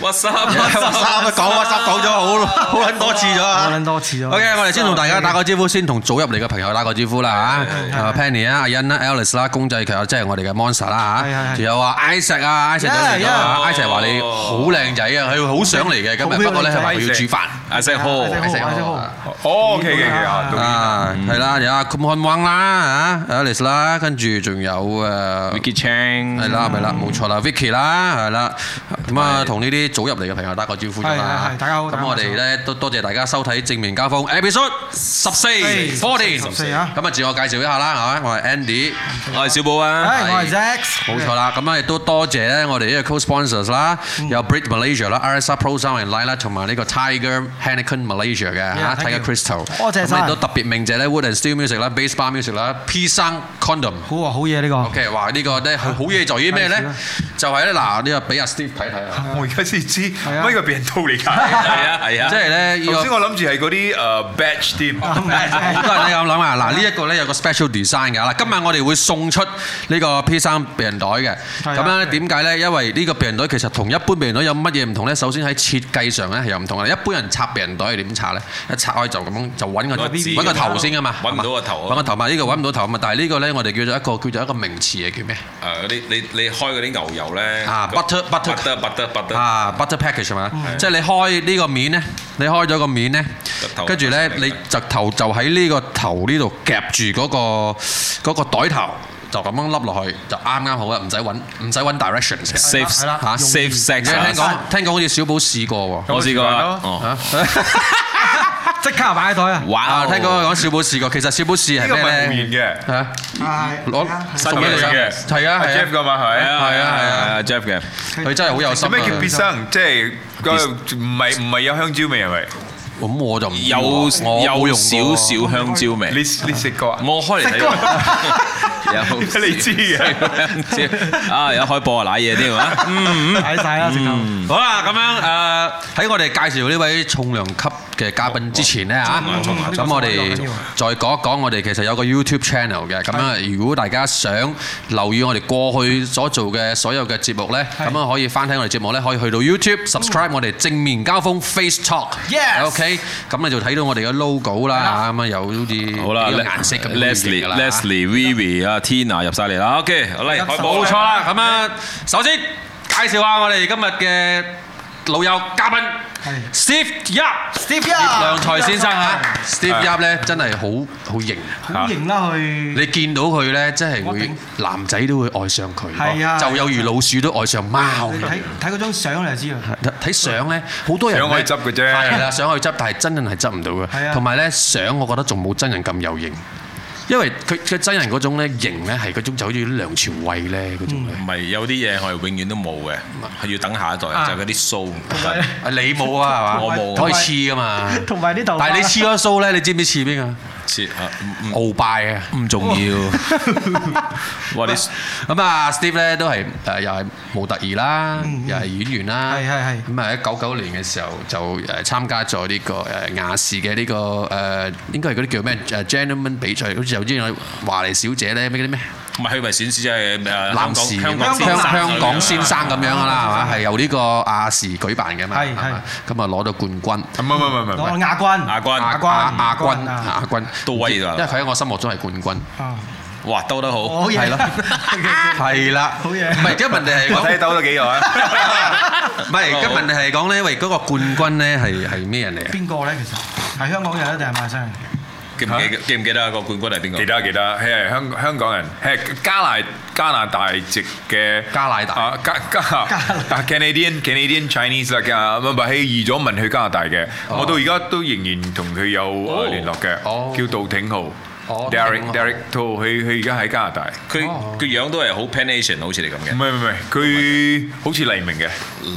挖沙，挖沙，講挖沙講咗好，好多次咗好多次咗。OK，我哋先同大家打個招呼，先同早入嚟嘅朋友打個招呼啦嚇。阿 Penny 啊，阿 Inn 啊，Alice 啦，公仔其實即係我哋嘅 Monster 啦嚇。係係係。仲有阿 Ice 啊，Ice 到嚟咗啊，Ice 話你好靚仔啊，佢好想嚟嘅今日，不過咧係咪要煮飯？阿石浩，阿石，阿石浩，哦，OK，OK 啊，係啦，有 Khun Wang 啦，阿 Alice 啦，跟住仲有誒，Vicky Chang，係啦，係啦，冇錯啦，Vicky 啦，係啦，咁啊，同呢啲早入嚟嘅朋友打個招呼先啦。係，係，大家好。咁我哋咧都多謝大家收睇正面交鋒。Andy 叔，十四，Fourteen，十四啊。咁啊，自我介紹一下啦嚇，我係 Andy，我係小寶啊，我係 Zack。冇錯啦，咁啊亦都多謝咧，我哋呢個 Co-Sponsors 啦，有 Brit Malaysia 啦，Alisa Pro Sound 同埋 Lila，同埋呢個 Tiger。Panakan Malaysia 嘅睇下 Crystal，咁你都特別名嘅咧 Wood and Steel Music 啦 Bass Bar Music 啦，P 三 Condom，好啊，好嘢呢個。OK，哇，呢個咧好嘢，在於咩咧？就係咧嗱，呢，啊俾阿 Steve 睇睇啊。我而家先知呢個避孕套嚟㗎？係啊，係啊，即係咧。頭先我諗住係嗰啲誒 badge 啲，好多人都係咁諗啊。嗱，呢一個咧有個 special design 嘅。嗱，今日我哋會送出呢個 P 三避孕袋嘅。咁樣咧點解咧？因為呢個避孕袋其實同一般避孕袋有乜嘢唔同咧？首先喺設計上咧係有唔同啊。一般人拆餅袋係點拆咧？一拆開就咁，就揾個揾個頭先啊嘛！揾唔到個頭、啊，揾個頭嘛。呢、呢個揾唔到頭嘛。但係呢個咧，我哋叫做一個叫做一個名詞嘅叫咩？誒啲、uh, 你你開嗰啲牛油咧啊，butter butter butter butter 啊 package 係嘛？即係你開呢個面咧，你開咗個面咧，跟住咧，你頭就喺呢個頭呢度夾住嗰、嗰個嗰個袋頭。就咁樣揦落去就啱啱好啦，唔使揾唔使揾 directions，係啦嚇 safe section。聽講聽講好似小寶試過喎，我試過即刻擺喺袋啊！哇，聽講講小寶試過，其實小寶試係咩？呢面嘅，係攞熟嘅，係啊，係 Jeff 嘅嘛，係咪？係啊係啊係啊 Jeff 嘅，佢真係好有心。咩叫別生？即係唔係唔係有香蕉味係咪？咁我就唔有有少少香蕉味。你你食過啊？我開嚟睇。食過。有你知嘅。啊！而家開播啊，瀨嘢添啊。嗯嗯。瀨曬啦，食夠。好啦，咁樣誒，喺我哋介紹呢位重量級嘅嘉賓之前咧嚇，咁我哋再講一講，我哋其實有個 YouTube channel 嘅。咁樣，如果大家想留意我哋過去所做嘅所有嘅節目咧，咁樣可以翻睇我哋節目咧，可以去到 YouTube subscribe 我哋正面交鋒 Face Talk。Yes。Okay. 咁你就睇到我哋嘅 logo 啦，咁啊有好似啲顏色咁樣嘅啦。Leslie、Leslie、Vivi、啊 Tina 入曬嚟啦。OK，好啦，開幕冇錯啦。咁啊，首先介紹下我哋今日嘅老友嘉賓。係 Steve Yap，Steve Yap 葉良財先生嚇，Steve Yap 咧真係好好型，好型啦！佢你見到佢咧，真係會男仔都會愛上佢，係啊，就有如老鼠都愛上貓。睇睇嗰張相你就知啦，睇相咧好多人想可以執嘅啫，係啊，想可以執，但係真人係執唔到嘅，係啊，同埋咧相，我覺得仲冇真人咁有型。因為佢佢真人嗰種咧型咧係嗰種就好似梁朝偉咧嗰種呢。唔係、嗯，有啲嘢係永遠都冇嘅，係要等下一代，就係嗰啲鬚。啊，你冇啊，係嘛？我冇。可以黐㗎嘛。同埋呢度。但係你黐咗鬚咧，你知唔知黐邊啊？切啊！傲拜啊！唔重要。What is 咁啊？Steve 咧都係誒又係模特兒啦，又係演員啦。係係係。咁啊，一九九九年嘅時候就誒參加咗呢個誒亞視嘅呢個誒應該係嗰啲叫咩誒 gentlemen 比賽，好似有呢個華麗小姐咧咩嗰啲咩？唔係，佢係選士，即係男士香香港先生咁樣㗎啦，係由呢個亞視舉辦嘅嘛。係係。咁啊，攞到冠軍，攞亞軍，亞軍，亞軍，亞軍。都位啦，因為佢喺我心目中係冠軍。啊，哇，兜得好，係咯，係啦，好嘢。唔係，今日問題係我睇兜咗幾耐。唔係，今日問題係講咧，因為嗰個冠軍咧係係咩人嚟？邊個咧？其實係香港人咧，定係外省人？記唔記？記唔記得個冠軍係邊個？記得記得，係香香港人，係加拿加拿大籍嘅加拿大啊，加加加拿大 Canadian Canadian Chinese 啦，咁啊，佢移咗民去加拿大嘅，我到而家都仍然同佢有聯絡嘅，叫杜挺浩，Derek Derek，佢佢而家喺加拿大，佢佢個樣都係好 Pan Asian 好似你咁嘅，唔係唔係，佢好似黎明嘅。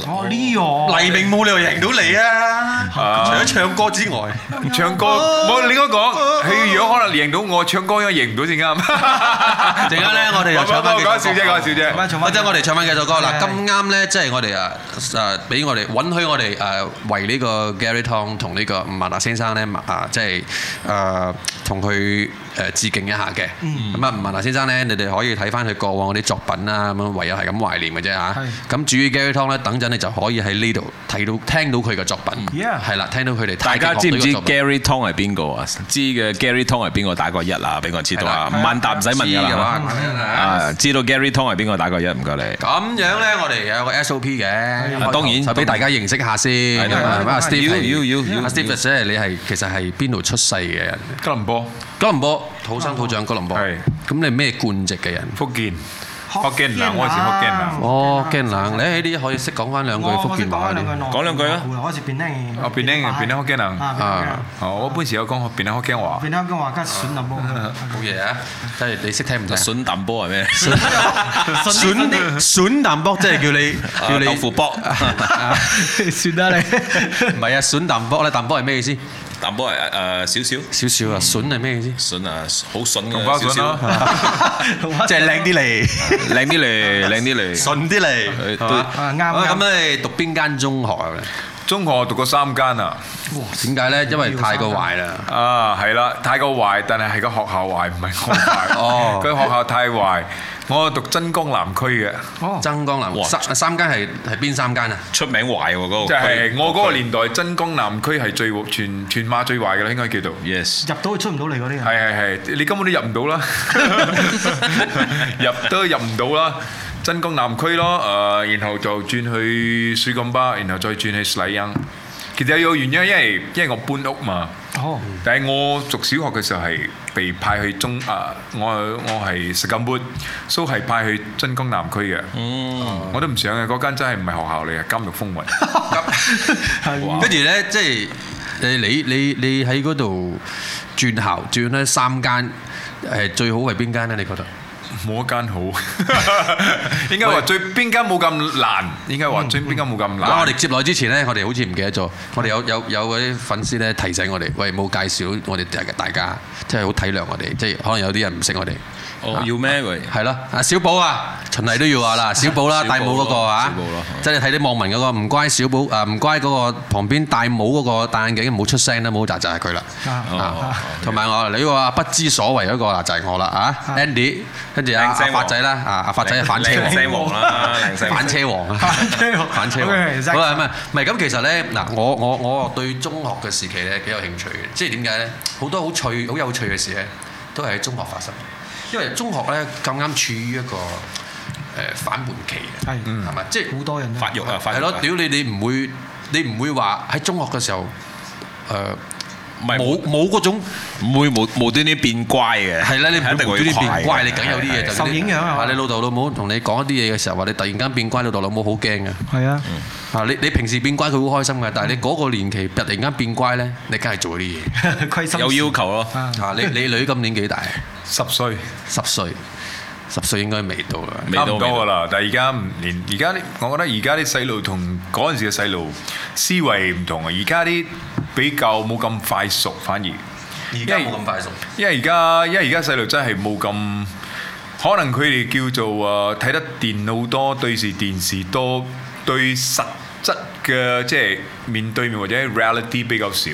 我呢個黎明冇理由贏到你啊！除咗唱歌之外，唱歌冇你講講，譬如如果可能贏到我唱歌應該贏唔到先啱。陣間咧，我哋又唱翻幾首歌。講笑啫，講笑啫。咁啊，唱翻即係我哋唱翻幾首歌嗱。咁啱咧，即係我哋啊，啊俾我哋允許我哋誒為呢個 Gary Tong 同呢個吳孟達先生咧啊，即係誒同佢。誒致敬一下嘅，咁啊吳孟達先生咧，你哋可以睇翻佢過往嗰啲作品啦，咁樣唯有係咁懷念嘅啫嚇。咁至於 Gary Tong 咧，等陣你就可以喺呢度睇到聽到佢嘅作品。Yeah，係啦，聽到佢哋。大家知唔知 Gary Tong 係邊個啊？知嘅 Gary Tong 係邊個？打個一啊，俾我知道啊。萬達唔使問㗎啦。啊，知道 Gary Tong 係邊個？打個一，唔該你。咁樣咧，我哋有個 SOP 嘅。當然，就俾大家認識下先。要要要。阿 Steve 咧，你係其實係邊度出世嘅？Cambodia，Cambodia。土生土長哥倫博，係咁，你咩貫籍嘅人？福建，福建唔冷，我係時福建冷。哦，驚冷，你喺呢啲可以識講翻兩句福建話。講兩句啊！我平時有講，我邊聽開驚話。邊聽開驚話，跟筍啖波冇嘢，即係你識聽唔到筍啖波係咩？筍，筍啖波即係叫你叫你副波，算得你。唔係啊，筍啖波咧，啖波係咩意思？淡波係誒，少少，少少啊，筍係咩意思？筍啊，好筍咁，少少，即係靚啲嚟，靚啲嚟，靚啲嚟，筍啲嚟，係嘛？啱啱咁你讀邊間中學咧？中學讀過三間啊？點解咧？因為太過壞啦。啊，係啦，太過壞，但係係個學校壞，唔係我壞。哦，佢學校太壞。我讀增江南區嘅，增江南哇，三三間係係邊三間啊？出名壞喎嗰個區，就係我嗰個年代，增江南區係最全全馬最壞嘅啦，應該叫做 yes。入到出唔到嚟嗰啲啊，係係係，你根本都入唔到啦，入都入唔到啦，增江南區咯，誒，然後就轉去水甘巴，然後再轉去麗欣。其實有個原因，因為因為我搬屋嘛。哦！但係我讀小學嘅時候係被派去中啊，我我係石金撥，所以係派去真光南區嘅。嗯，我都唔想嘅嗰間真係唔係學校嚟嘅，監獄風雲。跟住咧，即係誒你你你喺嗰度轉校轉咗三間誒，最好係邊間咧？你覺得？冇一間好， 應該話最邊間冇咁難，應該話最邊間冇咁難。嗯嗯、我哋接落之前呢，我哋好似唔記得咗，我哋有有有啲粉絲呢提醒我哋，喂，冇介紹我哋大家，即係好體諒我哋，即係可能有啲人唔識我哋。哦，要咩位？係咯，阿小寶啊，循例都要啊啦，小寶啦，戴帽嗰個啊，即係睇啲網文嗰個唔乖小寶，誒唔乖嗰個旁邊戴帽嗰個戴眼鏡，唔好出聲啦，冇就係佢啦。同埋我你話不知所謂嗰個就係我啦啊，Andy，跟住阿阿發仔啦，啊阿發仔反車王啦，反車王啊，反車王。唔係唔係唔係，咁其實咧嗱，我我我對中學嘅時期咧幾有興趣嘅，即係點解咧？好多好趣好有趣嘅事咧，都係喺中學發生。因為中學呢，咁啱處於一個誒、呃、反叛期嘅，係咪？即係好多人發育啊，發育係、啊、咯，屌你吧、啊！你唔會，你唔會話喺中學嘅時候，誒、呃。冇冇嗰種唔會無無端端變乖嘅，係啦，你無端端變乖，你梗有啲嘢受影響啊！嗯、你老豆老母同你講一啲嘢嘅時候，話你突然間變乖，老豆老母好驚嘅。係啊，啊、嗯、你你平時變乖佢好開心嘅，但係你嗰個年期突然間變乖咧，你梗係做咗啲嘢， 事有要求咯。啊， 你你女今年幾大？ 十歲，十歲。十歲應該未到啦，差唔多噶啦。但而家唔連而家啲，我覺得而家啲細路同嗰陣時嘅細路思維唔同啊。而家啲比較冇咁快熟，反而而家冇咁快熟。因為而家因為而家細路真係冇咁，可能佢哋叫做啊睇得電腦多，對視電視多，對實質嘅即係面對面或者 reality 比較少。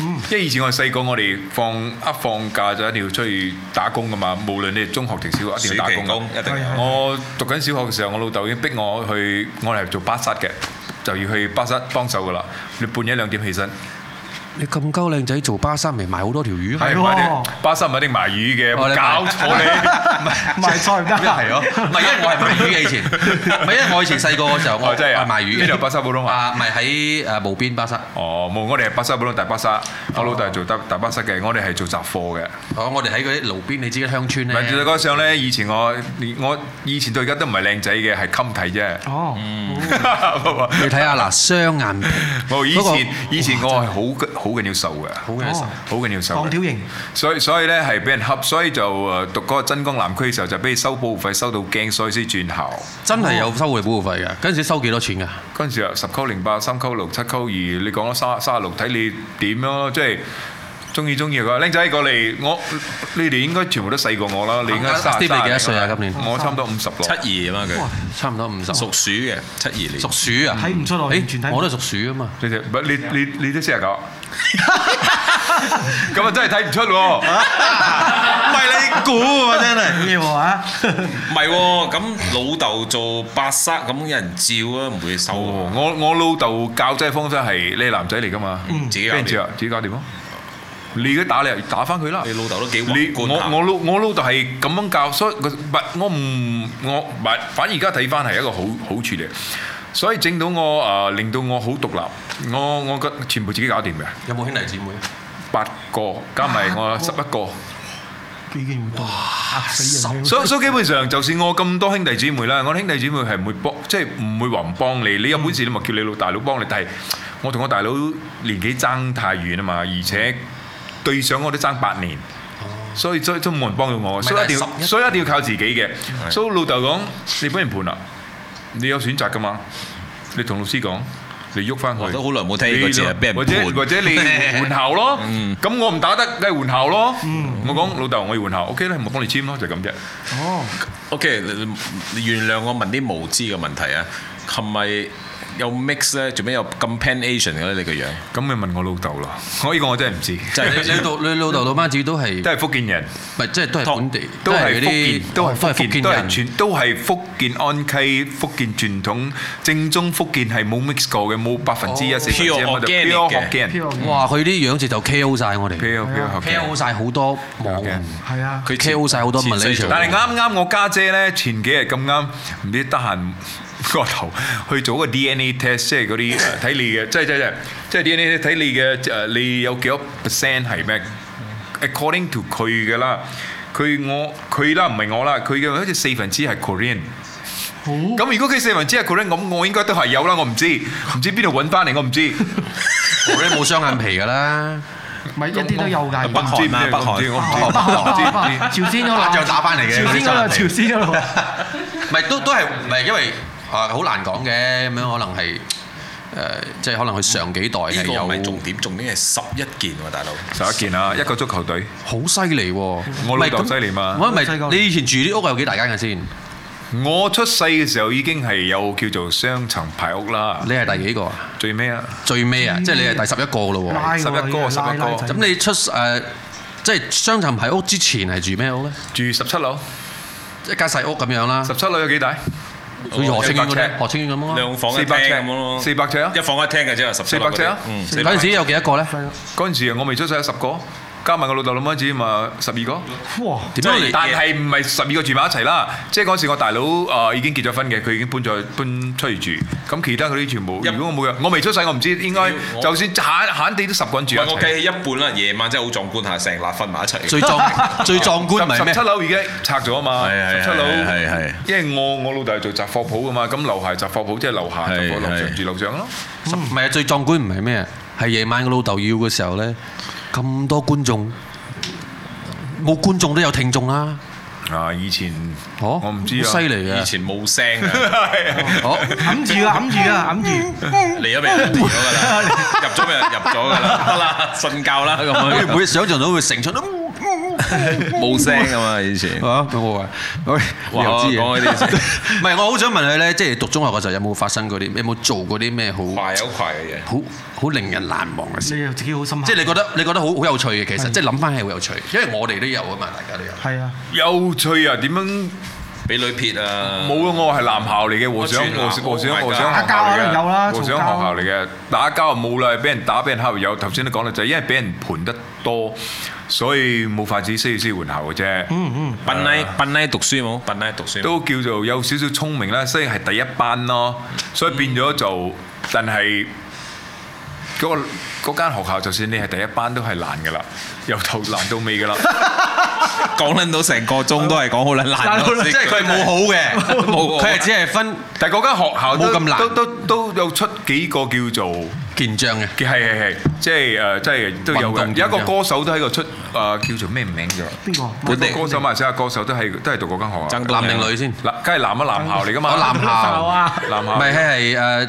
因為以前我係細個，我哋放一放假就一定要出去打工㗎嘛。無論你係中學定小學，一定要打工㗎。一定我讀緊小學嘅時候，我老豆已經逼我去，我係做巴剎嘅，就要去巴剎幫手㗎喇。你半夜兩點起身。你咁鳩靚仔做巴沙咪賣好多條魚，係咪？巴沙唔一定賣魚嘅，搞錯你。賣菜唔得係哦？唔係因為我係賣魚嘅，以前，唔係因為我以前細個嘅時候我係賣魚嘅。呢度巴沙普通話啊，唔係喺誒無邊巴沙。哦，冇，我哋係巴沙普通大巴沙。我老豆係做大大巴沙嘅，我哋係做雜貨嘅。哦，我哋喺嗰啲路邊，你知鄉村咧。唔係講上咧，以前我我以前到而家都唔係靚仔嘅，係襟睇啫。哦，嗯，你睇下嗱，雙眼皮。我以前以前我係好嘅。好緊要瘦嘅，好緊要瘦，好緊要瘦嘅。鋼條型。所以所以咧係俾人恰，所以就誒讀嗰個真光南區嘅時候，就俾收保護費，收到驚，所以先轉校。真係有收過保護費㗎？嗰陣時收幾多錢㗎？嗰陣時啊，十溝零八、三溝六、七溝二，你講咗三三啊六，睇你點咯，即係中意中意個僆仔過嚟，我你哋應該全部都細過我啦。啲你幾多歲啊？今年我差唔多五十六，七二啊嘛，佢差唔多五十。屬鼠嘅，七二年。屬鼠啊？睇唔出嚟，完全睇。我都係屬鼠啊嘛。你哋唔係你你你都四啊九？咁啊，真係睇唔出喎！唔係你估啊，真係唔係喎？唔係喎？咁老豆做八砂，咁有人照啊，唔會手。我我老豆教仔方式係你男仔嚟噶嘛？自己搞掂？自己搞掂啊？你而家打你啊？打翻佢啦！你老豆都幾我我老我老豆係咁樣教，所以唔我唔我唔反而而家睇翻係一個好好處嚟。所以整到我啊，令到我好獨立，我我覺全部自己搞掂嘅。有冇兄弟姊妹？八個加埋我十一個，幾勁喎！嚇死人，所所以基本上，就算我咁多兄弟姊妹啦，我兄弟姊妹係唔會幫，即係唔會話唔幫你。你有本事你咪叫你老大佬幫你，但係我同我大佬年紀爭太遠啊嘛，而且對上我都爭八年，所以所以都冇人幫到我，所以一定所以一定要靠自己嘅。所以老豆講：你本人判啦。你有選擇噶嘛？你同老師講，你喐翻佢。我都好耐冇睇呢個字或者或者你換後校咯。咁、 嗯、我唔打得，梗係換校咯。我講老豆，我要換校。O K 咧，OK，我幫你簽咯，就咁、是、啫。哦。O K，你你原諒我問啲無知嘅問題啊。係咪？有 mix 咧，做咩有咁 pan Asian 嘅咧？你個樣咁，咪問我老豆咯。我依個我真係唔知。就係你老豆，你老豆老媽子都係都係福建人，唔係即係都係本地，都係福建，都係福建，都係全，都係福建安溪，福建傳統正宗福建，係冇 mix 過嘅，冇百分之一 percent 嘅。哇！佢啲樣子就 KO 曬我哋，KO 曬好多網。係啊，佢 KO 曬好多問題。但係啱啱我家姐咧前幾日咁啱唔知得閒。個頭去做個 DNA test，即係嗰啲睇你嘅，即係即係即係 DNA 睇你嘅誒，你有幾多 percent 係咩？According to 佢嘅啦，佢我佢啦唔係我啦，佢嘅好似四分之一係 Korean。好。咁如果佢四分之一係 Korean，咁我應該都係有啦。我唔知，唔知邊度揾翻嚟，我唔知。Korean 冇雙眼皮㗎啦。咪一啲都有㗎。北韓啊，北韓。北韓。北韓。朝鮮。打仗打翻嚟嘅。朝鮮嗰度。朝鮮嗰度。咪都都係咪因為？啊，好難講嘅，咁樣可能係誒，即係可能佢上幾代係有。呢個係重點，重點係十一件喎，大佬。十一件啊，一個足球隊。好犀利喎！我老豆犀利嘛？我咪你以前住啲屋係有幾大間嘅先？我出世嘅時候已經係有叫做雙層排屋啦。你係第幾個啊？最尾啊！最尾啊！即係你係第十一個咯喎，十一個，十一個。咁你出誒，即係雙層排屋之前係住咩屋咧？住十七樓，一間細屋咁樣啦。十七樓有幾大？好似何清遠咁樣，何清遠咁樣咯，兩房四百尺咁咯，四百尺啊，一房一廳嘅啫，十四百尺啊，嗯，嗰陣是的 時有幾多個咧？嗰陣時啊，我未出世有十個。加埋我老豆老媽子嘛，十二個。哇！點解？但係唔係十二個住埋一齊啦？即係嗰時我大佬啊已經結咗婚嘅，佢已經搬咗去搬出去住。咁其他嗰啲全部。如果我冇嘅，我未出世，我唔知。應該就算慳慳地都十個人住。唔係，我計起一半啦。夜晚真係好壯觀吓，成立瞓埋一齊。最壯最壯觀咪咩？十七樓已經拆咗啊嘛。係係係係。因為我我老豆係做雜貨鋪嘅嘛，咁樓下雜貨鋪即係樓下，住樓上咯。唔係啊，最壯觀唔係咩？係夜晚我老豆要嘅時候咧。咁多觀眾，冇觀眾都有聽眾啦。啊，以前，我唔知，好犀利啊！以前冇聲。好，揞住呀，揞住呀，揞住。嚟咗未？嚟咗㗎啦！入咗未？入咗㗎啦！得啦，瞓覺啦咁啊！唔會想象到會成出。冇聲啊嘛！以前，咁我話，我又知啊。唔係，我好想問佢咧，即係讀中學嘅時候有冇發生過啲，有冇做過啲咩好誇又誇嘅嘢，好好令人難忘嘅事。你又自己好深刻。即係你覺得你覺得好好有趣嘅，其實即係諗翻係好有趣，因為我哋都有啊嘛，大家都有。係啊。有趣啊？點樣？俾女撇啊？冇啊！我係男校嚟嘅和尚，和尚和尚學校嚟嘅。打交肯定有啦。和尚學校嚟嘅，打交冇啦，係俾人打俾人蝦，有頭先都講啦，就係因為俾人盤得多。.所以冇法子，先要先換校嘅啫、嗯。嗯嗯，笨奀奀讀書冇，笨奀讀書都叫做有少少聰明啦，雖然係第一班咯，所以變咗做，但係嗰個嗰間學校，就算你係第一班都係難嘅啦，由頭難到尾嘅啦 。講撚到成個鐘都係講好撚難咯。即係佢冇好嘅，冇佢係只係分。但係嗰間學校都冇咁難都都，都，都有出幾個叫做。健將嘅，係係係，即係誒，即係都有嘅。有一個歌手都喺度出，誒叫做咩名㗎？邊個？嗰個歌手，問下！歌手都係都係讀嗰間學校，男定女先？男，梗係男啊！男校嚟㗎嘛。男校，男校，唔係係誒。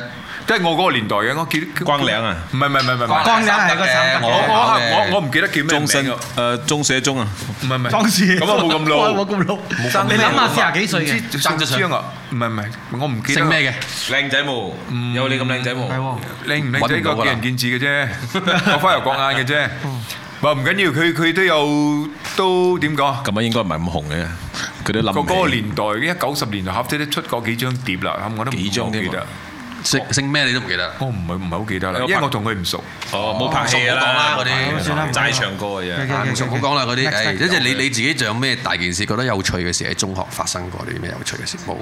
即係我嗰個年代嘅，我叫光嶺啊！唔係唔係唔係唔係，光嶺係我我我我唔記得叫咩名。誒鍾舍鍾啊！唔係唔係當時咁我冇咁老，我冇咁老。你諗下四啊幾歲嘅？生隻豬啊我！唔係唔係，我唔記得。成咩嘅？靚仔冇，有你咁靚仔喎。靚仔個見仁見智嘅啫，各花入各眼嘅啫。唔唔緊要，佢佢都有都點講？咁啊，應該唔係咁紅嘅。佢都諗嗰個年代，一九十年代開始都出過幾張碟啦，我都冇講記得。姓姓咩你都唔記得？我唔係唔係好記得啦，因為我同佢唔熟。哦，冇拍戲啊，唔好講啦嗰啲，齋唱歌嘅嘢。唔熟唔好講啦嗰啲。誒，即係你你自己仲有咩大件事覺得有趣嘅事喺中學發生過？啲咩有趣嘅事冇？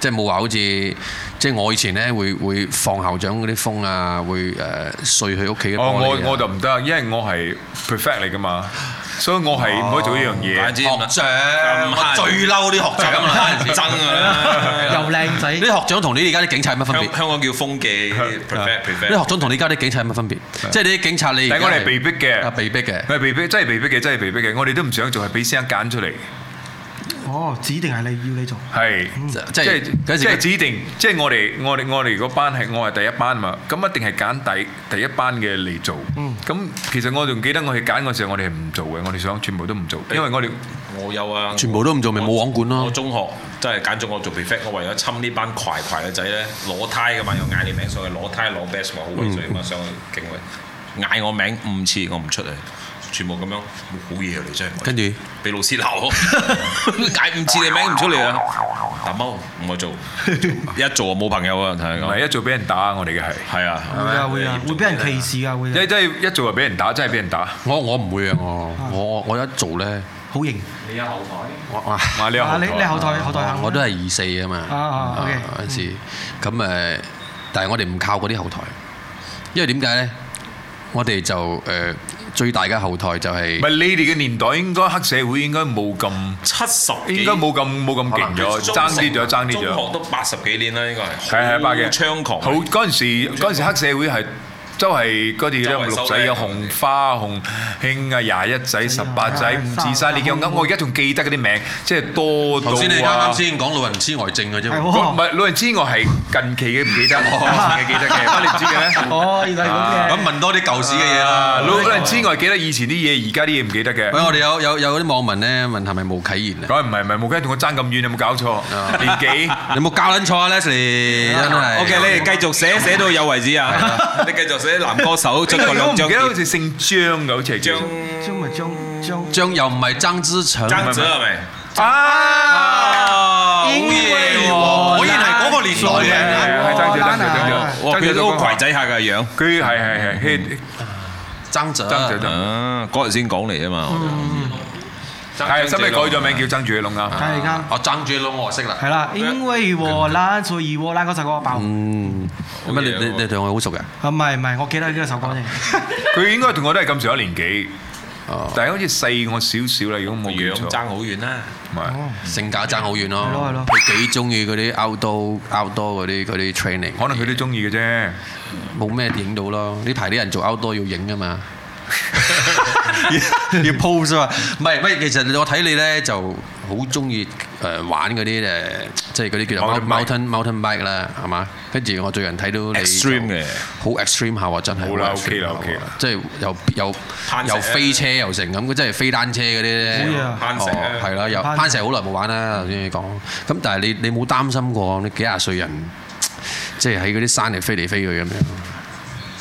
即係冇話好似，即係我以前咧會會放校長嗰啲風啊，會誒碎佢屋企。哦，我我就唔得，因為我係 prefect 嚟㗎嘛，所以我係唔可以做呢樣嘢。學長，我最嬲啲學長啦，真㗎又靚仔。啲學長同你而家啲警察有乜分別？香港叫風紀 prefect 啲學長同你而家啲警察有乜分別？即係啲警察你。香港係被逼嘅。啊，被逼嘅。被逼，真係被逼嘅，真係被逼嘅。我哋都唔想做，係俾師兄揀出嚟。哦，指定係你要你做，係即係即係指定，即係我哋我哋我哋嗰班係我係第一班嘛，咁一定係揀第第一班嘅嚟做。咁、嗯、其實我仲記得我哋揀嘅時候，我哋係唔做嘅，我哋想全部都唔做，因為我哋我有啊，全部都唔做咪冇網管咯。我，啊、我中學真係揀咗我做 prefect，我為咗侵呢班攰攰嘅仔咧攞胎㗎嘛，又嗌你名，名，名、嗯、上去攞胎攞 best 咪好鬼衰嘛，上去敬嗌我名，我名五次我唔出嚟。全部咁樣冇好嘢嚟啫，跟住俾老師鬧，解唔切你名唔出嚟啊！大貓唔愛做，一做冇朋友啊，同你講，一做俾人打，我哋嘅係係啊，會啊會啊，會俾人歧視啊會。你真係一做就俾人打，真係俾人打。我我唔會啊，我我我一做咧好型，你有後台，哇哇你你後台後台我都係二四啊嘛啊啊嗰陣時，咁誒，但係我哋唔靠嗰啲後台，因為點解咧？我哋就誒。最大嘅後台就係唔係你哋嘅年代，應該黑社會應該冇咁七十，應該冇咁冇咁勁咗，爭啲咗爭啲咗，中,中學都八十幾年啦，應該係係係八嘅好猖狂，好嗰陣時嗰陣時黑社會係。周圍嗰啲咩六仔啊、紅花、紅興啊、廿一仔、十八仔、五子山，你記唔記得？我而家仲記得嗰啲名，即係多到先。你啱啱先講老人痴呆症嘅啫，唔係老人痴呆係近期嘅，唔記得，我以前嘅記得嘅，乜你唔知嘅咧？哦，原來係咁嘅。咁問多啲舊事嘅嘢啦。老人痴呆記得以前啲嘢，而家啲嘢唔記得嘅。喂，我哋有有有啲網民咧問係咪毛啟賢咧？嗰唔係唔係毛啟賢同我爭咁遠，有冇搞錯？年紀有冇搞撚錯咧？Leslie，真係 OK，你哋繼續寫寫到有為止啊！你繼續。啲男歌手，張，我唔記得好似姓張嘅，好似。張張咪張張，張又唔係張智成。張智成係咪？啊！好嘢！果然係嗰個年代。係啊係啊，張智成張智成張智成，佢有個鬼仔客嘅樣，佢係係係。張智成張智成啊，嗰日先講嚟啊嘛。係，真係改咗名叫曾住祖龍噶。係，而家。哦，曾住祖龍我識啦。係啦，因為和啦，隨意、和諧嗰首歌啊，爆。嗯。咁你你你同我好熟嘅。啊，唔係唔係，我記得呢個首歌啫。佢應該同我都係咁少一年紀，但係好似細我少少啦，如果冇記錯。樣爭好遠啦。唔係。性格爭好遠咯。係咯係咯。佢幾中意嗰啲 outdoor outdoor 嗰啲嗰啲 training，可能佢都中意嘅啫。冇咩影到咯，呢排啲人做 outdoor 要影㗎嘛。 要 pose 啊嘛。唔係，喂，其實我睇你咧就好中意誒玩嗰啲誒，即係嗰啲叫 ult, mountain mountain bike 啦，係嘛？跟住我最近睇到你好 extreme 下，真係好 ok 啦 ok 啦，即係又又又飛車又成咁，佢真係飛單車嗰啲，攀石係啦，又攀石好耐冇玩啦，頭先你講。咁但係你你冇擔心過你幾廿歲人，即係喺嗰啲山嚟飛嚟飛去咁樣？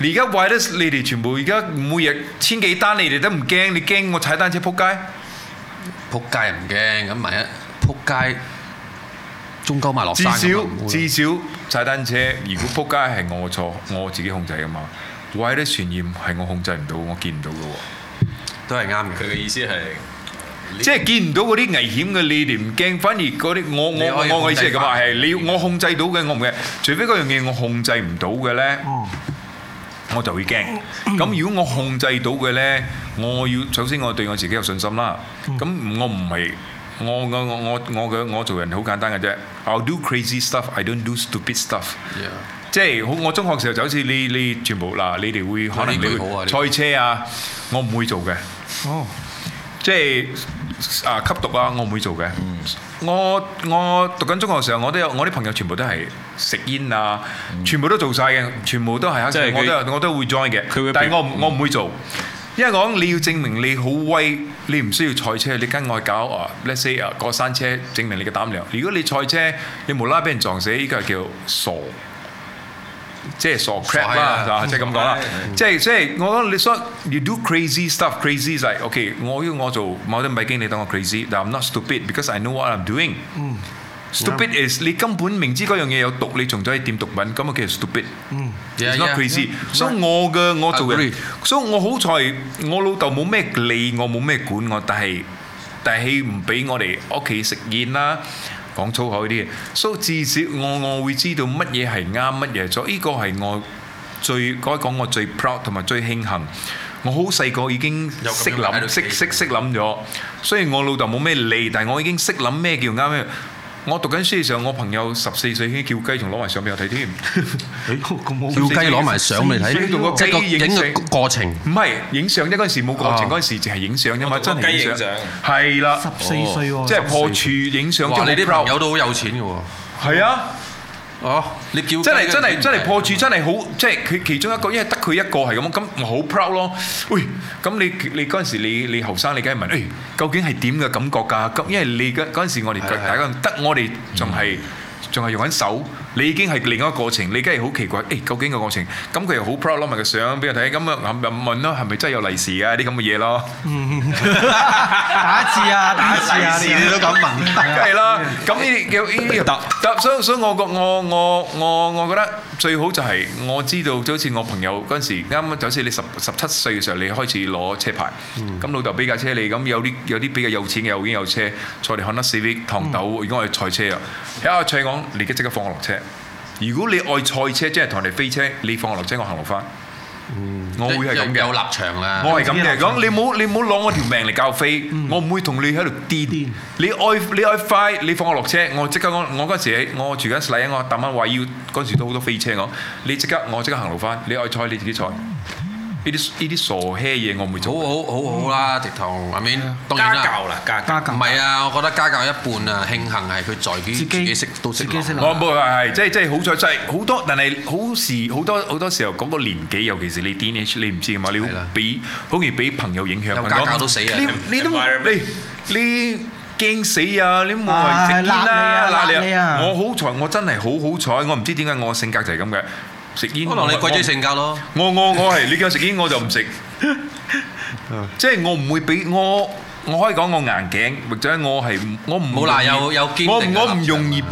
而家為咗你哋全部，而家每日千幾單，你哋都唔驚。你驚我踩單車撲街？撲街唔驚。咁萬一撲街，終究埋落山㗎嘛？至少至少踩單車。如果撲街係我錯，我自己控制㗎嘛。為啲傳染係我控制唔到，我見唔到嘅喎。都係啱嘅。佢嘅意思係，即係見唔到嗰啲危險嘅，你哋唔驚。反而嗰啲我我我嘅意思係咁話係，你要我控制到嘅我唔驚，除非嗰樣嘢我控制唔到嘅咧。我就會驚。咁如果我控制到嘅呢，我要首先我對我自己有信心啦。咁、嗯、我唔係我我我我我嘅我做人好簡單嘅啫。I'll do crazy stuff, I don't do stupid stuff。Yeah. 即係好，我中學時候就好似呢你，你，你全部嗱，你哋會 可能你會賽車啊，我唔會做嘅。哦、oh.，即係。啊！吸毒啊！我唔會做嘅、嗯。我我讀緊中學嘅時候，我都有我啲朋友全部都係食煙啊、嗯全，全部都做晒嘅，全部都係黑社會，我都會 join 嘅。但係我我唔會做，嗯、因為講你要證明你好威，你唔需要賽車，你跟外搞啊，let's say 啊過山車證明你嘅膽量。如果你賽車，你無啦啦俾人撞死，依、依個係叫傻。即係傻 crap 啦，即係咁講啦。即係即係，我講你所，you do crazy stuff，crazy 曬。OK，我要我做某啲唔係經理，當我 crazy，但係 I'm not stupid，because I know what I'm doing。stupid is 你根本明知嗰樣嘢有毒，你仲掂毒品咁，OK，stupid。唔係 crazy，所以我嘅我做嘅，所以我好彩我老豆冇咩理我，冇咩管我，但係但係佢唔俾我哋屋企食煙啦。講粗口啲嘅，所以至少我我會知道乜嘢係啱，乜嘢錯。呢個係我最該講我最 proud 同埋最慶幸。我好細個已經識諗這，識識識諗咗。雖然我老豆冇咩理，但係我已經識諗咩叫啱咩。我讀緊書嘅時候，我朋友十四歲已經叫雞，仲攞埋相畀我睇添。叫雞攞埋相嚟睇，即係個影嘅過程。唔係影相，即係嗰陣時冇過程，嗰陣、啊、時淨係影相啫嘛。真係影相。係啦了，哦、十四歲喎、哦，即係破處影相。即係、哦、你啲朋友都好有錢嘅喎。係哇啊。哦，你叫真係是真係真係破處，真係好，即係佢其中一個，因為得佢一個係咁，咁我好 proud 咯。喂，咁你你嗰陣時你你後生，你梗係問誒、欸，究竟係點嘅感覺噶、啊？咁因為你嗰嗰陣時，我哋大家得我哋仲係。嗯仲係用緊手，你已經係另一個過程，你梗係好奇怪，誒究竟個過程？咁佢又好 proud 拉埋個相俾人睇，咁啊咁又問咯，係咪真係有利是啊？啲咁嘅嘢咯，打字啊，打字啊，你都敢問，梗係啦，咁呢啲叫呢啲答答，所以所以，我覺我我我我覺得最好就係我知道就好似我朋友嗰陣時啱啱就好似你十十七歲嘅時候，你開始攞車牌，咁老豆俾架車你，咁有啲有啲比較有錢嘅又已經有車坐嚟 Honda Civic 糖豆，如果我係賽車啊，喺我賽我。你即刻放我落車。如果你愛賽車，即係同人哋飛車，你放我落車，我行路翻。嗯，我會係咁嘅。有立場啊！我係咁嘅。講場你唔好，你唔好攞我條命嚟教飛。嗯、我唔會同你喺度癲。你愛你愛快，你放我落車，我即刻我我嗰時我住緊麗我阿蛋媽話要嗰時都好多飛車講，你即刻我即刻行路翻。你愛賽你自己賽。嗯。呢啲呢啲傻嘢我唔會做，好好好好啦，直頭，係咪？當然啦，家教啦，家教。唔係啊，我覺得家教一半啊，慶幸係佢在機，自己識讀書，識讀。我冇啊，係即係即係好彩，真係好多，但係好事好多好多時候講個年紀，尤其是你 teenage，你唔知嘅嘛，你好易俾好易俾朋友影響。家教都死啊！你你都你你驚死啊！你冇人啦，嗱你啊我好彩，我真係好好彩，我唔知點解我性格就係咁嘅。食煙，可能你貴啲性格咯。我我我係你叫我食煙我就唔食，即係我唔會俾我，我可以講我硬頸，或者我係我唔冇難有有堅定，我我唔容易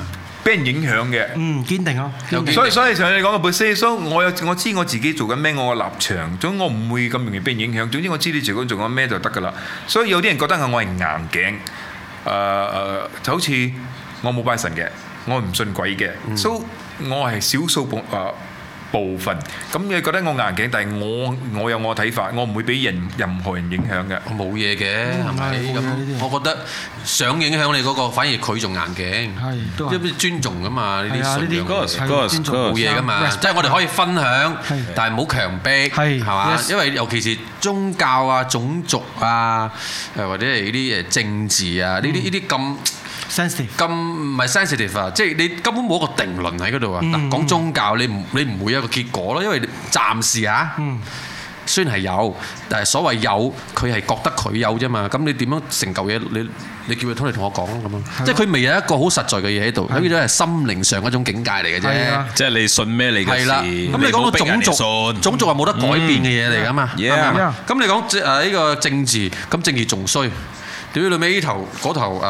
俾人影響嘅。嗯，堅定咯，有堅定。所以所以上次你講個 person，我有我知我自己做緊咩，我個立場總之我唔會咁容易俾人影響。總之我知你做緊做緊咩就得噶啦。所以有啲人覺得我我係硬頸，誒誒就好似我冇拜神嘅，我唔信鬼嘅，所以我係少數部誒。部分咁你覺得我硬頸，但係我我有我睇法，我唔會俾人任何人影響嘅，我冇嘢嘅，係咪？我覺得想影響你嗰個，反而佢仲硬頸，即係尊重噶嘛呢啲信仰，尊重冇嘢噶嘛，即係我哋可以分享，但係唔好強迫，係嘛？因為尤其是宗教啊、種族啊，或者係呢啲誒政治啊，呢啲呢啲咁。咁唔係 sensitive 啊！即係你根本冇一個定論喺嗰度啊！嗱，講宗教你唔你唔會有一個結果咯，因為暫時啊，雖然係有，但係所謂有佢係覺得佢有啫嘛。咁你點樣成嚿嘢？你你叫佢同你同我講咯咁啊！即係佢未有一個好實在嘅嘢喺度，喺嗰啲係心靈上一種境界嚟嘅啫。即係你信咩嚟嘅？係啦。咁你講到種族，種族係冇得改變嘅嘢嚟㗎嘛？係啊。咁你講誒呢個政治，咁政治仲衰。屌你老味！呢、那個、頭嗰頭誒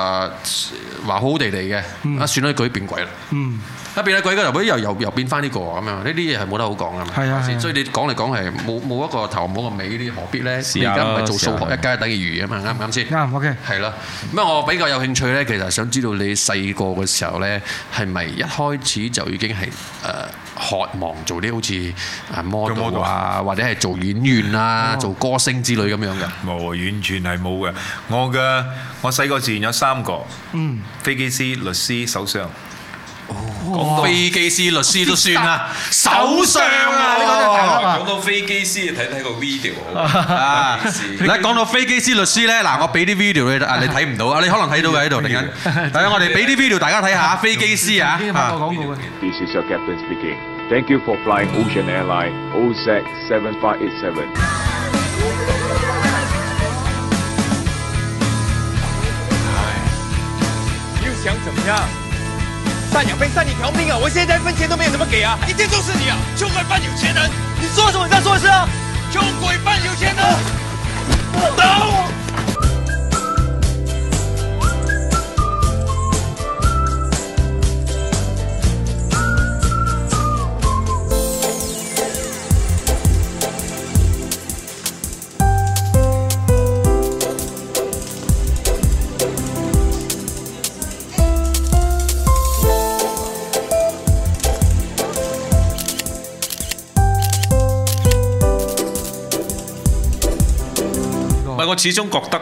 話好好地地嘅，一、嗯、算咧，佢變鬼啦。嗯特別係鬼咁頭，又又又變翻呢個咁樣，呢啲嘢係冇得好講噶嘛。所以你講嚟講係冇冇一個頭冇個尾呢？何必咧？你而家唔係做數學一加等於二啊嘛？啱唔啱先？啱 OK。係咯。咁啊，我比較有興趣咧，其實想知道你細個嘅時候咧，係咪一開始就已經係誒渴望做啲好似啊 model 啊，或者係做演員啊、做歌星之類咁樣嘅？冇，完全係冇嘅。我嘅我細個自然有三個，嗯，飛機師、律師、首相。講到飛機師律師都算啦，首相啊！呢個大家講到飛機師，睇睇個 video 啊！嚟講到飛機師律師咧，嗱我俾啲 video 你啊，你睇唔到啊，你可能睇到嘅喺度，突然間，突然間我哋俾啲 video 大家睇下飛機師啊！啊，呢個我講過嘅。贍養費，贍你條命啊！我現在一分錢都沒有，怎麼給啊？一定都是你啊！窮鬼扮有錢人，你說什麼？你再說一次啊！窮鬼扮有錢人，打我！始終覺得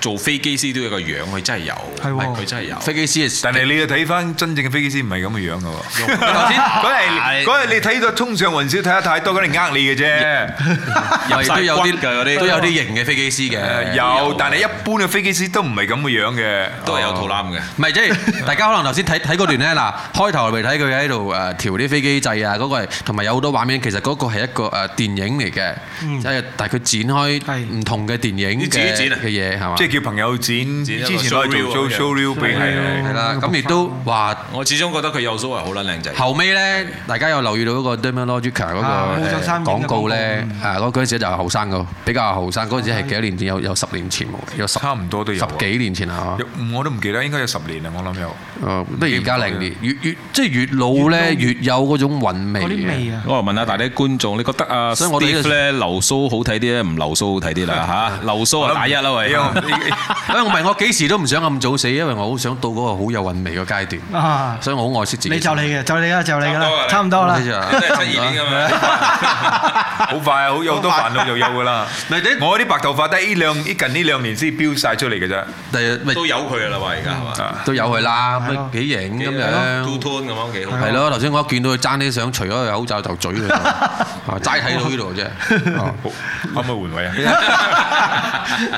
做飛機師都有個樣，佢真係有。係喎，佢真係有飛機師，但係你要睇翻真正嘅飛機師唔係咁嘅樣嘅喎。頭先嗰日嗰日你睇到衝上雲霄睇得太多，嗰啲呃你嘅啫。都有啲嘅嗰啲，都有啲型嘅飛機師嘅。有，但係一般嘅飛機師都唔係咁嘅樣嘅，都係有肚腩嘅。唔係即係大家可能頭先睇睇嗰段咧嗱，開頭係咪睇佢喺度誒調啲飛機掣啊？嗰個係同埋有好多畫面，其實嗰個係一個誒電影嚟嘅，即係大概剪開唔同嘅電影，自己剪嘅嘢係嘛？即係叫朋友剪，之前係做做。show you 俾你係啦，咁亦都話，我始終覺得佢有鬚係好撚靚仔。後尾咧，大家又留意到一個 Dermalogica 嗰個廣告咧，啊嗰陣時就係後生個，比較後生嗰陣時係幾多年前？有有十年前冇？有差唔多都有，十幾年前係嘛？我都唔記得，應該有十年啊！我諗有，誒，不如而家靚啲，越越即係越老咧，越有嗰種韻味。我問下大家觀眾，你覺得啊，所以我哋咧留鬚好睇啲咧，唔留鬚好睇啲啦嚇？留鬚啊，打一啦喂！因為我唔係我幾時都唔想咁早。死，因為我好想到嗰個好有韻味嘅階段，所以我好愛惜自己。你就你嘅，就你啦，就你嘅啦，差唔多啦。即係七二年咁樣，好快，好有好多煩惱就有嘅啦。我啲白頭髮都依兩依近呢兩年先飆晒出嚟嘅啫。都有佢啦嘛，而家係嘛？都有佢啦，幾型咁樣。two tone 咁樣，幾好，係咯。頭先我一見到佢爭啲想除咗佢口罩就嘴㗎，齋睇到呢度啫。可唔可以換位啊？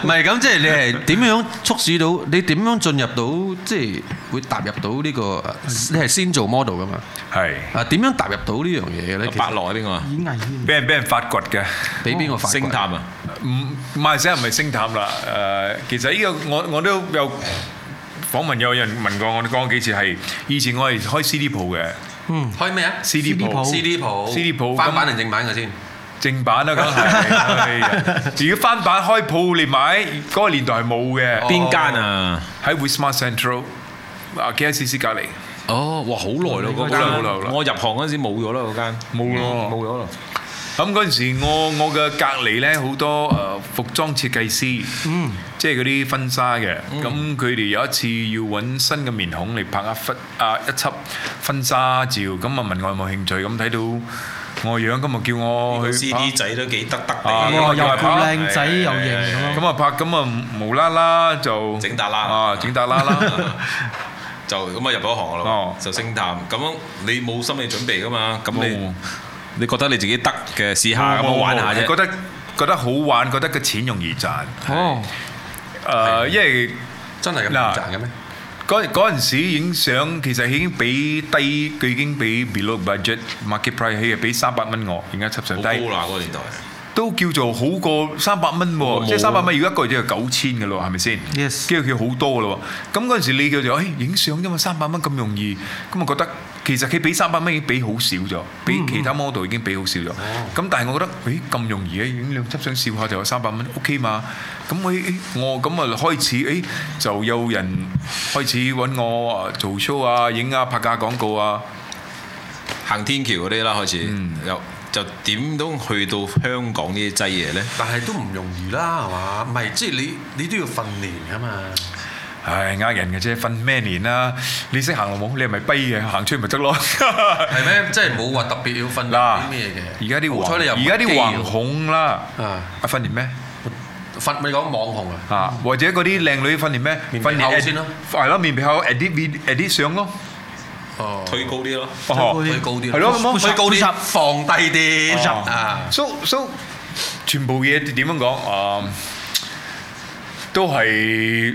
唔係咁，即係你係點樣促使到？你點樣？進入到即係會踏入到呢個，你係先做 model 㗎嘛？係。啊，點樣踏入到呢樣嘢咧？百樂嗰邊嘛？好危險。俾人俾人發掘嘅，俾邊個發掘？星探啊？唔唔係，真係唔係星探啦。誒，其實呢個我我都有訪問，有人問過我，你講幾次係？以前我係開 CD 鋪嘅。嗯，開咩啊？CD 鋪。CD 鋪。CD 鋪。翻版定正版嘅先？正版啊梗係， 如果翻版開鋪連埋，嗰、嗰個年代冇嘅。邊間啊？喺、哦、Wisma Central，啊，KCC 隔離。哦，哇，好耐咯嗰間，好我入行嗰陣時冇咗啦嗰間，冇咯，冇咗咯。嗯。咁嗰陣時，我我嘅隔離咧好多誒服裝設計師，即係嗰啲婚紗嘅。咁佢哋有一次要揾新嘅面孔嚟拍一婚啊一輯婚紗照，咁啊問我有冇興趣。咁睇到我樣，咁啊叫我去。個 CD 仔都幾得得地嘅，又靚仔又型咁啊拍，咁啊無啦啦就整打啦啊整打啦啦，就咁啊入咗行咯，就聖誕。咁你冇心理準備㗎嘛？咁你。你覺得你自己得嘅試下咁玩下啫，覺得覺得好玩，覺得個錢容易賺。哦，誒，因為真係咁難賺嘅咩？嗰嗰陣時影相其實已經比低，佢已經比 below budget market price，佢係比三百蚊我，而家執實低。高啦嗰個年代，都叫做好過三百蚊喎，即係三百蚊如果一個月都有九千嘅咯，係咪先？Yes，跟住佢好多嘅咯。咁嗰陣時你叫做誒影相啫嘛，三百蚊咁容易，咁我覺得。其實佢俾三百蚊已經俾好少咗，俾其他 model 已經俾好少咗。咁、嗯、但係我覺得，誒、欸、咁容易啊，影兩輯相試下就有三百蚊，OK 嘛？咁、欸、我、欸、我咁啊開始誒、欸，就有人開始揾我做 show 啊、影啊、拍架、啊啊、廣告啊、行天橋嗰啲啦，開始又、嗯、就點都去到香港呢啲劑嘢咧？但係都唔容易啦，係嘛？唔係即係你你都要訓練㗎嘛。係呃人嘅啫，訓咩年啦？你識行路冇？你係咪跛嘅？行出去咪得咯？係咩？即係冇話特別要訓啲咩嘅？而家啲黃，而家啲黃恐啦。啊，訓練咩？訓咪講網紅啊？啊，或者嗰啲靚女訓練咩？訓練後先咯。係咯，面皮厚 edit edit 相咯。哦，腿高啲咯。哦，腿高啲。係咯，咁樣腿高啲，放低啲。啊，so so，全部嘢點樣講啊？都係。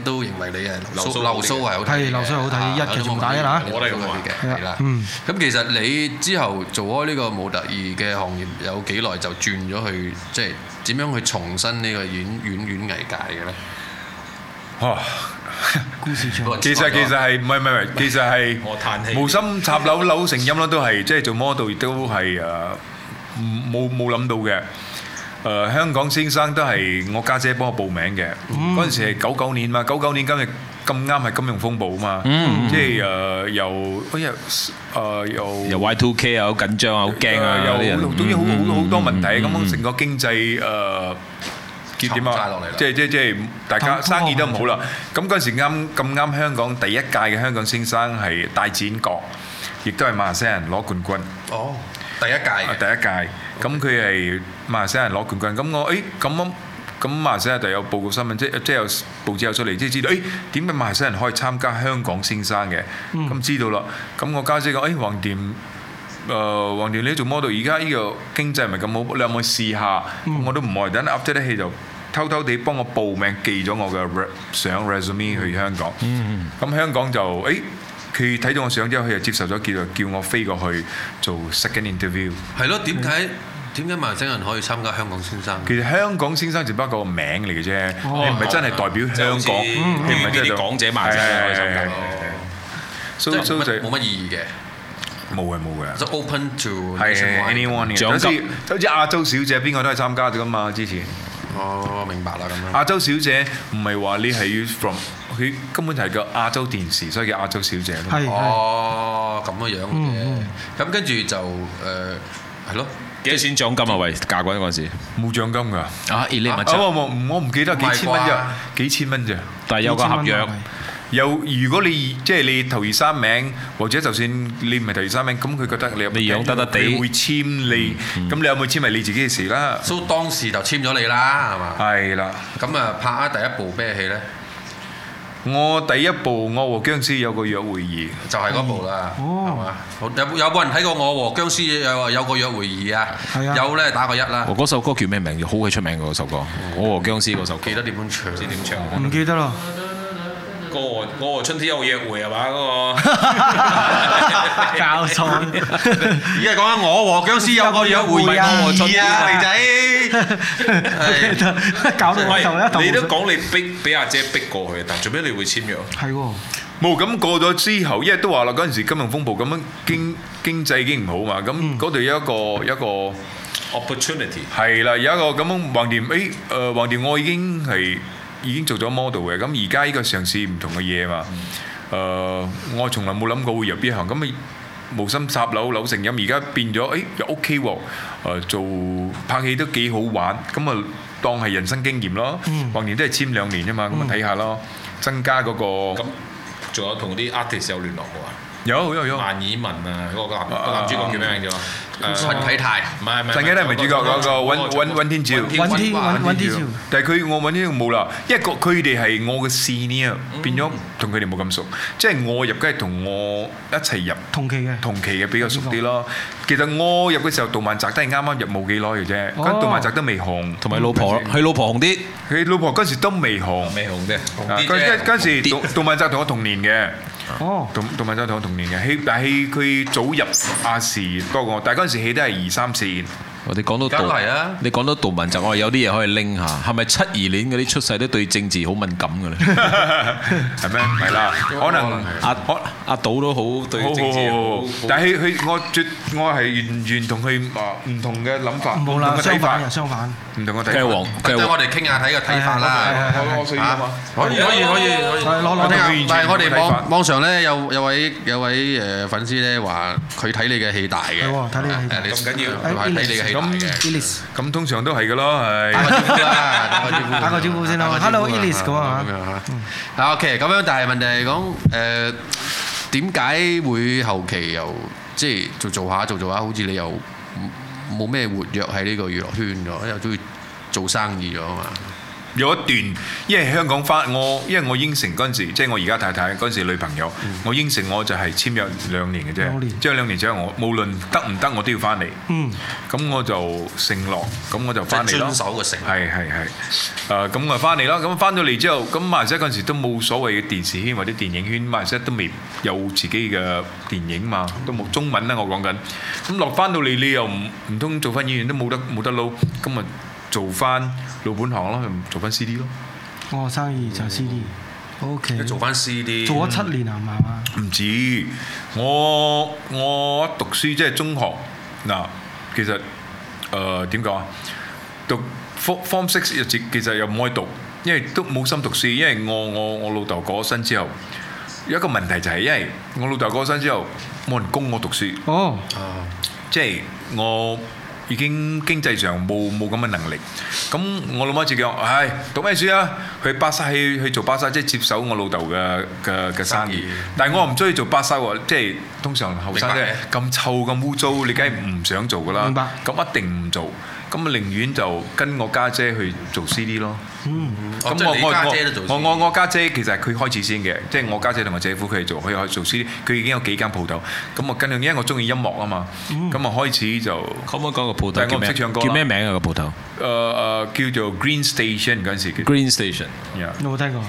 都認為你係流流蘇係好睇，係流蘇係好睇一嘅重大一啦。我哋咁話嘅，係啦。咁其實你之後做開呢個模特兒嘅行業，有幾耐就轉咗去，即係點樣去重新呢個演演演藝界嘅咧？哇！故事長，其實其實係唔係唔係，其實係無心插柳柳成蔭咯，都係即係做 model 亦都係誒冇冇諗到嘅。誒香港先生都係我家姐幫我報名嘅，嗰陣時係九九年嘛，九九年今日咁啱係金融風暴啊嘛，即係誒又哎呀誒又又 Y2K 啊，好緊張啊，好驚啊，啲人總之好好好多問題，咁成個經濟誒跌點啊，即係即係即係大家生意都唔好啦。咁嗰陣時啱咁啱香港第一屆嘅香港先生係大展國，亦都係馬來西亞人攞冠軍。哦，第一屆啊，第一屆，咁佢係，馬來西亞人攞冠軍，咁我誒咁樣咁馬來西亞人就有報告新聞，即即係有報紙有出嚟，即係知道誒點解馬來西亞人可以參加香港先生嘅，咁知道啦。咁我家姐講誒黃電，誒黃電你做 model，而家呢個經濟唔係咁好，你有冇試下？我都唔係等，up 咗啲戲就偷偷地幫我報名寄咗我嘅相 resume 去香港。嗯嗯。咁香港就誒，佢睇咗我相之後，佢就接受咗，叫做叫我飛過去做 second interview。係咯，點睇？點解外星人可以參加香港先生？其實香港先生只不過一個名嚟嘅啫，你唔係真係代表香港，你唔係真係港姐外星人，所以冇乜意義嘅，冇嘅冇嘅。即係 open to anyone，獎金好似亞洲小姐，邊個都係參加㗎嘛？之前哦，明白啦，咁樣。亞洲小姐唔係話你係要 from，佢根本就係個亞洲電視，所以叫亞洲小姐咯。哦，咁嘅樣嘅。咁跟住就誒，係咯。幾多錢獎金，獎金啊？喂，價款嗰陣時冇獎金㗎。啊，呢啲我唔記得幾千蚊啫，幾千蚊啫。但係有個合約，有如果你即係你頭二三名，或者就算你唔係頭二三名，咁佢覺得你有。你樣得得地。會簽你，咁、嗯嗯、你有冇簽埋你自己嘅事啦。所以、so，當時就簽咗你啦，係嘛？係啦了。咁啊，拍啊第一部咩戲咧？我第一部《我和僵屍有個約會》二就係嗰部啦，係嘛、oh.？有有冇人睇過《我和僵屍》有有個約會二啊？Yeah. 有咧打個一啦。嗰首歌叫咩名？好鬼出名嗰首歌，《oh. 我和僵屍》。嗰首，記得點唱？知點唱？唔、oh. 記得啦。個我和春天有個約會係嘛？嗰個搞錯，而係講緊我和殭屍有個約會啊！你啊，肥仔，搞到頭一頭，你都講你逼俾阿姐逼過去，但係做咩你會簽約？係喎，冇咁過咗之後，因為都話啦，嗰陣時金融風暴咁樣經經濟已經唔好嘛，咁嗰度有一個一個 opportunity 係啦，有一個咁樣橫掂，咦？誒，橫掂我已經係。已經做咗 model 嘅，咁而家呢個嘗試唔同嘅嘢嘛？誒、嗯呃，我從來冇諗過會入邊行，咁無心插柳柳成蔭，而家變咗，誒又 OK 喎。誒、呃、做拍戲都幾好玩，咁啊當係人生經驗咯。嗯、橫年都係簽兩年啫嘛，咁咪睇下咯，嗯、增加嗰、嗰個。咁仲有同啲 artist 有聯絡冇？有有有。萬爾文啊，嗰個男嗰男主角叫咩名啫？陳啟泰，唔係唔係，陳啟泰係男主角嗰個尹尹尹天照。尹天尹天照。但係佢我尹天照冇啦，因為佢佢哋係我嘅 senior，變咗同佢哋冇咁熟。即係我入梗係同我一齊入。同期嘅。同期嘅比較熟啲咯。其實我入嘅時候，杜汶澤都係啱啱入冇幾耐嘅啫。嗰時杜汶澤都未紅。同埋老婆。佢老婆紅啲。佢老婆嗰時都未紅。未紅啫。嗰嗰時杜杜汶澤同我同年嘅。哦、oh，杜杜汶澤同我同年嘅，起但係佢早入亞視、啊、多過我，但係嗰陣時起都係二三線。我哋講到杜，你講到杜文澤，我哋有啲嘢可以拎下。係咪七二年嗰啲出世都對政治好敏感㗎咧？係咩？係啦，可能阿阿杜都好對政治，但係佢佢我絕我係完全同佢話唔同嘅諗法，諗法相反，相反。唔同我哋。我哋，我哋，我哋傾下睇個睇法啦，嚇！可以可以可以，我聽下。但係我哋網網上咧有有位有位誒粉絲咧話佢睇你嘅戲大嘅，睇你嘅戲大，咁緊要睇你嘅戲。咁通常都係嘅咯，係。打個招呼先咯。Hello，Elias，咁 啊，啊。OK，咁樣，但係問題講誒，點、呃、解會後期又即係做下做下做做下，好似你又冇咩活躍喺呢個娛樂圈咗，又都要做生意咗啊嘛。呃有一段，因為香港翻我，因為我應承嗰陣時，即係我而家太太嗰陣時女朋友，嗯、我應承我就係簽約兩年嘅啫，年即係兩年之後我無論得唔得我都要翻嚟。嗯，咁我就承諾，咁我就翻嚟咯。即係遵守個承諾。係係係。誒，咁我翻嚟咯。咁翻到嚟之後，咁馬來西亞嗰陣時都冇所謂嘅電視圈或者電影圈，馬來西亞都未有自己嘅電影嘛，都冇中文啦、啊、我講緊。咁落翻到嚟你又唔唔通做翻演員，都冇得冇得撈，咁啊？做翻老本行咯，做翻 C D 咯。我生意就 C D。O K。一做翻 C D。做咗七年啊，係嘛？唔止，我我讀書即係中學嗱，其實誒點講啊？讀 Form Six 又其實又唔愛讀，因為都冇心讀書，因為我我我老豆過咗身之後，有一個問題就係因為我老豆過咗身之後冇人供我讀書。哦。啊。即係我。已經經濟上冇冇咁嘅能力，咁我老媽自己話，唉，讀咩書啊？去巴剎去做巴剎，即係接手我老豆嘅嘅嘅生意。生意，但係我又唔中意做巴剎喎，嗯、即係通常後生嘅咁臭咁污糟，你梗係唔想做㗎啦。明白。咁白一定唔做。咁啊，我寧願就跟我家姐,姐去做 CD 咯。咁、哦、我、哦、我家姐都做 CD? 我我我家姐,姐其實係佢開始先嘅，即係我家姐同我姐,姐,姐夫佢做，佢做 CD，佢已經有幾間鋪頭。咁我跟，住，因為我中意音樂啊嘛。咁我、嗯、開始就可唔可以講個鋪頭我叫咩？唱歌叫咩名啊、個鋪頭？誒誒，叫做 Green Station 嗰陣時叫 Green Station。呀，有冇聽過？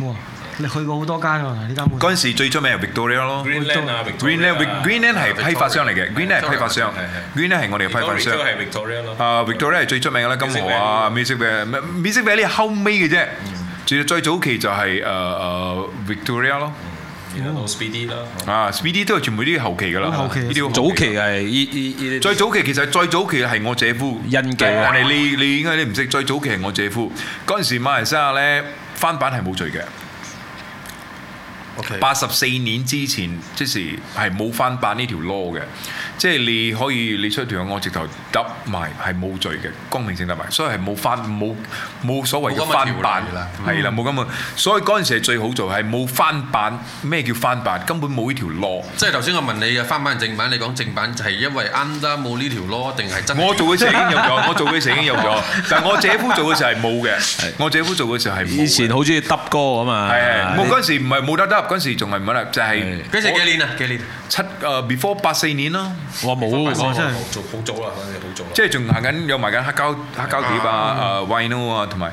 冇。你去過好多間喎，呢間。嗰陣時最出名係 Victoria 咯。Greenland 啊，Greenland，Greenland 係批發商嚟嘅。Greenland 係批發商。Greenland 係我哋嘅批發商。Greenland 係 Victoria 咯。啊，Victoria 係最出名嘅啦，金河啊，Miss Valley，Miss Valley 係後尾嘅啫。嗯。最最早期就係誒誒 Victoria 咯。嗯。然後到 Speedy 啦。啊，Speedy 都係全部啲後期㗎啦。O K。呢啲早期係依依依。最早期其實最早期係我姐夫。印記。但係你你應該你唔識，最早期係我姐夫。嗰陣時馬來西亞咧翻版係冇罪嘅。八十四年之前，即是係冇翻版呢條 law 嘅，即係你可以你出條我直頭揼埋係冇罪嘅，公平性得埋，所以係冇翻冇冇所謂嘅翻版，係啦冇咁所以嗰陣時係最好做係冇翻版，咩叫翻版根本冇呢條 law。即係頭先我問你嘅翻版正版，你講正版就係因為 under 冇呢條 law 定係真我 我？我做嘅時候已經有咗，我做嘅時候已經有咗，但係我姐夫做嘅時候係冇嘅。我姐夫做嘅時候係冇。以前好中意揼歌啊嘛。係，我嗰陣時唔係冇得得。 嗰時仲係唔好啦，就係、係。嗰時幾年啊？幾年？七誒、呃、before 八四年咯。我冇啊，我年真係。做好早啦，反正好早啦。即係仲行緊，有埋架黑膠、黑膠碟啊，誒 vinyl 啊，同埋。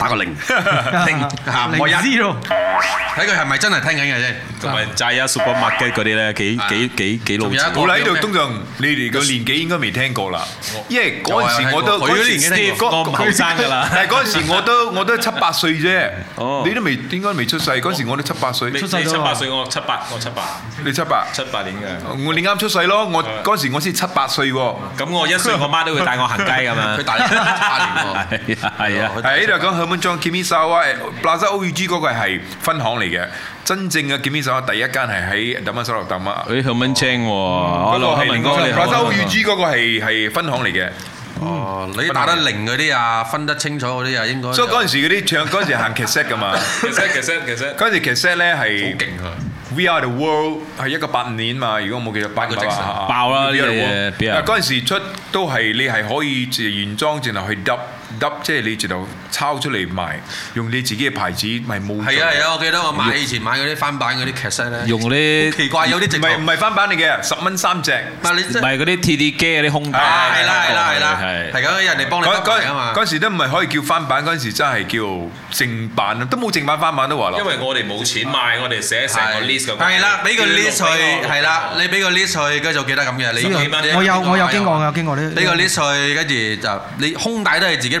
打個零，零，我唔知道，睇佢係咪真係聽緊嘅啫。同埋齋一熟骨麥雞嗰啲咧，幾幾幾幾老。好啦。呢度通常你哋個年紀應該未聽過啦。因為嗰陣時我都，我啲年紀聽過，我後生㗎啦。但係嗰陣時我都我都七八歲啫。哦，你都未應該未出世，嗰陣時我都七八歲。出世咗啊？七八歲我七八我七八。你七八？七八年嘅。我你啱出世咯，我嗰陣時我先七八歲喎。咁我一歲我媽都會帶我行街噉樣。佢大你七八年，係係啊。喺呢度講佢。咁張 Kimi 手啊，Plaza OUG 嗰個係分行嚟嘅，真正嘅 Kimi 手啊，第一間係喺特馬手落特馬。誒，好清楚喎，Plaza OUG 嗰個係係分行嚟嘅。哦，你打得零嗰啲啊，分得清楚嗰啲啊，應該。所以嗰陣時嗰啲唱嗰陣時行 cassette 噶嘛，cassette cassette cassette。嗰陣時 cassette 咧係好勁啊。We are the world 係一個八五年嘛，如果我冇記錯，八個幾成爆啦呢樣嘢。嗱，嗰陣時出都係你係可以原裝淨係去揼。揼即係你直頭抄出嚟賣，用你自己嘅牌子賣冇。係啊係啊，我記得我買以前買嗰啲翻版嗰啲劇聲咧。用嗰啲奇怪有啲唔係唔係翻版嚟嘅，十蚊三隻。唔係你即係唔係嗰啲 TDK 嗰啲空帶。係啦係啦係啦係。係咁，人哋幫你幫你啊嘛。嗰時都唔係可以叫翻版，嗰時真係叫正版啊，都冇正版翻版都話落。因為我哋冇錢買，我哋寫成個 list 咁。係啦，俾個 list 佢，係啦，你俾個 list 佢，跟住記得咁嘅。我有我有經過嘅，經過啲。俾個 list 佢，跟住就你空帶都係自己。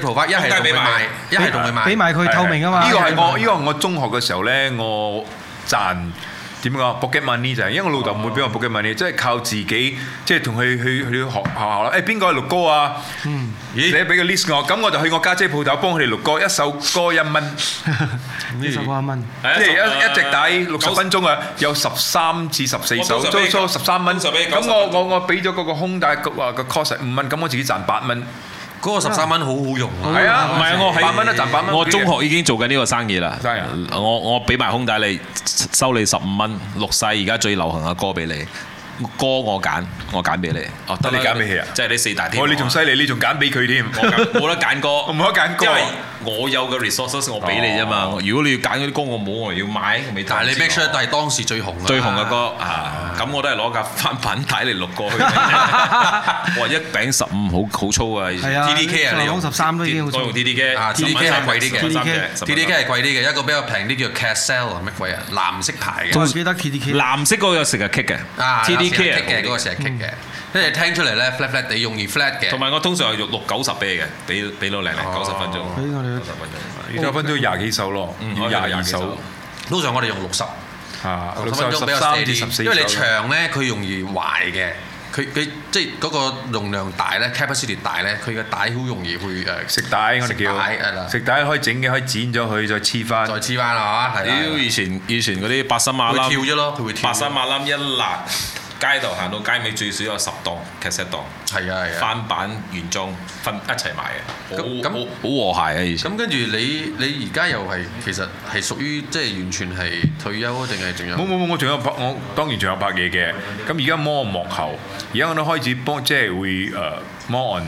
一係俾埋，一係同佢賣，俾埋佢透明啊嘛。呢個係我呢個我中學嘅時候咧，我賺點講？pocket money 就係因為我老豆唔會俾我 o o k e m pocket money，即係靠自己，即係同佢去去學校咯。誒，邊個係錄歌啊？嗯，你俾個 list 我，咁我就去我家姐鋪頭幫佢哋錄歌，一首歌一蚊，一首歌一蚊，即係一一直帶六十分鐘啊，有十三至十四首，初初十三蚊，咁我我我俾咗嗰個空帶個個 course 五蚊，咁我自己賺八蚊。嗰個十三蚊好好用，係啊，唔係啊，啊是啊我八蚊都賺八蚊，元 uh，我中學已經做緊呢個生意啦，啊。我我俾埋空底你，收你十五蚊。六世而家最流行嘅歌俾你。歌我揀，我揀俾你。哦，得你揀咩戲啊？即係你四大天。哦，你仲犀利，你仲揀俾佢添。我冇得揀歌，我冇得揀歌，因為我有個 resource，所以我俾你啫嘛。如果你要揀嗰啲歌，我冇，我要買，我未。但係你 make sure 都係當時最紅。最紅嘅歌啊，咁我都係攞架翻版帶嚟錄過去。我話，一餅十五，好好粗啊！以前。係啊。T D K 啊，你攞十三都已經好粗。都用 T D K 啊，T D K 係貴啲嘅，T D K 係貴啲嘅，一個比較平啲叫 Kassell 啊，咩鬼啊？藍色牌嘅。仲記得 T D K。藍色嗰個成日 K 嘅。啊，T D 棘嘅嗰個石棘嘅，跟住聽出嚟咧 flat flat 你容易 flat 嘅。同埋我通常係用六九十俾你嘅，俾俾到零零九十分鐘，九十分鐘。九分鐘廿幾首咯，廿二首。通常我哋用六十，六十因為你長咧，佢容易壞嘅，佢佢即係嗰個容量大咧 capacity 大咧，佢嘅帶好容易會誒。食帶我哋叫。食帶可以整嘅，可以剪咗佢再黐翻。再黐翻啊！係。以前以前嗰啲百森馬欖，百森馬欖一甩。街道行到街尾，最少有十檔劇集檔。係啊係啊，啊翻版原裝分一齊賣嘅，好咁好和諧嘅意思。咁那前跟住你你而家又係其實係屬於即係完全係退休啊？定係仲有？冇冇冇，我仲有拍我當然仲有拍嘢嘅。咁而家摸幕後，而家我都開始幫即係會誒摸案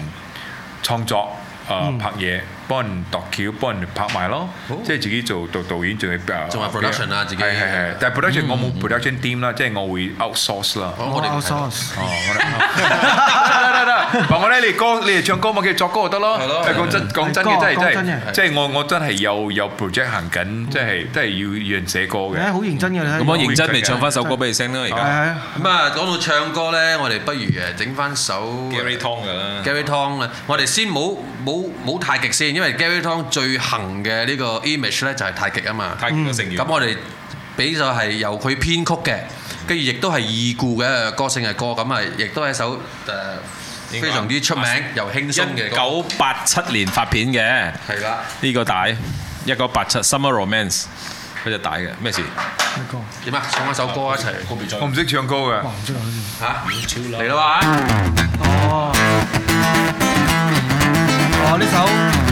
創作誒、呃嗯、拍嘢。幫人度橋，幫人拍埋咯，即係自己做導導演仲要，仲係 production 啦自己。係係係，但係 production 我冇 production team 啦，即係我會 outsourced 啦。我哋 outsourced。哦，得得得，嗱我哋，你哋歌，你哋唱歌，咪叫作歌就得咯。係咯。講真，講真嘅，真係真係，即係我我真係有有 project 行緊，即係即係要要人寫歌嘅。唉，好認真㗎你。咁我認真咪唱翻首歌俾你聽啦，而家。係係。咁啊，講到唱歌咧，我哋不如誒整翻首 Gary Tong 㗎啦。Gary Tong 啦，我哋先冇冇冇太極先。因為 Gary Tong 最行嘅呢個 image 咧就係太極啊嘛，太極嘅成員。咁我哋俾咗係由佢編曲嘅，跟住亦都係已故嘅歌聲嘅歌，咁啊亦都係一首誒非常之出名又輕鬆嘅歌。一九八七年發片嘅。係啦，呢個帶一九八七 Summer Romance 嗰隻帶嘅咩事？咩歌？點啊，唱一首歌一齊？我唔識唱歌㗎，唔識啊嚇，嚟啦嘛？哦哦，呢首。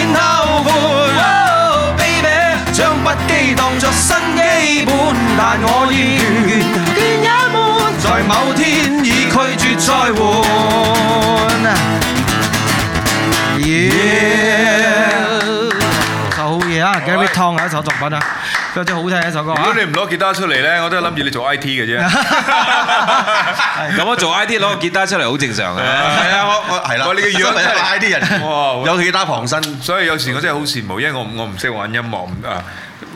當作新基本，但我厭倦也沒。在某天已拒絕再換。耶！好嘢啊，Gary Tong 啊，一首作品啊，真係好聽一首歌。如果你唔攞吉他出嚟咧，我都諗住你做 IT 嘅啫。咁我做 IT 攞個吉他出嚟好正常嘅。係啊，係啦，我你嘅預約真係 IT 人。有吉他旁身，所以有時我真係好羨慕，因為我我唔識玩音樂啊。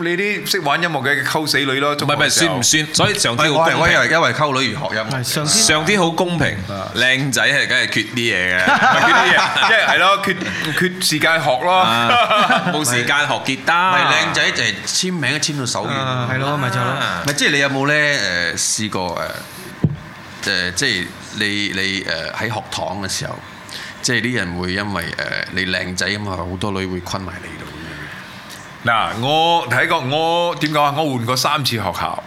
你啲識玩音樂嘅溝死女咯，唔係唔係算唔算？所以上天，我我因為因為溝女而學音樂。上天好公平，靚仔係梗係缺啲嘢嘅，即係係咯，缺缺時間學咯，冇時間學結他。靚仔就係簽名都簽到手軟。係咯，咪就係咯。咪即係你有冇咧？誒試過誒誒即係你你誒喺學堂嘅時候，即係啲人會因為誒你靚仔啊嘛，好多女會困埋你度。嗱，我睇過，我點講啊？我換過三次學校，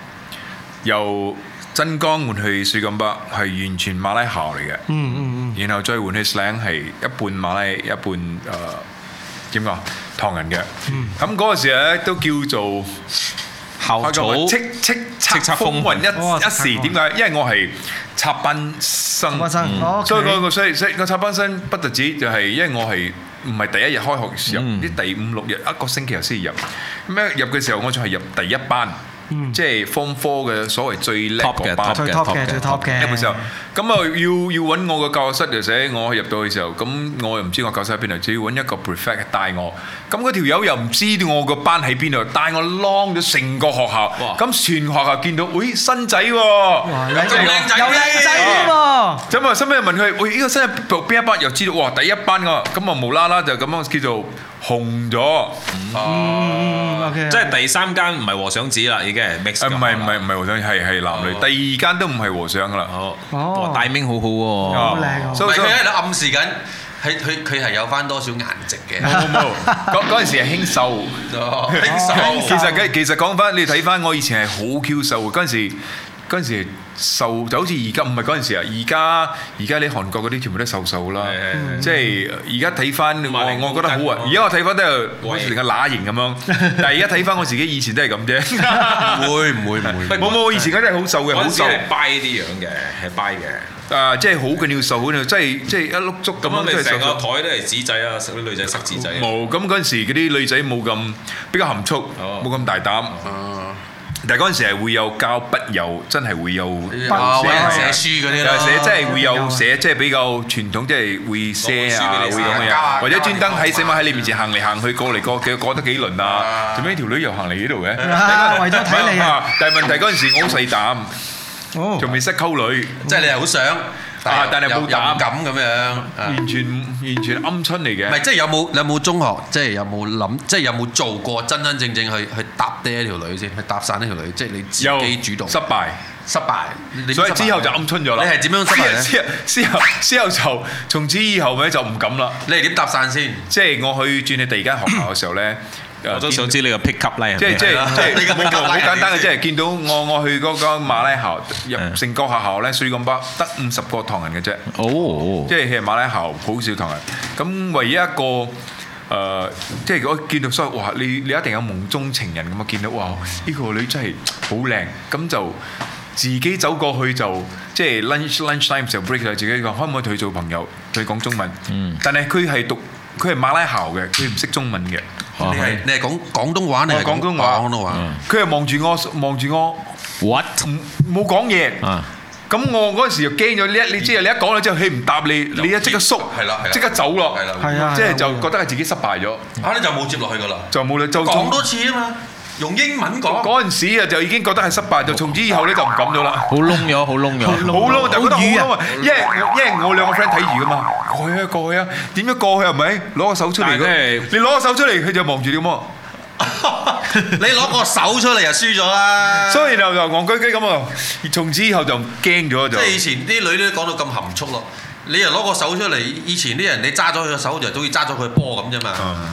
由真江換去水金北，係完全馬拉校嚟嘅。嗯嗯嗯。Hmm. 然後再換去石嶺，係一半馬拉，一半誒點講，唐人嘅。嗯。咁嗰個時候咧，都叫做校草，叱叱咤咤風雲一一時。點解？哦？因為我係插班生。生。所以個所以所以個插班生不特止，就係因為我係。唔係第一日開學嘅時候，呢第五六日一個星期又先入。咁樣入嘅時候，我就係入第一班，即係 Form 4嘅所謂最叻嘅班，最 top 嘅最 top 嘅。一般時候。咁啊，要要揾我個教室就寫，我入到去嘅時候，咁我又唔知我教室喺邊度，只要揾一個 prefect 帶我。咁嗰條友又唔知我個班喺邊度，帶我 long 咗成個學校。咁全學校見到，喂，新仔喎，咁又靚仔添喎。咁啊，收尾問佢，喂，呢個新仔讀邊一班？又知道，哇，第一班㗎。咁啊，無啦啦就咁樣叫做紅咗。嗯嗯嗯嗯，OK。即係第三間唔係和尚子啦，已經 mix 咁。啊，唔係唔係唔係和尚，係係男女。第二間都唔係和尚㗎啦。哦。大名好好、啊、靚喎，所以佢喺度暗示緊，係佢佢係有翻多少顏值嘅。嗰嗰陣時係輕瘦，oh, 輕瘦秀。 其實其實講翻，你睇翻我以前係好 Q 瘦嗰陣時。嗰陣時瘦就好似而家唔係嗰陣時啊！而家而家你韓國嗰啲全部都瘦瘦啦，即係而家睇翻我，我覺得好啊。而家我睇翻都係成個乸型咁樣。但係而家睇翻我自己以前都係咁啫。唔會唔會唔會冇冇？以前嗰啲係好瘦嘅，好瘦。拜啲樣嘅係拜嘅。啊，即係好緊要瘦，好緊要即係即係一碌足。咁樣咪成個台都係紙仔啊！食啲女仔塞紙仔。冇咁嗰陣時嗰啲女仔冇咁比較含蓄，冇咁大膽，但係嗰陣時係會有交筆友，真係會有有人寫書嗰啲，又係寫真係會有寫，即係比較傳統，即係會寫啊，會咁嘅嘢，或者專登喺寫碼喺你面前行嚟行去，過嚟過幾過得幾輪啊？做咩條女又行嚟呢度嘅？為咗睇你啊！但係問題嗰陣時我好細膽，仲未識溝女，即係你係好想。但係冇膽咁樣，完全完全鵪鶉嚟嘅。唔係，即係有冇你有冇中學？即係有冇諗？即係有冇做過真真正正去去搭爹條女先，去搭訕呢條女？即係你自己主動。失敗，失敗。所以之後就鵪鶉咗啦。你係點樣失敗咧？之後，之後，之後就從此以後咪就唔敢啦。你係點搭訕先？即係我去轉你第二間學校嘅時候咧。我都想知你個 pickup line 係咩啦？即係即係即係好好好簡單嘅，即係見到我，我去嗰間馬來校入成個學校咧，水咁多得五十個唐人嘅啫。哦，即係佢係馬來校好少唐人。咁唯一一個誒，即係我見到所以，哇，你你一定有夢中情人咁啊！見到哇，呢個女真係好靚，咁就自己走過去就，即係 lunch lunch time 時候 break 就自己講可唔可以同佢做朋友，佢講中文，但係佢係讀。佢係馬拉校嘅，佢唔識中文嘅。你係你係講廣東話，你係廣東話。廣東話。佢係望住我，望住我。What？冇講嘢。啊。咁我嗰陣時就驚咗，你一你即係你一講咗之後，佢唔答你，你一即刻縮，係啦，即刻走咯，係啦，即係就覺得係自己失敗咗。嚇！你就冇接落去㗎啦。就冇你就講多次啊嘛。用英文講嗰陣時啊，就已經覺得係失敗，就從此以後咧就唔敢咗啦。好燶咗，好燶咗，好燶就覺得好燶啊！因因我兩個 friend 睇住㗎嘛，過去啊過去啊，點樣過去？係咪攞個手出嚟？你攞個手出嚟，佢就望住你咁喎。你攞個手出嚟就輸咗啦。所以就就戇居居咁喎，從此以後就驚咗就。即係以前啲女都講到咁含蓄咯。你又攞個手出嚟，以前啲人你揸咗佢個手就等於揸咗佢個波咁啫嘛。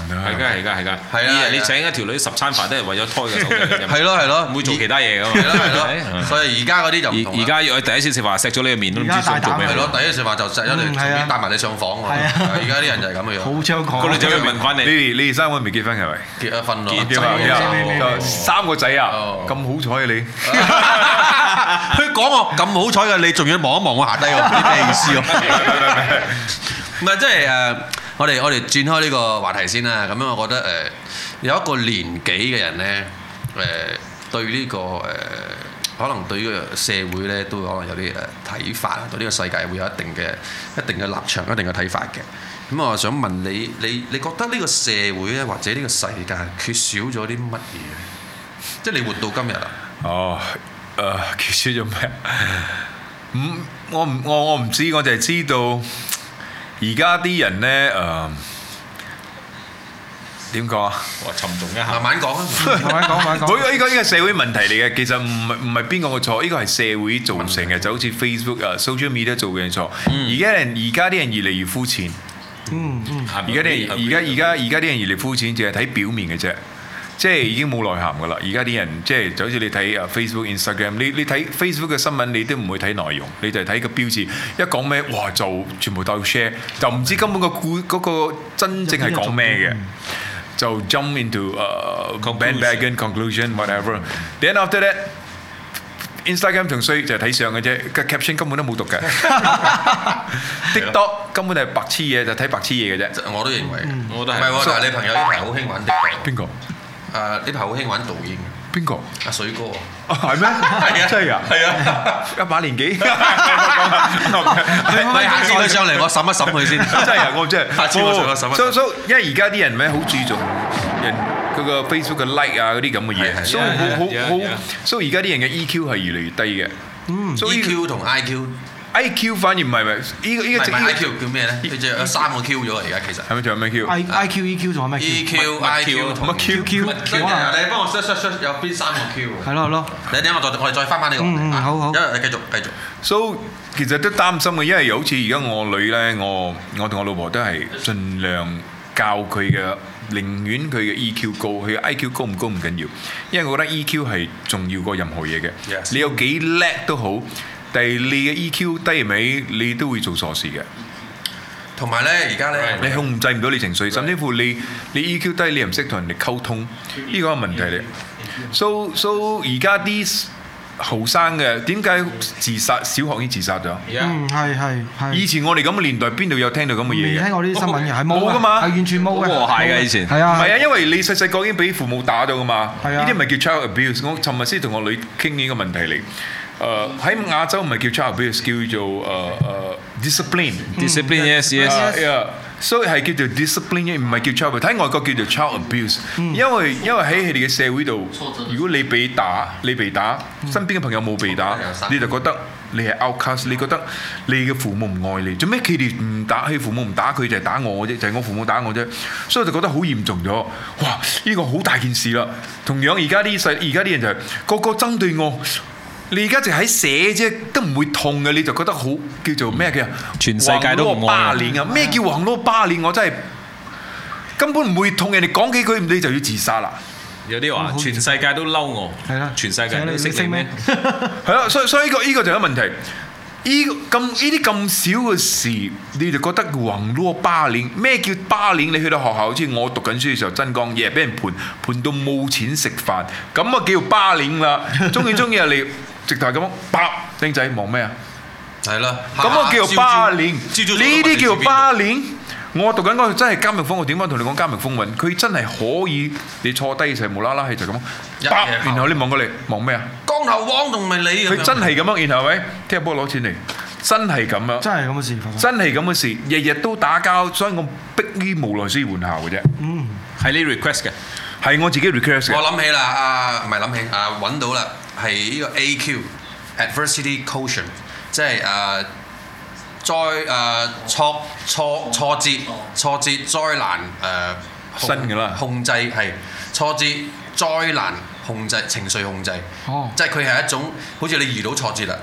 係㗎，係㗎，係㗎。係啊，你請一條女十餐飯都係為咗拖嘅。係咯，係咯，唔會做其他嘢㗎嘛。係咯，係咯。所以而家嗰啲就同而而家我第一次食飯，錫咗你個面都唔知想做咩。係咯，第一次食飯就錫咗你，帶埋你上房。係啊，而家啲人就係咁嘅樣。好猖狂，個女仔要問翻你：你哋你哋三個未結婚係咪？結咗婚咯。結咗啊！三個仔啊！咁好彩嘅你。佢講我咁好彩嘅你，仲要望一望我下低喎？唔知咩意思喎？唔係， 即係誒、uh，我哋我哋轉開呢個話題先啦。咁樣我覺得誒、uh, 有一個年紀嘅人咧，誒、uh, 對呢、這個誒、uh, 可能對呢個社會咧都可能有啲誒睇法，對呢個世界會有一定嘅一定嘅立場、一定嘅睇法嘅。咁、嗯、我想問你，你你覺得呢個社會咧或者呢個世界缺少咗啲乜嘢？即係你活到今日，哦誒，缺少咗咩？ 唔，我唔我我唔知，我就係知道而家啲人咧，誒點講啊？我沉重一下，慢慢講 慢慢講，慢慢講。唔好，呢個呢個社會問題嚟嘅，其實唔係唔係邊個嘅錯，呢個係社會造成嘅，嗯、就好似 Facebook 啊，Social Media 做嘅錯。而家人而家啲人越嚟越膚淺。嗯，而家啲而家而家而家啲人越嚟越膚淺，淨係睇表面嘅啫。即係已經冇內涵噶啦，而家啲人即係就好似你睇啊 Facebook、Instagram，你你睇 Facebook 嘅新聞，你都唔會睇內容，你就係睇個標誌。一講咩哇就全部都 share，就唔知根本個故嗰個真正係講咩嘅，就 jump into 誒 conclusion whatever。Then after that Instagram 仲衰就睇相嘅啫，個 caption 根本都冇讀嘅。TikTok 根本就係白痴嘢，就睇白痴嘢嘅啫。我都認為，我都唔係喎，但係你朋友呢排好興玩啲邊個？誒呢排好興玩抖音，邊個？阿水哥啊？係咩？係啊，真係啊，係啊，一把年紀，係咪下次佢上嚟我審一審佢先？真係啊，我真係。So so，因為而家啲人咪好注重人佢個 Facebook 嘅 like 啊嗰啲咁嘅嘢，So 好好好，So 而家啲人嘅 EQ 係越嚟越低嘅，嗯，EQ 同 IQ。I Q 反而唔係咪？依個依個就 I Q 叫咩咧？佢就有三個 Q 咗啊！而家其實係咪仲有咩 Q？I I Q E Q 仲有咩？E Q I Q 同埋 Q Q。真係啊！你幫我 search search search 有邊三個 Q？係咯，係咯。你等我再我哋再翻翻呢個。嗯嗯，好好。因為你繼續繼續。So 其實都擔心嘅，因為好似而家我女咧，我我同我老婆都係盡量教佢嘅，寧願佢嘅 E Q 高，佢 I Q 高唔高唔緊要，因為我覺得 E Q 係重要過任何嘢嘅。Yes。你有幾叻都好。第你嘅 EQ 低尾，你都會做傻事嘅。同埋咧，而家咧，你控制唔到你情緒，甚至乎你你 EQ 低，你又唔識同人哋溝通，呢個問題咧。So so，而家啲後生嘅點解自殺？小學已經自殺咗。嗯，係係係。以前我哋咁嘅年代，邊度有聽到咁嘅嘢嘅？聽我呢啲新聞，冇噶嘛，係完全冇嘅，冇和諧嘅以前。係啊，唔係啊，因為你細細個已經俾父母打到噶嘛。係啊，呢啲咪叫 child abuse。我尋日先同我女傾呢個問題嚟。誒，喺亞洲唔係叫 child abuse 叫叫誒、uh, uh, discipline，discipline、mm. yes yes 所以係叫做 discipline，唔係叫 child abuse，喺外國叫做 child abuse，, child abuse.、Mm. 因為因為喺佢哋嘅社會度，如果你被打，你被打，身邊嘅朋友冇被打，mm. 你就覺得你係 outcast，、mm. 你覺得你嘅父母唔愛你，做咩佢哋唔打？佢父母唔打佢就係打我啫，就係、是、我父母打我啫，所以我就覺得好嚴重咗。哇！呢、這個好大件事啦。同樣而家啲細而家啲人就係、是、個個針對我。你而家就喺寫啫，都唔會痛嘅，你就覺得好叫做咩叫、嗯、全世界都巴臉啊？咩的叫橫攞巴臉？我真係根本唔會痛。人哋講幾句，你就要自殺啦。有啲話好全世界都嬲我，係啦的，全世界人都識你咩？係啊， 所以所以呢、呢個呢、呢個就有問題。呢咁呢啲咁少嘅事，你就覺得橫攞巴臉？咩叫巴臉？你去到學校，好似我讀緊書嘅時候，真江夜俾人盤盤到冇錢食飯，咁啊叫巴臉啦。中意中意啊你！ 直頭係咁樣，啪！丁仔望咩啊？係啦，咁了我叫做霸凌，呢啲叫做霸凌。我讀緊嗰個真係監獄風雲，點解同你講監獄風雲？佢真係可以，你坐低就無啦啦係就咁，啪！然後你望過嚟望咩啊？光頭汪同埋你。佢真係咁樣，然後係咪聽日幫我攞錢嚟？真係咁樣。真係咁嘅事。發發發真係咁嘅事，日日都打交，所以我逼於無奈先換校嘅啫。嗯，係你 request 嘅，係我自己 request 嘅。我諗起啦，啊唔係諗起，啊揾到啦。係呢個 AQ adversity caution，即係誒、uh，災、誒挫挫挫折、挫折、災難誒、uh，控，新嘅啦，控制係挫折災難控制、情緒控制，oh. 即係佢係一種好似你遇到挫折啦，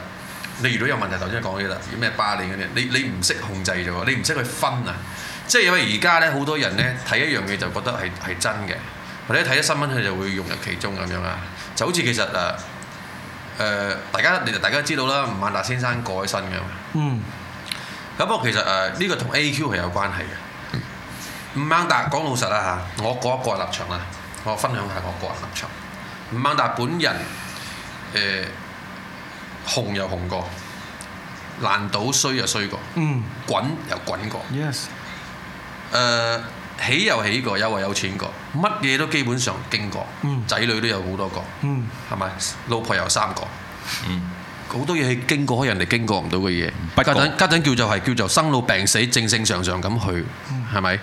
你遇到有問題，頭先講嗰啲啦，咩霸你嗰啲，你你唔識控制咗，你唔識去分啊，即係因為而家咧好多人咧睇一樣嘢就覺得係係真嘅，或者睇咗新聞佢就會融入其中咁樣啊，就好似其實誒。誒、呃，大家其實大家知道啦，吳孟達先生過身嘅。嗯。咁不過其實誒，呢、呃這個同 AQ 係有關係嘅。嗯。吳孟達講老實啦嚇，我講一個立場啊，我分享下我個人立場。吳孟達本人誒、呃、紅又紅過，爛賭衰又衰過。嗯。滾又滾過。Yes、呃。誒。起又起過，有話有錢過，乜嘢都基本上經過，仔女都有好多個，係咪？老婆有三個，好多嘢係經過，開人哋經過唔到嘅嘢。不過家陣家陣叫就係叫做生老病死，正正常常咁去，係咪？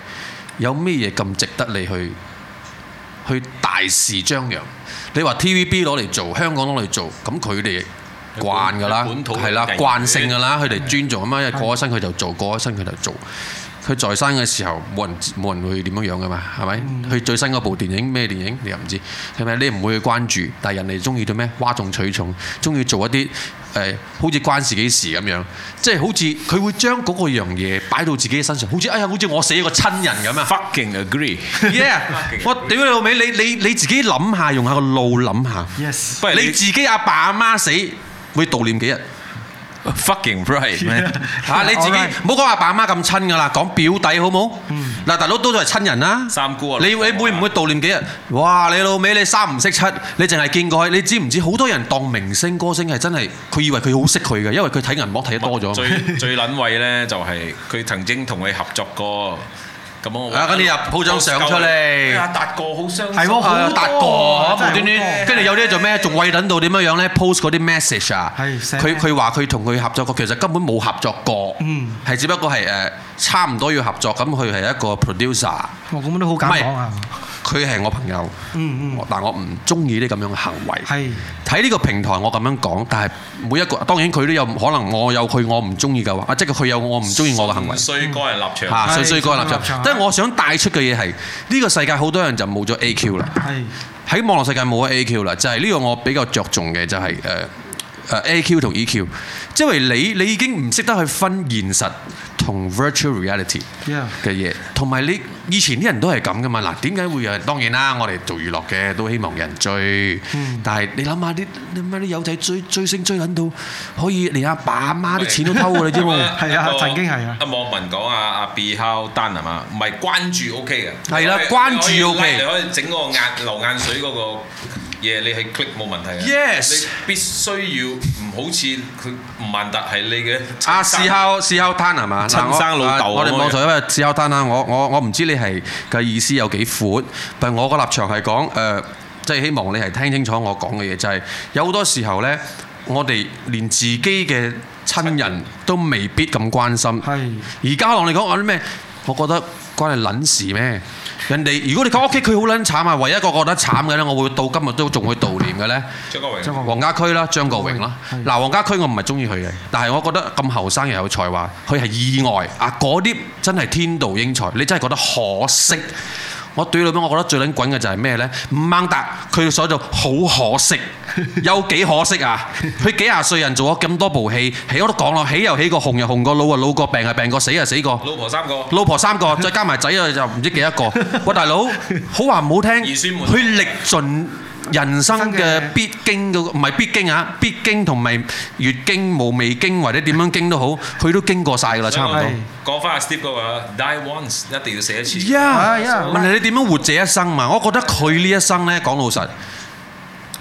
有咩嘢咁值得你去去大肆張揚？你話 TVB 攞嚟做，香港攞嚟做，咁佢哋慣㗎啦，本土，係啦，慣性㗎啦，佢哋尊重啊嘛，一過咗身佢就做，過咗身佢就做。佢在生嘅時候，冇人冇人會點樣樣㗎嘛，係咪？佢、嗯、最新嗰部電影咩電影？你又唔知係咪？你唔會去關注，但係人哋中意做咩？嘩眾取寵，中意做一啲誒、呃，好似關自己事咁樣，即係好似佢會將嗰個樣嘢擺到自己身上，好似哎呀，好似我死咗個親人咁啊！Fucking agree，yeah，我屌你老味，你你你自己諗下，用下個腦諗下，yes，你自己阿爸阿媽，媽死會悼念幾日？Fucking right！、Yeah. All right. 吓你自己，唔好講阿爸阿媽咁親噶啦，講表弟好冇？嗱、mm.，大佬都做係親人啦、啊。三姑、啊，你、啊、你會唔會悼念幾日？哇！你老味，你三唔識七，你淨係見過佢，你知唔知？好多人當明星歌星係真係，佢以為佢好識佢嘅，因為佢睇銀幕睇得多咗。最最撚畏咧就係佢曾經同你合作過。 咁啊！跟住又 post 張相出嚟，係啊，達哥好相，係好、啊、達哥嚇，無端端，跟住的有啲做咩，仲餵的等到點樣樣咧？post 嗰啲 message 啊的，佢佢話佢同佢合作過，其實根本冇合作過，嗯，係只不過係誒差唔多要合作，咁佢係一個 producer，咁都好、哦、簡單啊！是 佢係我朋友，嗯嗯，但我唔中意呢咁樣嘅行為。喺呢是個平台我咁樣講，但係每一個當然佢都有可能，我有佢我唔中意嘅話，即係佢有我唔中意我嘅行為。純粹個人立場，純粹、啊、個人立場。是但係我想帶出嘅嘢係，呢、呢個世界好多人就冇咗 AQ 啦，喺是網絡世界冇咗 AQ 啦，就係、是、呢個我比較着重嘅就係、是、誒。呃誒 A Q 同 E Q，即係你你已經唔識得去分現實同 Virtual Reality 嘅嘢，同埋你以前啲人都係咁噶嘛？嗱，點解會有人？當然啦，我哋做娛樂嘅都希望有人追，但係你諗下啲，諗下啲友仔追追星追到可以連阿爸阿媽啲錢都偷㗎，你知冇？係啊，曾經係啊。阿網民講啊，阿 Behold Dan 係嘛？唔係關注 OK 嘅，係啦，關注 OK。你可以整個眼流眼水嗰個。嘢、yeah，你係 click 冇問題。啊、Yes，必須要唔好似吳孟達係你嘅啊？史考史考坦係嘛？親生老豆，我我我唔知你係嘅意思有幾闊，但係我個立場係講誒，即、呃、係、就是、希望你係聽清楚我講嘅嘢，就係、是、有好多時候咧，我哋連自己嘅親人都未必咁關心，而家的我同你講講啲咩？我覺得關你撚事咩？人哋如果你講屋企，佢好撚慘啊！唯一一個覺得慘嘅咧，我會到今日都仲去悼念嘅咧。張國榮、黃家駒啦，張國榮啦。嗱，黃家駒我唔係中意佢嘅，但係我覺得咁後生又有才華，佢係意外啊！嗰啲真係天妒英才，你真係覺得可惜。我對你講，我覺得最撚滾嘅就係咩咧？吳孟達，佢所做好可惜。 有幾可惜啊！佢幾廿歲人做咗咁多部戲，起我都講咯，起又起過，紅又紅過，老啊老過，病啊病過，死啊死過，老婆三個，老婆三個， 再加埋仔啊，就唔知幾多個。 喂，大佬，好話唔好聽，佢歷盡人生嘅必經唔係必經啊，必經同埋月經、無未經或者點樣經都好，佢都經過晒噶啦，差唔多。講翻阿 Steve 嗰個，die once 一定要死一次。呀 Yeah, yeah. So, 問題你點樣活這一生嘛？我覺得佢呢一生呢，講老實。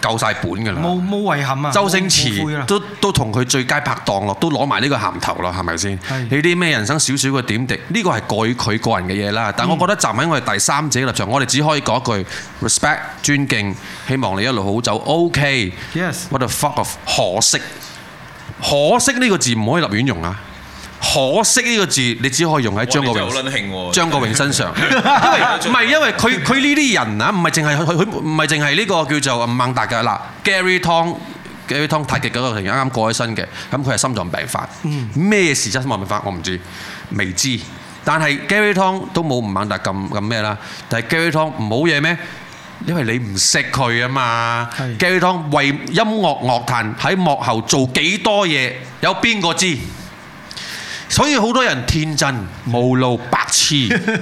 夠曬本㗎啦！冇冇遺憾啊！周星馳都都同佢最佳拍檔咯，都攞埋呢個銜頭啦，係咪先？你啲咩人生少少嘅點滴，呢個係過於佢個人嘅嘢啦。但係我覺得站喺我哋第三者嘅立場，我哋只可以講一句 respect 尊敬，希望你一路好走。OK，Yes。What the fuck of 可惜？可惜呢個字唔可以立亂用啊！可惜呢個字，你只可以用喺張國榮、張國榮身上，因為唔係因為佢、佢呢啲人啊，唔係淨係佢、佢唔係淨係呢個叫做吳孟達嘅，嗱，Gary Tong、Gary Tong 太極嗰個突然間啱啱過咗身嘅，咁佢係心臟病發，咩事真心臟病發我唔知，未知。但係 Gary Tong 都冇吳孟達咁、咁咩啦，但係 Gary Tong 唔好嘢咩？因為你唔識佢啊嘛。Gary Tong 為音樂樂壇喺幕後做幾多嘢，有邊個知？所以好多人天真、無腦、白痴，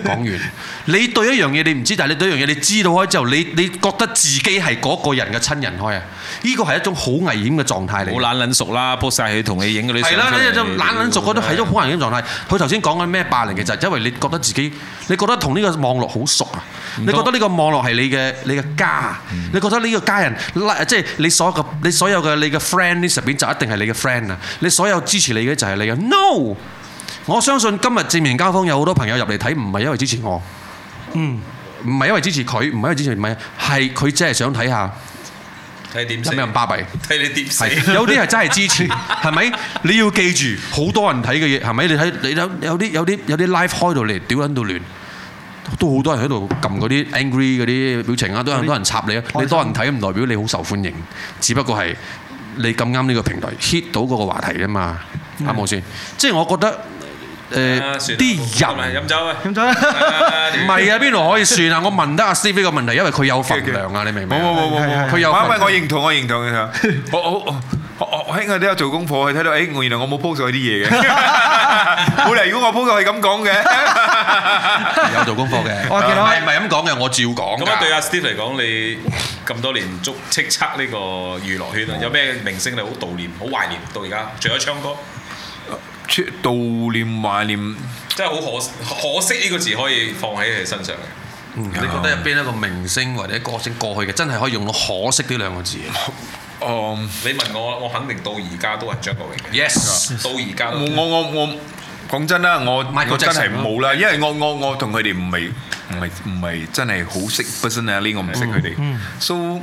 講完 你對一樣嘢你唔知，但係你對一樣嘢你知道開之後，你你覺得自己係嗰個人嘅親人開啊？呢個係一種好危險嘅狀態嚟。冇懶撚熟啦 post 晒佢同 你影嗰啲。係啦，呢一種懶撚熟覺得係一種好危險狀態。佢頭先講緊咩霸凌，嘅就係因為你覺得自己，你覺得同呢個網絡好熟啊難道，你覺得呢個網絡係你嘅你嘅家，嗯、你覺得呢個家人即係你所有嘅，你所有嘅你嘅 friend 呢？呢邊就一定係你嘅 friend 啊，你所有支持你嘅就係你嘅 no。我相信今日正面交鋒有好多朋友入嚟睇，唔係因為支持我，嗯，唔係因為支持佢，唔係因為支持唔係，係佢只係想睇下睇點死，有冇人巴閉睇你跌死，有啲係真係支持，係咪？你要記住，好多人睇嘅嘢係咪？你睇你有有啲有啲有啲 live 開到嚟，屌撚到亂，都好多人喺度撳嗰啲 angry 嗰啲表情啊，都有人，都好多人插你，你多人睇唔代表你好受歡迎，只不過係你咁啱呢個平台 hit 到嗰個話題啫嘛，啱唔啱先？即係我覺得。誒啲人飲酒啊！飲酒啊！唔係啊，邊度可以算啊？我問得阿 Steve 呢個問題，因為佢有份量啊，你明唔明？冇冇冇冇冇！佢有份，因為我認同，我認同嘅。我我我我兄啊，都有做功課，睇到誒，我原來我冇 post 咗啲嘢嘅。本嚟如果我 post 係咁講嘅，有做功課嘅。我見到唔係唔係咁講嘅，我照講。咁對阿 Steve 嚟講，你咁多年叱咤呢個娛樂圈啊，有咩明星你好悼念、好懷念到而家？除咗唱歌。悼念懷念真係好可可惜呢個字可以放喺佢身上嘅，mm hmm. 你覺得有邊一個明星或者歌星過去嘅真係可以用到可惜呢兩個字哦，mm hmm. um, 你問我，我肯定到而家都係張國榮。Yes，到而家都我。我我我講真啦，我真係冇啦，因為我我我同佢哋唔係唔係唔係真係好識本身 r s o 唔識佢哋。Hmm. So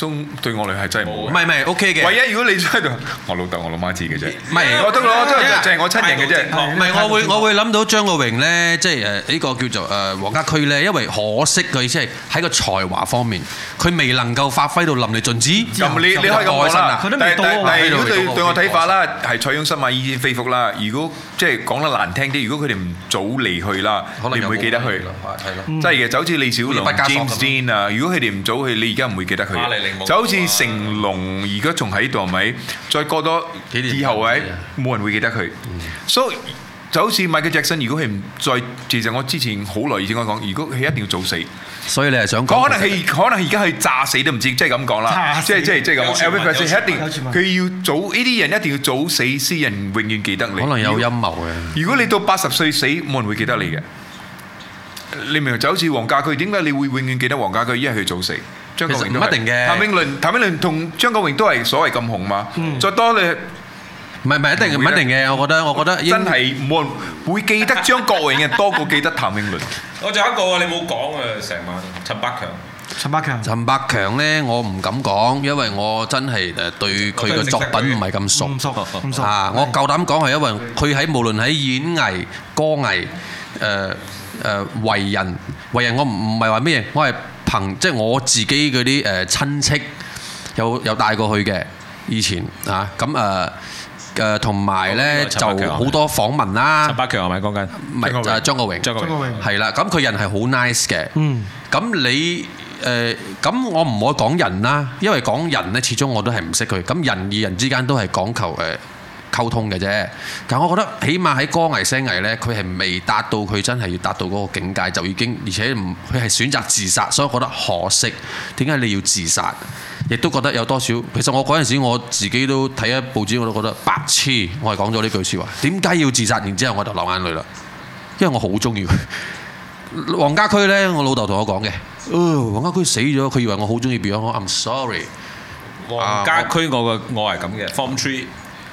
送對我嚟係真係冇嘅。唔係唔係，OK 嘅。唯一如果你喺度，我老豆我老媽知嘅啫。唔係我得我得，正我親人嘅啫。唔係我會我會諗到張國榮咧，即係誒呢個叫做誒黃家駒咧，因為可惜佢即係喺個才華方面，佢未能夠發揮到淋漓盡致。咁你你可以咁講啦。但但係如果對對我睇法啦，係塞翁失馬，焉知非福啦。如果即係講得難聽啲，如果佢哋唔早離去啦，你唔會記得佢。係咯，即係其實。就好似李小龍、James Dean 啊，如果佢哋唔早去，你而家唔會記得佢。就好似成龍而家仲喺度係咪？再過多幾年之後，冇人會記得佢。所以就好似 Michael Jackson 如果佢唔再，其實我之前好耐以前我講，如果佢一定要早死。所以你係想講？可能係可能而家係炸死都唔知，即係咁講啦。即係即係即係咁。一定佢要早呢啲人一定要早死，先人永遠記得你。可能有陰謀嘅。如果你到八十歲死，冇人會記得你嘅。你明？就好似黃家駒，點解你會永遠記得黃家駒？因為佢早死。張國榮唔一定嘅，譚詠麟、譚詠麟同張國榮都係所謂咁紅嘛。再多你，唔係唔係一定唔一定嘅，我覺得我覺得真係會會記得張國榮嘅多過記得譚詠麟。我仲有一個啊，你冇講啊，成晚陳百強。陳百強？陳百強咧，我唔敢講，因為我真係誒對佢嘅作品唔係咁熟。唔熟啊！唔熟啊！我夠膽講係因為佢喺無論喺演藝、歌藝、誒誒為人為人，我唔唔係話咩嘢，我係。即係我自己嗰啲誒親戚，有有帶過去嘅以前啊，咁誒誒同埋咧就好多訪問啦、啊。陳百強係咪講緊？唔係就係張國榮。張國榮係啦，咁佢人係好 nice 嘅。嗯，咁你誒咁、呃、我唔可以講人啦，因為講人咧，始終我都係唔識佢。咁人與人之間都係講求誒。呃溝通嘅啫，但我覺得起碼喺歌藝、聲藝呢，佢係未達到佢真係要達到嗰個境界，就已經而且唔佢係選擇自殺，所以我覺得可惜。點解你要自殺？亦都覺得有多少？其實我嗰陣時我自己都睇咗報紙，我都覺得白痴。我係講咗呢句説話，點解要自殺？然之後我就流眼淚啦，因為我好中意佢。黃家駒呢。我老豆同我講嘅，啊、oh, 黃家駒死咗，佢以為我好中意 Beyond，我 I'm sorry。黃家駒，uh, 我嘅，我係咁嘅，Form 3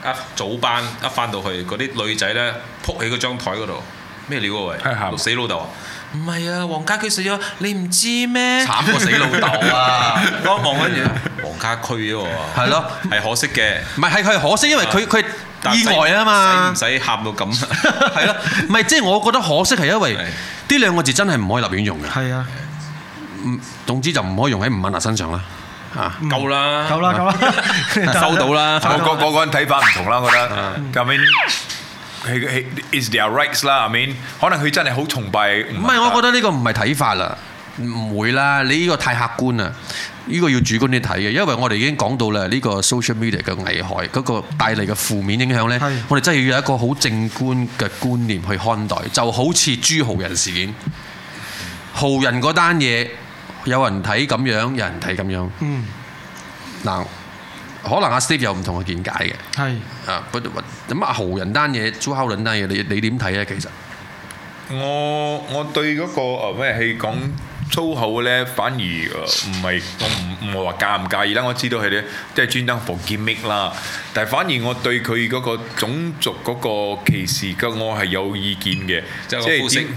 一早班一翻到去，嗰啲女仔咧撲喺嗰張台嗰度，咩料啊？喂，死老豆啊！唔係啊，黃家駒死咗，你唔知咩？慘過死老豆啊！我望緊嘢，黃家駒喎、啊。係咯，係可惜嘅。唔係，係佢係可惜，因為佢佢意外啊嘛。唔使喊到咁？係 咯、 啊，唔係即係我覺得可惜係因為呢是兩個字真係唔可以立亂用嘅。係啊，嗯，總之就唔可以用喺吳敏娜身上啦。嚇、啊、夠啦，夠啦夠啦，夠收到啦！我個我個人睇法唔同啦，我覺得後、right? I mean, 可能佢真係好崇拜。唔係，我覺得呢個唔係睇法啦，唔會啦，你呢個太客觀啦，呢、呢個要主觀啲睇嘅，因為我哋已經講到啦，呢個 social media 嘅危害嗰、嗰個帶嚟嘅負面影響咧，我哋真係要有一個好正觀嘅觀念去看待，就好似朱豪人事件，豪人嗰單嘢。有人睇咁樣，有人睇咁樣。嗯，嗱，可能阿 Steve 有唔同嘅見解嘅。係。啊，咁阿豪人單嘢，朱孝倫單嘢，你你點睇啊？其實我我對嗰個誒咩戲講粗口咧，反而唔係唔唔係話介唔介意啦。我知道佢咧，即係專登 for gimmick 啦，但係反而我對佢嗰個種族嗰個歧視嘅，我係有意見嘅。即係。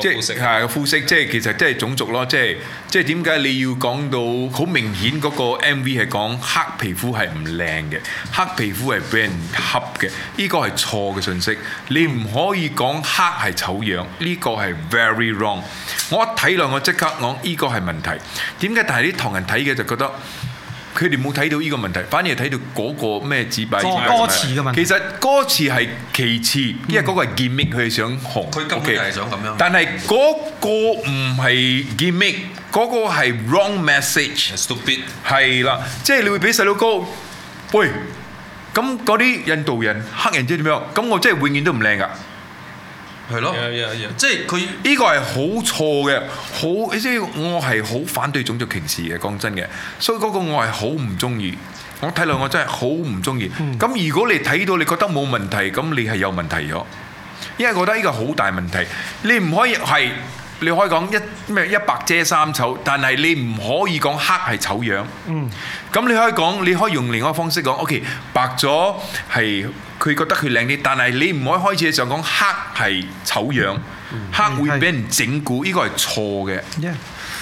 即係係膚色，即係 其實即係種族咯，即係即係點解你要講到好明顯嗰個 MV 係講黑皮膚係唔靚嘅，黑皮膚係俾人恰嘅，呢個係錯嘅信息，你唔可以講黑係醜樣，呢個係 very wrong。我一睇落我即刻講呢個係問題，點解？但係啲唐人睇嘅就覺得。佢哋冇睇到依個問題，反而睇到嗰個咩紙幣。作歌詞嘅問題。其實歌詞係其次，因為嗰個係 gimmick，佢係想紅。佢根本係想咁樣。但係嗰個唔係 gimmick，嗰個係 wrong message。Stupid。係啦，即係你會俾細佬哥，喂，咁嗰啲印度人黑人即係點樣？咁我真係永遠都唔靚㗎。係咯，yeah, yeah, yeah. 即係佢呢個係好錯嘅，好即係我係好反對種族歧視嘅，講真嘅，所以嗰個我係好唔中意，我睇落，我真係好唔中意。咁 如果你睇到你覺得冇問題，咁你係有問題咗，因為覺得呢個好大問題，你唔可以係。你可以講一咩一白遮三醜，但係你唔可以講黑係醜樣。嗯，咁你可以講，你可以用另外一個方式講。O、okay, K，白咗係佢覺得佢靚啲，但係你唔可以開始上講黑係醜樣，嗯嗯、黑會俾人整蠱，呢個係錯嘅。Yeah.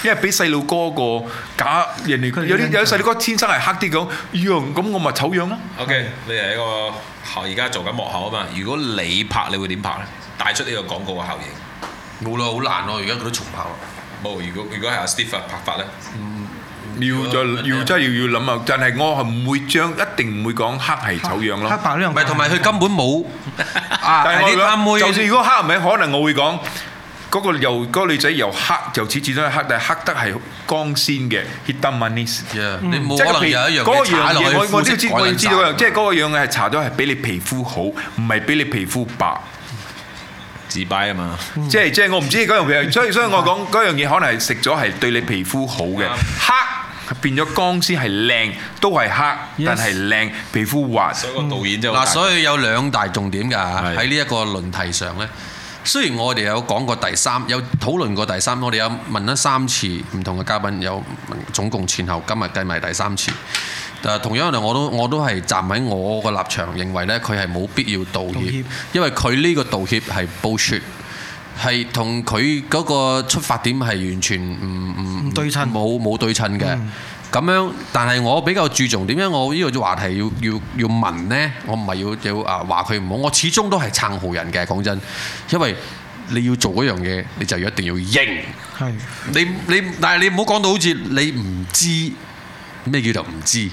因為俾細路哥個假人哋，有啲有啲細路哥天生係黑啲咁樣，咁、嗯、我咪醜樣咯。O、okay, K，你係一個後而家做緊幕後啊嘛。如果你拍，你會點拍咧？帶出呢個廣告嘅效應。冇啦，好難咯！而家佢都重拍啦。冇，如果如果係阿 Steve 拍法咧，嗯，要再要真係要諗啊！但係我係唔會將一定唔會講黑係醜樣咯。黑白呢樣唔係同埋佢根本冇啊！就算如果黑唔係，可能我會講嗰個由嗰個女仔由黑由始至終係黑，但係黑得係光鮮嘅。Hitam Manis，你冇可能有一樣嘢搽落去會改善曬。即係嗰個樣嘅係搽咗係比你皮膚好，唔係比你皮膚白。自擺啊嘛， 即係即係我唔知嗰樣嘢，所以所以我講嗰樣嘢可能係食咗係對你皮膚好嘅錯黑變咗光先係靚，都係黑 Yes. 但係靚皮膚滑。個導演啫嗱，所以有兩大重點㗎喺呢一個論題上呢，的雖然我哋有講過第三，有討論過第三，我哋有問咗三次唔同嘅嘉賓，有總共前後今日計埋第三次。同樣嚟我都我都係站喺我個立場，認為呢，佢係冇必要道歉，道歉因為佢呢個道歉係 bullshit，係同佢嗰個出發點係完全唔唔唔對稱，冇冇對稱嘅。咁、嗯、樣，但係我比較注重點解我呢個話題要要要問呢？我唔係要要啊話佢唔好，我始終都係撐好人嘅。講真，因為你要做嗰樣嘢，你就一定要認。係是你你，但係你唔好講到好似你唔知。咩叫就唔知？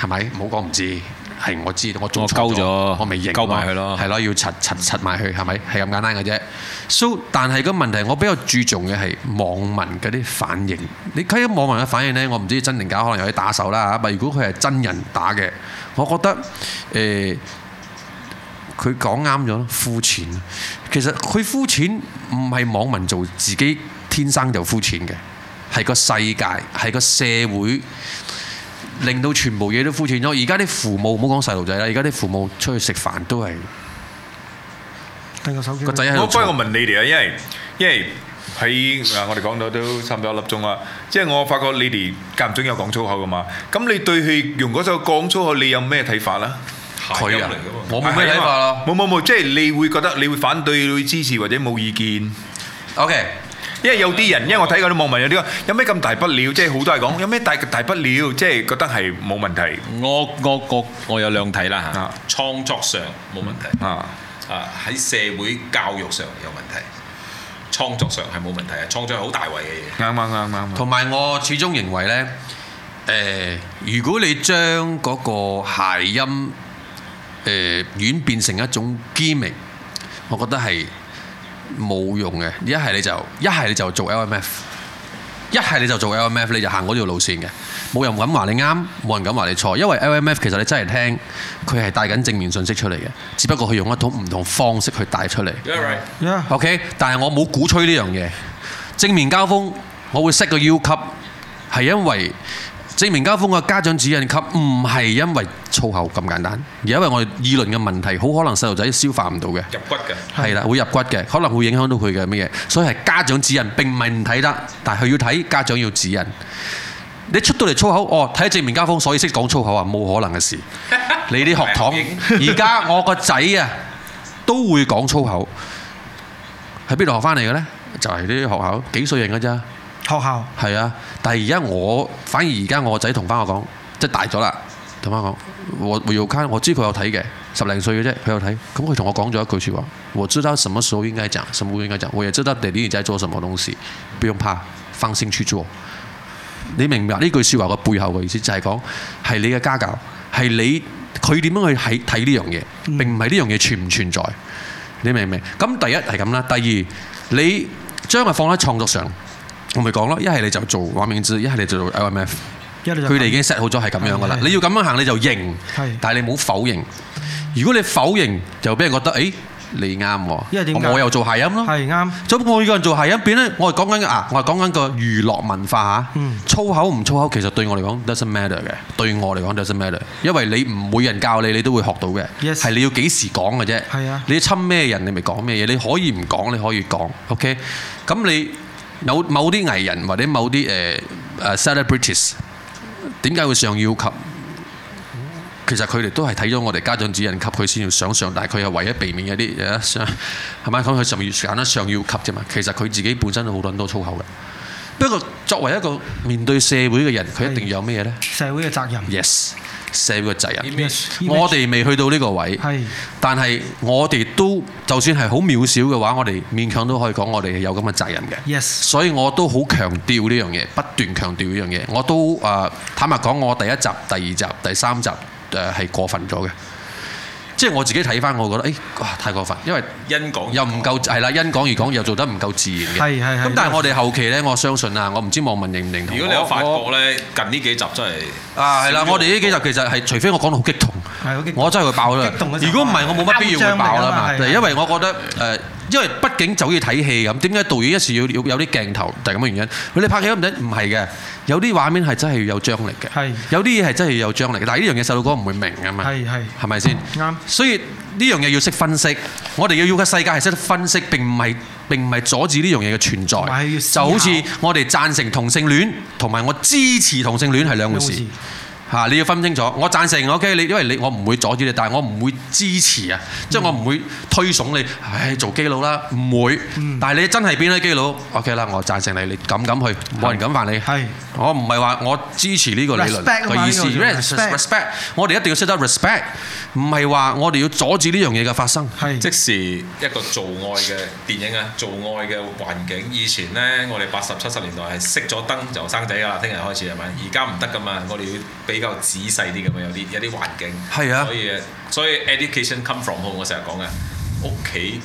係咪唔好講唔知係我知，我仲鳩咗，我咪認溝埋佢咯，係咯，要柒柒柒埋去，係咪係咁簡單嘅啫？So 但係個問題，我比較注重嘅係網民嗰啲反應。你睇下網民嘅反應呢，我唔知真定假，可能有啲打手啦嚇。咪如果佢係真人打嘅，我覺得誒佢講啱咗，膚淺。其實佢膚淺唔係網民做，自己天生就膚淺嘅，係個世界，係個社會。令到全部嘢都枯乾咗。而家啲父母唔好講細路仔啦，而家啲父母出去食飯都係拎個手機。我不如我問你哋啊，因為因為喺我哋講到都差唔多一粒鐘啦。即係我發覺你哋間唔中有講粗口噶嘛。咁你對佢用嗰首講粗口，你有咩睇法啦？佢啊，我冇咩睇法咯。冇冇冇，即係你會覺得你會反對、支持或者冇意見。OK。因為有啲人，因為我睇過啲網民有啲話，有咩咁大不了？即係好多人講有咩大大不了？即係覺得係冇問題。我我我我有兩睇啦嚇，創作上冇問題啊啊！喺社會教育上有問題，創作上係冇問題啊！創作係好大位嘅嘢。啱啊啱啊！同埋我始終認為呢，誒，如果你將嗰個諧音誒轉變成一種機迷，我覺得係。冇用嘅，一係你就一係你就做 LMF，一係你就做 LMF，你就行嗰條路線嘅，冇人敢話你啱，冇人敢話你錯，因為 LMF 其實你真係聽，佢係帶緊正面信息出嚟嘅，只不過佢用一種唔同方式去帶出嚟。Yeah, right. Yeah. Okay? 但係我冇鼓吹呢樣嘢。正面交鋒，我會 set 個 U 級，係因為。正面交鋒嘅家長指引級唔係因為粗口咁簡單，而因為我哋議論嘅問題，好可能細路仔消化唔到嘅，入骨嘅，係啦，會入骨嘅，可能會影響到佢嘅乜嘢，所以係家長指引並唔係唔睇得，但係佢要睇家長要指引。你出到嚟粗口，哦，睇正面交鋒，所以識講粗口啊？冇可能嘅事。 你啲學堂，而家 我個仔啊都會講粗口，喺邊度學翻嚟嘅呢？就係、呢、啲學校，幾歲人嘅咋？學校係啊，但係而家我反而而家我個仔同翻我講，即係大咗啦。同翻我講,我，我信用卡我知佢有睇嘅十零歲嘅啫，佢有睇。咁佢同我講咗一句說話，我知道什麼時候應該講，什麼唔應該講。我也知道弟弟仔做什麼東西，不用怕，放心去做。你明唔明白呢句説話嘅背後嘅意思就係講係你嘅家教係你佢點樣去睇睇呢樣嘢，並唔係呢樣嘢存唔存在。你明唔明？咁第一係咁啦，第二你將佢放喺創作上。我咪講咯，一係你就做黃明志，一係你就做 LMF，佢哋已經 set 好咗係咁樣噶啦。你要咁樣行，你就認，但係你冇否認。如果你否認，就俾人覺得誒，你啱喎。我又做係音咯，係啱。咁每個人做係音，變咧，我係講緊啊，我係講緊個娛樂文化嚇。粗口唔粗口，其實對我嚟講，doesn't matter 嘅。對我嚟講，doesn't matter。因為你唔每個人教你，你都會學到嘅。係你要幾時講嘅啫？係啊，你親咩人，你咪講咩嘢。你可以唔講，你可以講。OK，咁你。有某啲藝人或者某啲誒誒 celebrities 點解會上要級？其實佢哋都係睇咗我哋家長指引級佢先要上上，但係佢又為咗避免一啲嘢，uh, 上係咪？咁佢上月揀一上要級啫嘛。其實佢自己本身都好撚多粗口嘅。不過作為一個面對社會嘅人，佢一定要有咩咧？社會嘅責任。Yes。社會嘅責任，Im age, 我哋未去到呢個位，是但係我哋都就算係好渺小嘅話，我哋勉強都可以講我哋係有咁嘅責任嘅。yes，所以我都好強調呢樣嘢，不斷強調呢樣嘢。我都啊、呃，坦白講，我第一集、第二集、第三集誒係、呃、過分咗嘅。即係我自己睇翻，我覺得，哎，哇，太過分，因為因講而講又唔夠，係啦，因講而講又做得唔夠自然嘅。咁但係我哋後期咧，我相信啊，我唔知網民認唔認同。如果你有發覺咧，近呢幾集真係啊，係啦，我哋呢幾集其實係，除非我講到好激動，激動我真係會爆啦。如果唔係，我冇乜必要去爆啦，因為我覺得誒。呃因為畢竟就要睇戲咁，點解導演一時要有啲鏡頭？就係咁嘅原因。你拍戲都唔得，唔係嘅。有啲畫面係真係要有張力嘅。係是。有啲嘢係真係要有張力嘅。但係呢樣嘢細路哥唔會明㗎嘛。係係。係咪先？啱吧。嗯、所以呢樣嘢要識分析。我哋要要嘅世界係識得分析，並唔係並唔係阻止呢樣嘢嘅存在。就好似我哋贊成同性戀，同埋我支持同性戀係兩回事。啊！你要分清楚，我贊成，OK？你因為你我唔會阻止你，但係我唔會支持啊，嗯、即係我唔會推崇你。唉、哎，做基佬啦，唔會。嗯、但係你真係變咗基佬，OK 啦，我贊成你，你敢敢去，冇是 人敢煩你。係的，我唔係話我支持呢個理論嘅意思。Respect、啊、我哋一定要識得 respect，唔係話我哋要阻止呢樣嘢嘅發生。的即時一個做愛嘅電影啊，做愛嘅環境。以前呢，我哋八十七十年代係熄咗燈就生仔㗎啦，聽日開始係咪？而家唔得㗎嘛，我哋要俾。比較仔細啲咁樣，有啲有啲環境，係啊，所以所以 education come from home，我成日講嘅屋企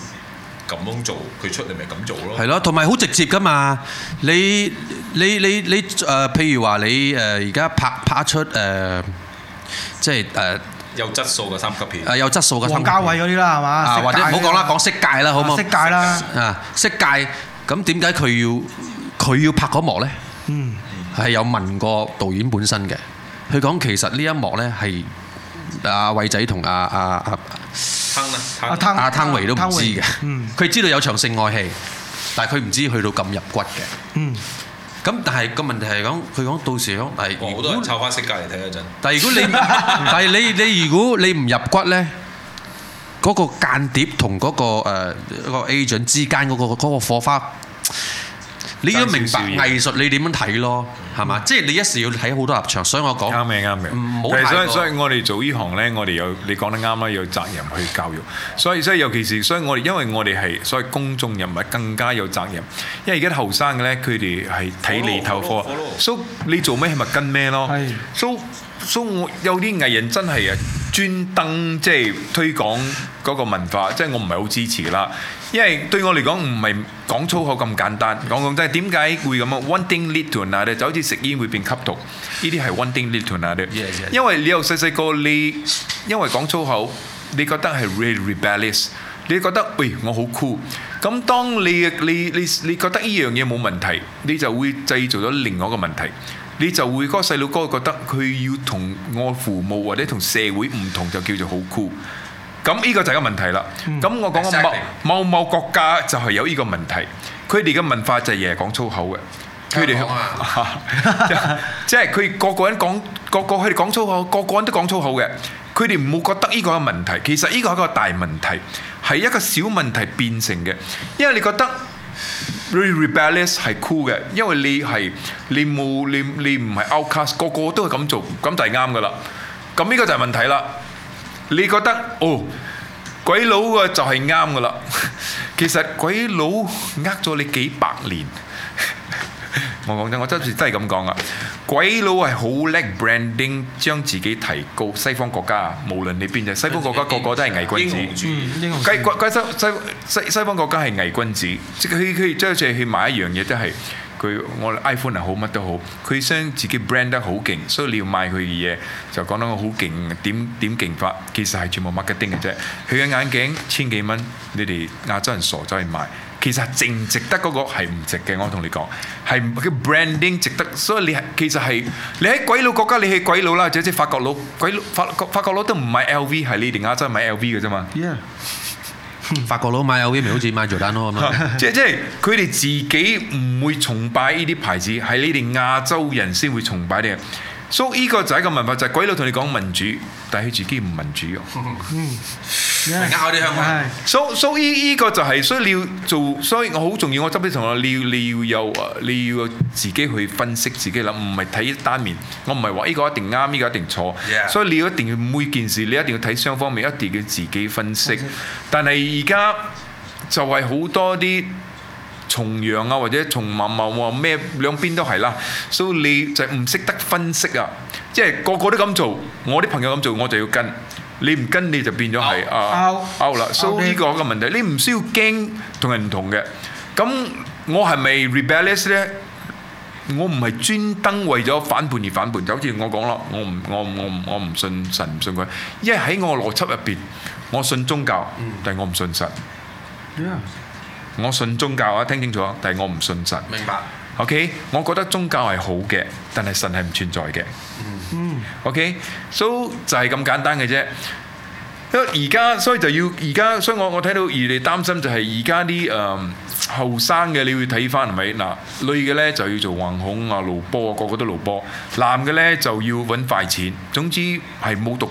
咁樣做，佢出嚟咪咁做咯。係咯，同埋好直接㗎嘛？你你你你誒，譬如話你誒而家拍拍出誒，即係誒有質素嘅三級片。誒有質素嘅三級片。王家衞嗰啲啦，係嘛？啊，或者唔好講啦，講色戒啦，好冇？色戒啦，啊，色戒咁點解佢要佢要拍嗰幕咧？嗯，係有問過導演本身嘅。佢講其實呢一幕咧係阿偉仔同阿阿阿阿湯唯都唔知嘅，佢知道有場性愛戲，但係佢唔知去到咁入骨嘅。嗯，咁但係個問題係講，佢講到時講係，好多人都湊翻《色戒》嚟睇一陣。但係如果你但係你你如果你唔入骨咧，嗰個間諜同嗰個誒一個 agent 之間嗰個嗰個火花。你都明白藝術你，你點樣睇咯？係嘛？即係你一時要睇好多合場，所以我講啱嘅啱嘅。好所以所以，所以我哋做呢行呢，我哋有你講得啱啦，有責任去教育。所以所以，尤其是所以我哋，因為我哋係所，所以公眾人物，更加有責任。因為而家後生嘅呢，佢哋係睇你透頭 So，你做咩係咪跟咩咯？So< 係>。So, 所以、so, 我有啲藝人真係啊專登即係推廣嗰個文化，即、就、係、是、我唔係好支持啦。因為對我嚟講唔係講粗口咁簡單，講講真點解會咁啊？One thing l i a to n o t h e r 就好似食煙會變吸毒，呢啲係 one thing l i a to n o t h e r 因為你又細細個你，因為講粗口，你覺得係 really rebellious，你覺得喂我好酷。咁當你你你你覺得依樣嘢冇問題，你就會製造咗另外一個問題。你就會嗰個細佬哥覺得佢要同我父母或者同社會唔同就叫做好酷。咁呢個就係個問題啦。咁、嗯、我講個、嗯、某，某某國家就係有呢個問題，佢哋嘅文化就係日日講粗口嘅。佢哋嚇，即係佢個個人講個個佢哋講粗口，個個人都講粗口嘅。佢哋唔會覺得呢個係問題，其實呢個係一個大問題，係一個小問題變成嘅，因為你覺得。Really rebellious 係 cool 嘅，因為你係你冇你你唔係 outcast，個個都係咁做，咁就係啱噶啦。咁呢個就係問題啦。你覺得哦，鬼佬嘅就係啱噶啦？ 其實鬼佬呃咗你幾百年。 我講真，我真係真係咁講噶。鬼佬係好叻 branding，將自己提高。西方國家無論你邊隻西方國家個個都係偽君子。嗯、西西西方國家係偽君子。即佢佢即係去買一樣嘢都係佢我 iPhone 係好乜都好，佢將自己 brand 得好勁，所以你要買佢嘅嘢就講得我好勁點點勁法，其實係全部 marketing 嘅啫。佢嘅眼鏡千幾蚊，你哋亞洲人傻去買。其實值唔值得嗰個係唔值嘅，我同你講係佢 branding 值得，所以你係其實係你喺鬼佬國家你係鬼佬啦，即係即係法國佬，鬼法法國佬都唔買 LV，係呢啲亞洲買 LV 嘅啫嘛。Yeah. 法國佬買 LV 咪好似買 Jordano 咁咯，即即係佢哋自己唔會崇拜呢啲牌子，係呢啲亞洲人先會崇拜嘅。So 依個就係一個文化，就係鬼佬同你講民主，但係佢自己唔民主。嗯、ja，壓好啲香港。蘇依個就係，所以你要做，所以我好重要。我側邊同學你要你要有，你要自己去分析自己諗，唔係睇一單面。我唔係話呢個一定啱，呢個一定錯。所以你要一定要每件事，你一定要睇雙方面，一定要自己分析。但係而家就係好多啲。重陽啊，或者重文茂喎咩？兩邊都係啦，所以你就唔識得分析啊，即係個個都咁做，我啲朋友咁做，我就要跟，你唔跟你就變咗係啊勾啦，所以呢個個問題，你唔需要驚同人唔同嘅。咁我係咪 rebellious 呢？我唔係專登為咗反叛而反叛，就好似我講咯，我唔我我我唔信神唔信鬼，因為喺我邏輯入邊，我信宗教，但係我唔信神。我信宗教啊，聽清楚，但係我唔信神。明白？OK，我覺得宗教係好嘅，但係神係唔存在嘅。嗯 OK，so、okay? 就係咁簡單嘅啫。而家所以就要而家，所以我我睇到而你擔心就係而家啲誒後生嘅，你要睇翻係咪嗱？女嘅咧就要做橫恐啊、露波啊，個個都露波；男嘅咧就要揾快錢，總之係冇讀。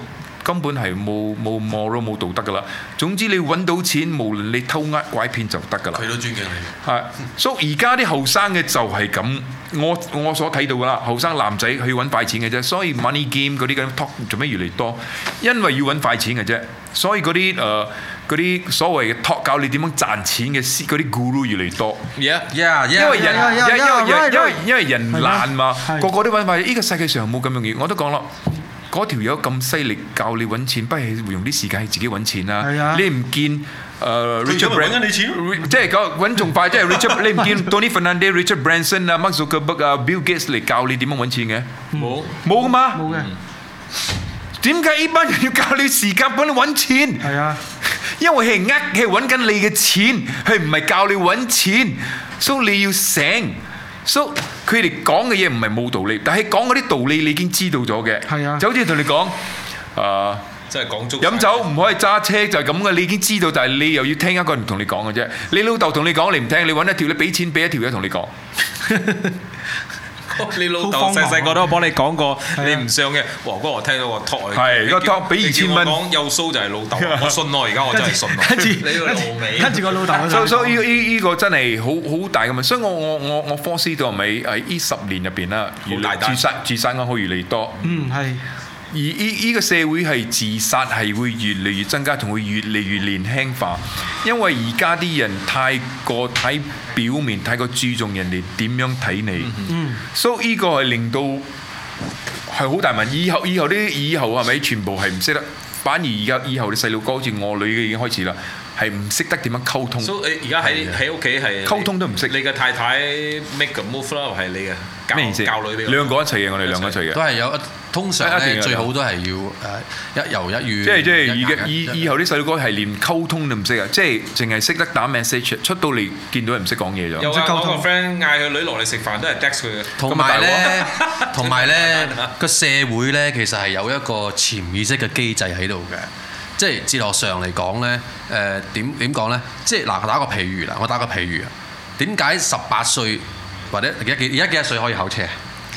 根本係冇冇冇，moral 冇道德㗎啦。總之你揾到錢，無論你偷呃拐騙就得㗎啦。佢都尊敬你。係，所以而家啲後生嘅就係咁。我我所睇到㗎啦，後生男仔去揾快錢嘅啫。所以 money game 嗰啲咁 talk 做咩越嚟越多？因為要揾快錢嘅啫。所以嗰啲誒啲所謂嘅 talk 教你點樣賺錢嘅嗰啲 guru 越嚟越多。Yeah yeah，因為人因因人因為因為人懶嘛，個個都揾快錢。呢、這個世界上冇咁容易。我都講啦。嗰條友咁犀利，教你揾錢，不如用啲時間自己揾錢啊。你唔見誒？Richard Branson 啊！你錢即係講揾仲快，即係 Richard。你唔見 Tony Fernandez、Richard Branson 啊，Mark Zuckerberg 啊 Bill Gates 嚟教你點樣揾錢嘅？冇冇噶嘛？點解呢班人要教你時間幫你揾錢？係啊，因為係呃，係揾緊你嘅錢，佢唔係教你揾錢？所以你要醒。所以佢哋講嘅嘢唔係冇道理，但係講嗰啲道理你已經知道咗嘅。係啊。就好似同你講，誒飲酒唔可以揸車就係咁嘅，你已經知道，但係你又要聽一個人同你講嘅啫。你老豆同你講你唔聽，你揾一條你俾錢俾一條嘢同你講。 你老豆細細個都幫你講過，啊、你唔上嘅，王哥我聽到話託佢。係是，個托看比以前我講有 show 就係老豆，我信囉，而家我真係信囉。跟住你老尾，跟住我老豆。所以呢、呢、呢、個呢個真係好好大嘅問題，所以我我我我科師到尾喺呢十年入邊啦，越嚟自殺大自殺嘅可以越嚟越多。嗯，係。而呢依個社會係自殺係會越嚟越增加，同會越嚟越年輕化，因為而家啲人太過睇表面，太過注重人哋點樣睇你，所以呢個係令到係好大問以後以後啲以後係咪全部係唔識得？反而而家以後啲細路哥，好似我女嘅已經開始啦，係唔識得點樣溝通。所以而家喺喺屋企係溝通都唔識。你嘅太太 make a move 啦，係你嘅教教女，兩個一齊嘅，嗯、我哋兩個一齊嘅，都係有一。通常咧最好都係要誒一遊一語，即係即係而嘅以以後啲細路哥係連溝通都唔識啊！即係淨係識得打 message，出到嚟見到人唔識講嘢就。又話我個 friend 嗌佢女落嚟食飯都係 text 佢嘅。咁大鑊，同埋咧個社會咧其實係有一個潛意識嘅機制喺度嘅，即係哲學上嚟講咧誒點點講咧？即係嗱打個譬如啦，我打個譬如啊，點解十八歲或者而家幾多歲可以考車？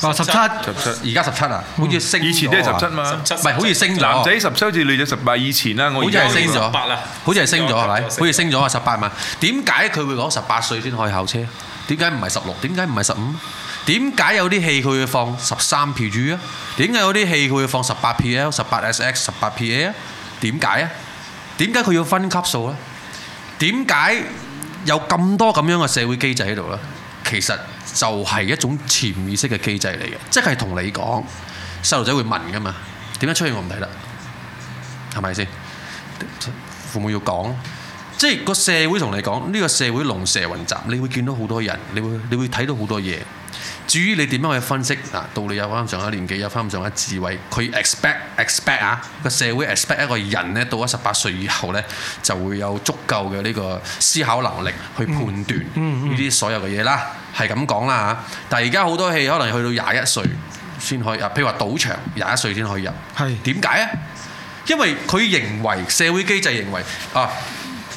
哇！十七，而家十七啊，好似升咗。以前都係十七嘛，唔係好似升。男仔十七先至嚟咗十八，以前啦，我好似係升咗，八啦，好似係升咗，係咪？好似升咗啊，十八嘛？點解佢會講十八歲先可以考車？點解唔係十六？點解唔係十五？點解有啲戲佢會放十三 PG 啊？點解有啲戲佢會放十八 PL、十八 SX、十八 PA 啊？點解啊？點解佢要分級數咧？點解有咁多咁樣嘅社會機制喺度咧？其實。就係一種潛意識嘅機制嚟嘅，即係同你講細路仔會問噶嘛，點解出現我唔睇得，係咪先？父母要講，即係個社會同你講呢個社會龍蛇混雜，你會見到好多人，你會你會睇到好多嘢。至於你點樣去分析嗱，到你有翻咁上下年紀，有翻咁上下智慧，佢 ex expect expect 啊個社會 expect 一個人咧，到咗十八歲以後呢，就會有足夠嘅呢個思考能力去判斷呢啲所有嘅嘢啦，係咁講啦嚇。但係而家好多戲可能去到廿一歲先可以啊，譬如話賭場廿一歲先可以入，係點解啊？因為佢認為社會機制認為啊，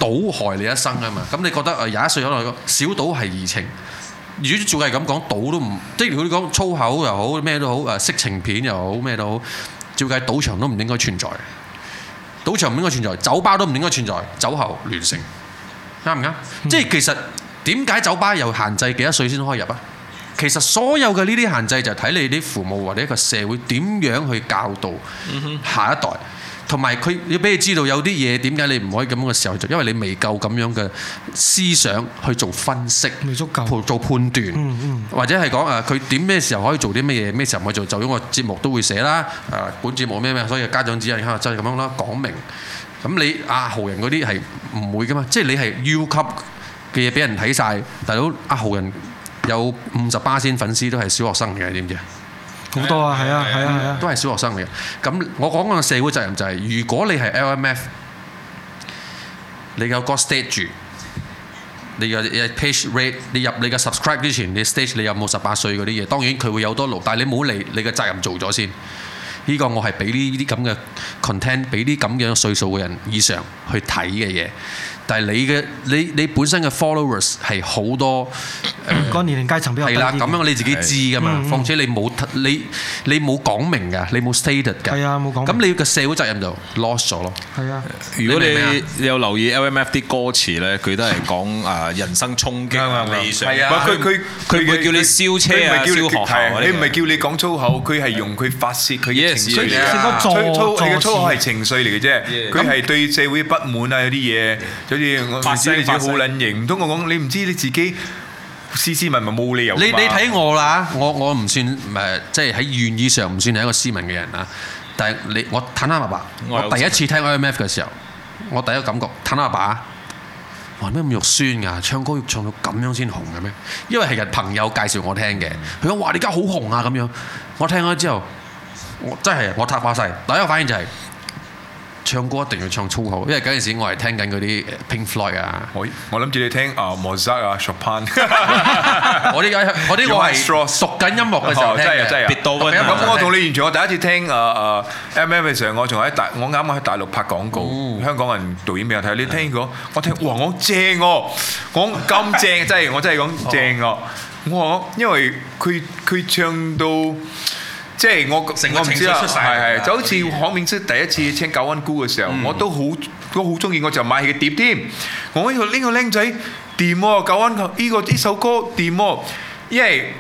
賭害你一生啊嘛。咁你覺得啊，廿一歲可能小賭係怡情。如果照計咁講，賭都唔，即係如果你講粗口又好，咩都好，誒，色情片又好，咩都好，照計賭場都唔應該存在。賭場唔應該存在，酒吧都唔應該存在，酒後亂性。啱唔啱？即係其實點解酒吧又限制幾多歲先開入啊？其實所有嘅呢啲限制就係睇你啲父母或者一個社會點樣去教導下一代。同埋佢要俾佢知道有啲嘢點解你唔可以咁樣嘅時候，做，因為你未夠咁樣嘅思想去做分析，未足夠做判斷，嗯嗯、或者係講誒佢點咩時候可以做啲咩嘢，咩時候唔可以做，就因為個節目都會寫啦，誒、啊、本節目咩咩，所以家長指引下真係咁樣咯，講明。咁你阿、啊、豪人嗰啲係唔會噶嘛，即係你係 U 級嘅嘢俾人睇晒。大佬阿豪人有五十巴仙粉絲都係小學生嘅，點知啫？好多啊，係啊，係啊，係啊，都係小學生嚟嘅。咁我講緊個社會責任就係，如果你係 LMF，你有個 stage，你嘅嘅 page rate，你入你嘅 subscribe 之前，你 stage 你有冇十八歲嗰啲嘢？當然佢會有多路，但係你冇嚟，你嘅責任做咗先。呢個我係俾呢啲咁嘅 content，俾啲咁樣歲數嘅人以上去睇嘅嘢。但係你嘅你你本身嘅 followers 係好多，個年齡階層比較係啦，咁樣你自己知㗎嘛？況且你冇你你冇講明㗎，你冇 stated 㗎，係啊，冇講。咁你嘅社會責任就 lost 咗咯。係啊，如果你有留意 LMF 啲歌詞咧，佢都係講啊人生衝擊啊嘛，理想。係啊，佢佢佢唔會佢叫你燒車啊，燒學校。你唔係叫你講粗口，佢係用佢發泄佢嘅情緒啊。粗粗粗口係情緒嚟嘅啫，佢係對社會不滿啊有啲嘢。好似西我唔知你自，自己好冷型，唔通西我講你唔知你自己斯斯文文，冇理由你。你你睇我啦，我我唔算誒，即係喺願意上唔算係一個斯文嘅人啊。但係你我坦坦白白，我，我第一次聽 IMF 嘅時候，我第一個感覺坦坦白白，哇咩咁肉酸㗎？唱歌要唱到咁樣先紅嘅咩？因為係日朋友介紹我聽嘅，佢話哇你而家好紅啊咁樣。我聽咗之後，我真係我拆化曬。第一個反應就係、是。唱歌一定要唱粗口，因為嗰陣時我係聽緊嗰啲 Pink Floyd 啊，我我諗住你聽啊、uh, Mozart 啊、Chopin 我呢、這個、我啲我係熟緊音樂嘅時候、 哦、真係真係。別刀咁我同你完全我第一次聽啊 MM 嘅時候，我仲喺大我啱啱喺大陸拍廣告，Ooh. 香港人導演俾我睇，你聽過？我聽哇，我正喎、啊，我咁正，真係我真係講正喎。我,、啊我啊、 因為佢佢唱到。即係我，我唔知啦，係係，是是的就好似何明昇第一次請九安姑嘅時候，嗯、我都好，都好中意，我就買起嘅碟添。我呢個呢個僆仔，掂喎，九安哥，呢、這個呢首、哦這個這個這個、歌，掂喎，因為。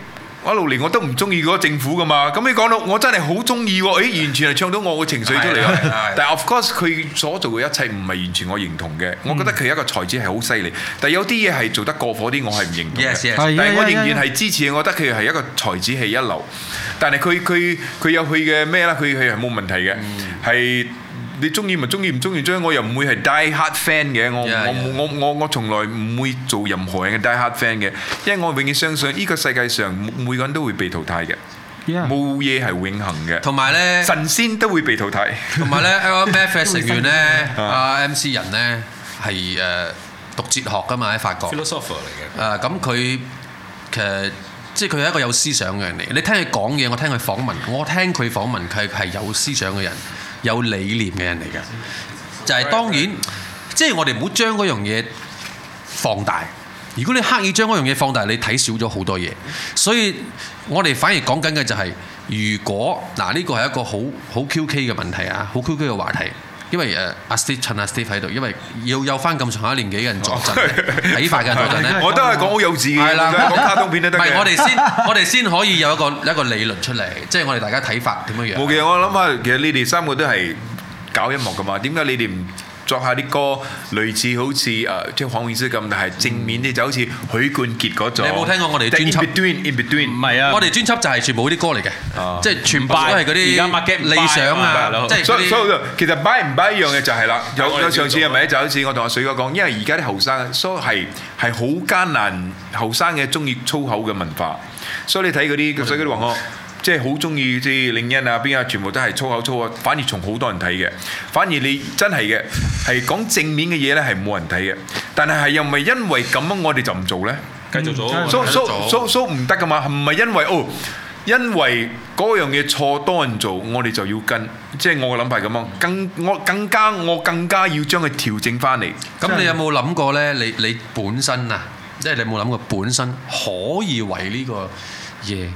一路嚟我都唔鍾意嗰個政府㗎嘛，咁你講到我真係好鍾意喎，誒完全係唱到我嘅情緒出嚟。 對對對，但係 of course 佢所做嘅一切唔係完全我認同嘅，我覺得佢一個才子係好犀利，但有啲嘢係做得過火啲，我係唔認同嘅。Yes, yes, yes, yes, 但我仍然係支持，我覺得佢係一個才子係一流。但係佢有佢嘅咩啦，佢佢係冇問題嘅，係、嗯。你中意咪中意，唔中意將我又唔會係 die hard fan 嘅，我我我我我從來唔會做任何人嘅 die hard fan 嘅，因為我永遠相信呢個世界上每每個人都會被淘汰嘅，冇嘢係永恆嘅。同埋咧，神仙都會被淘汰。同埋咧，LMF 嘅成員咧，阿 MC 人咧係誒讀哲學噶嘛，喺法國。philosopher 嚟嘅。誒咁佢其實即係佢係一個有思想嘅人嚟，你聽佢講嘢，我聽佢訪問，我聽佢訪問，佢係有思想嘅人。有理念嘅人嚟嘅，就係當然，即係我哋唔好將嗰樣嘢放大。如果你刻意將嗰樣嘢放大，你睇少咗好多嘢。所以，我哋反而講緊嘅就係如果嗱呢個係一個好好 Q K 嘅問題啊，好 Q K 嘅話題。因為誒阿 Steve 襯阿 Steve 喺度，因為要有翻咁上下年紀嘅人坐陣，睇 法嘅人坐陣咧，我都係講好幼稚嘅，係啦，我講卡通片都得。唔係，我哋先，我哋先可以有一個一個理論出嚟，即係我哋大家睇法點樣樣。冇嘅，我諗下其實你哋三個都係搞音樂噶嘛，點解你哋唔？作下啲歌，類似好似誒，即係方永思咁，但係正面啲就好似許冠傑嗰種。你有冇聽過我哋專輯？In between，in between，唔係啊，我哋專輯就係全部啲歌嚟嘅，即係全部都係嗰啲。而家麥嘅理想啊，即係嗰啲。所以，所以其實 buy 唔 buy 一樣嘅就係啦。有有上次係咪咧，就好似我同阿水哥講，因為而家啲後生，所以係係好艱難。後生嘅鍾意粗口嘅文化，所以你睇嗰啲，所以嗰啲同學。即係好中意即啲領音啊，邊啊，全部都係粗口粗口啊。反而從好多人睇嘅，反而你真係嘅係講正面嘅嘢咧，係冇人睇嘅。但係係又唔係因為咁樣我哋就唔做咧？嗯、繼續做，所以續做唔得噶嘛？唔係因為哦，因為嗰樣嘢錯多人做，我哋就要跟。即係我嘅諗法係咁咯。更我更加我更加要將佢調整翻嚟。咁你有冇諗過咧？你你本身啊，即係你冇諗過本身可以為呢個嘢。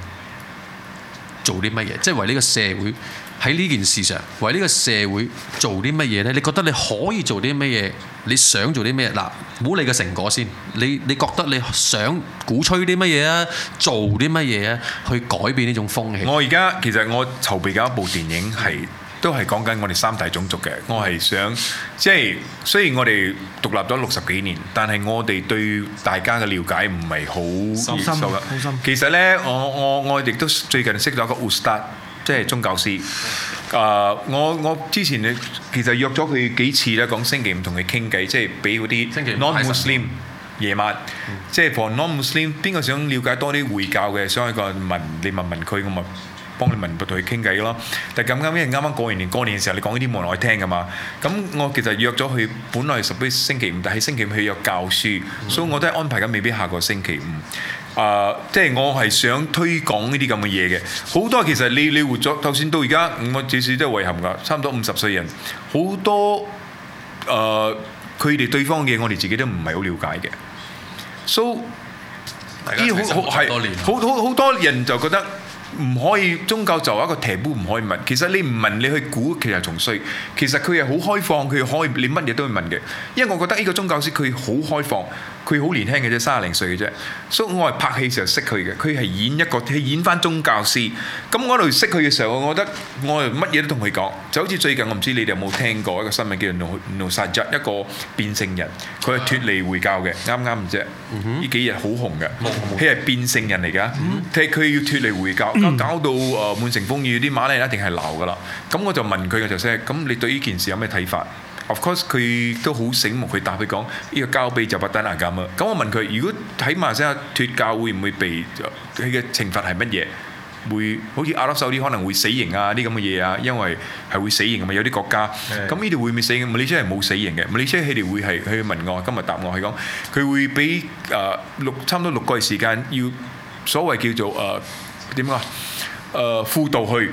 做啲乜嘢？即係為呢個社會喺呢件事上，為呢個社會做啲乜嘢呢？你覺得你可以做啲乜嘢？你想做啲咩？嗱，估你嘅成果先。你你覺得你想鼓吹啲乜嘢啊？做啲乜嘢啊？去改變呢種風氣。我而家其實我籌備緊一部電影係。 都係講緊我哋三大種族嘅，我係想即係雖然我哋獨立咗六十幾年，但係我哋對大家嘅瞭解唔係好深入嘅。其實呢，我我我亦都最近識咗個 Ustad，即係宗教師。誒，我我之前其實約咗佢幾次咧，講星期五同佢傾偈，即係俾嗰啲星期五 non-Muslim 夜晚，即係 for non-Muslim 邊個想瞭解多啲回教嘅，想去個民你問問佢咁嘛。幫你問到同佢傾偈咯，但係咁啱因為啱啱過完年過年嘅時候，你講呢啲冇人愛聽㗎嘛。咁我其實約咗佢，本來係十幾星期五，但係星期五去約教書，所以我都係安排緊，未必下個星期五。啊，即係我係想推廣呢啲咁嘅嘢嘅。好多其實你你活咗，頭先到而家，我至少都係遺憾㗎。差唔多五十歲人，好多誒，佢哋對方嘅嘢，我哋自己都唔係好瞭解嘅。So 依好好係好好好多人就覺得。唔可以宗教就一個題目，唔可以問。其實你唔問，你去估，其實仲衰。其實佢係好開放，佢可以你乜嘢都去問嘅，因為我覺得呢個宗教師佢好開放。佢好年輕嘅啫，三十零歲嘅啫，所以我係拍戲時候識佢嘅。佢係演一個，佢演返宗教師。咁我喺度識佢嘅時候，我覺得我係乜嘢都同佢講。就好似最近我唔知你哋有冇聽過一個新聞，叫 Nur Sajat，一個變性人，佢係脫離回教嘅，啱啱嘅啫。呢、mm hmm. 幾日好紅嘅，佢係、mm hmm. 變性人嚟㗎，佢佢、mm hmm. 要脫離回教，搞到誒、呃、滿城風雨，啲馬拉一定係鬧㗎喇。咁我就問佢嘅頭先，咁你對呢件事有咩睇法？Of course，佢都好醒目。佢答佢講：呢個交俾就不得而咁啊！咁我問佢，如果喺馬來西亞脱教會唔會被佢嘅懲罰係乜嘢？會好似阿拉伯啲可能會死刑啊啲咁嘅嘢啊，因為係會死刑㗎嘛。有啲國家咁呢度會唔會死？你真係係冇死刑嘅。穆斯林佢哋會係去問我，今日答案係講佢會俾誒六，差唔多六個月時間，要所謂叫做誒點講啊誒輔導去。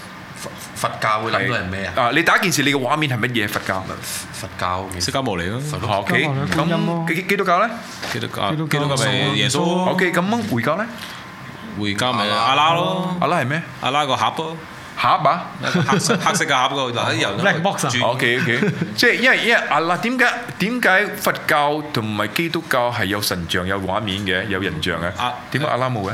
佛佛教會諗到係咩啊？啊！你第一件事你嘅畫面係乜嘢？佛教佛佛教，釋迦牟尼咯。O K，咁基督教咧？基督教基督教咪耶穌？O K，咁回教咧？回教咪阿拉咯？阿拉係咩？阿拉個盒噃，盒啊！黑色黑色盒噶，就啲人咧剝住。O K O K，即係因為因為阿拉，點解點解佛教同埋基督教係有神像有畫面嘅有形象啊？點解阿拉冇嘅？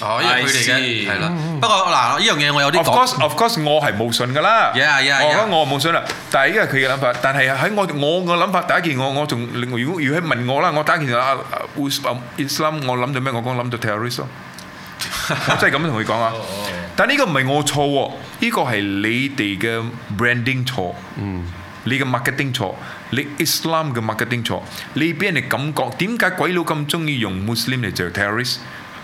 哦，因為佢哋嘅係啦。不過嗱，呢樣嘢我有啲講。Of course，of course，我係無信嘅啦。Yeah，yeah，yeah。我我無信啦。但係呢個係佢嘅諗法。但係喺我我嘅諗法，第一件我我仲另外，如果如果問我啦，我第一件啊，啊，Islam，我諗到咩？我講諗到 terrorist。我真係咁樣同佢講啊。但係呢個唔係我錯，呢個係你哋嘅 branding 錯。嗯。你嘅 marketing 錯，你 Islam 嘅 marketing 錯，你俾人哋感覺點解鬼佬咁中意用 Muslim 嚟做 terrorist？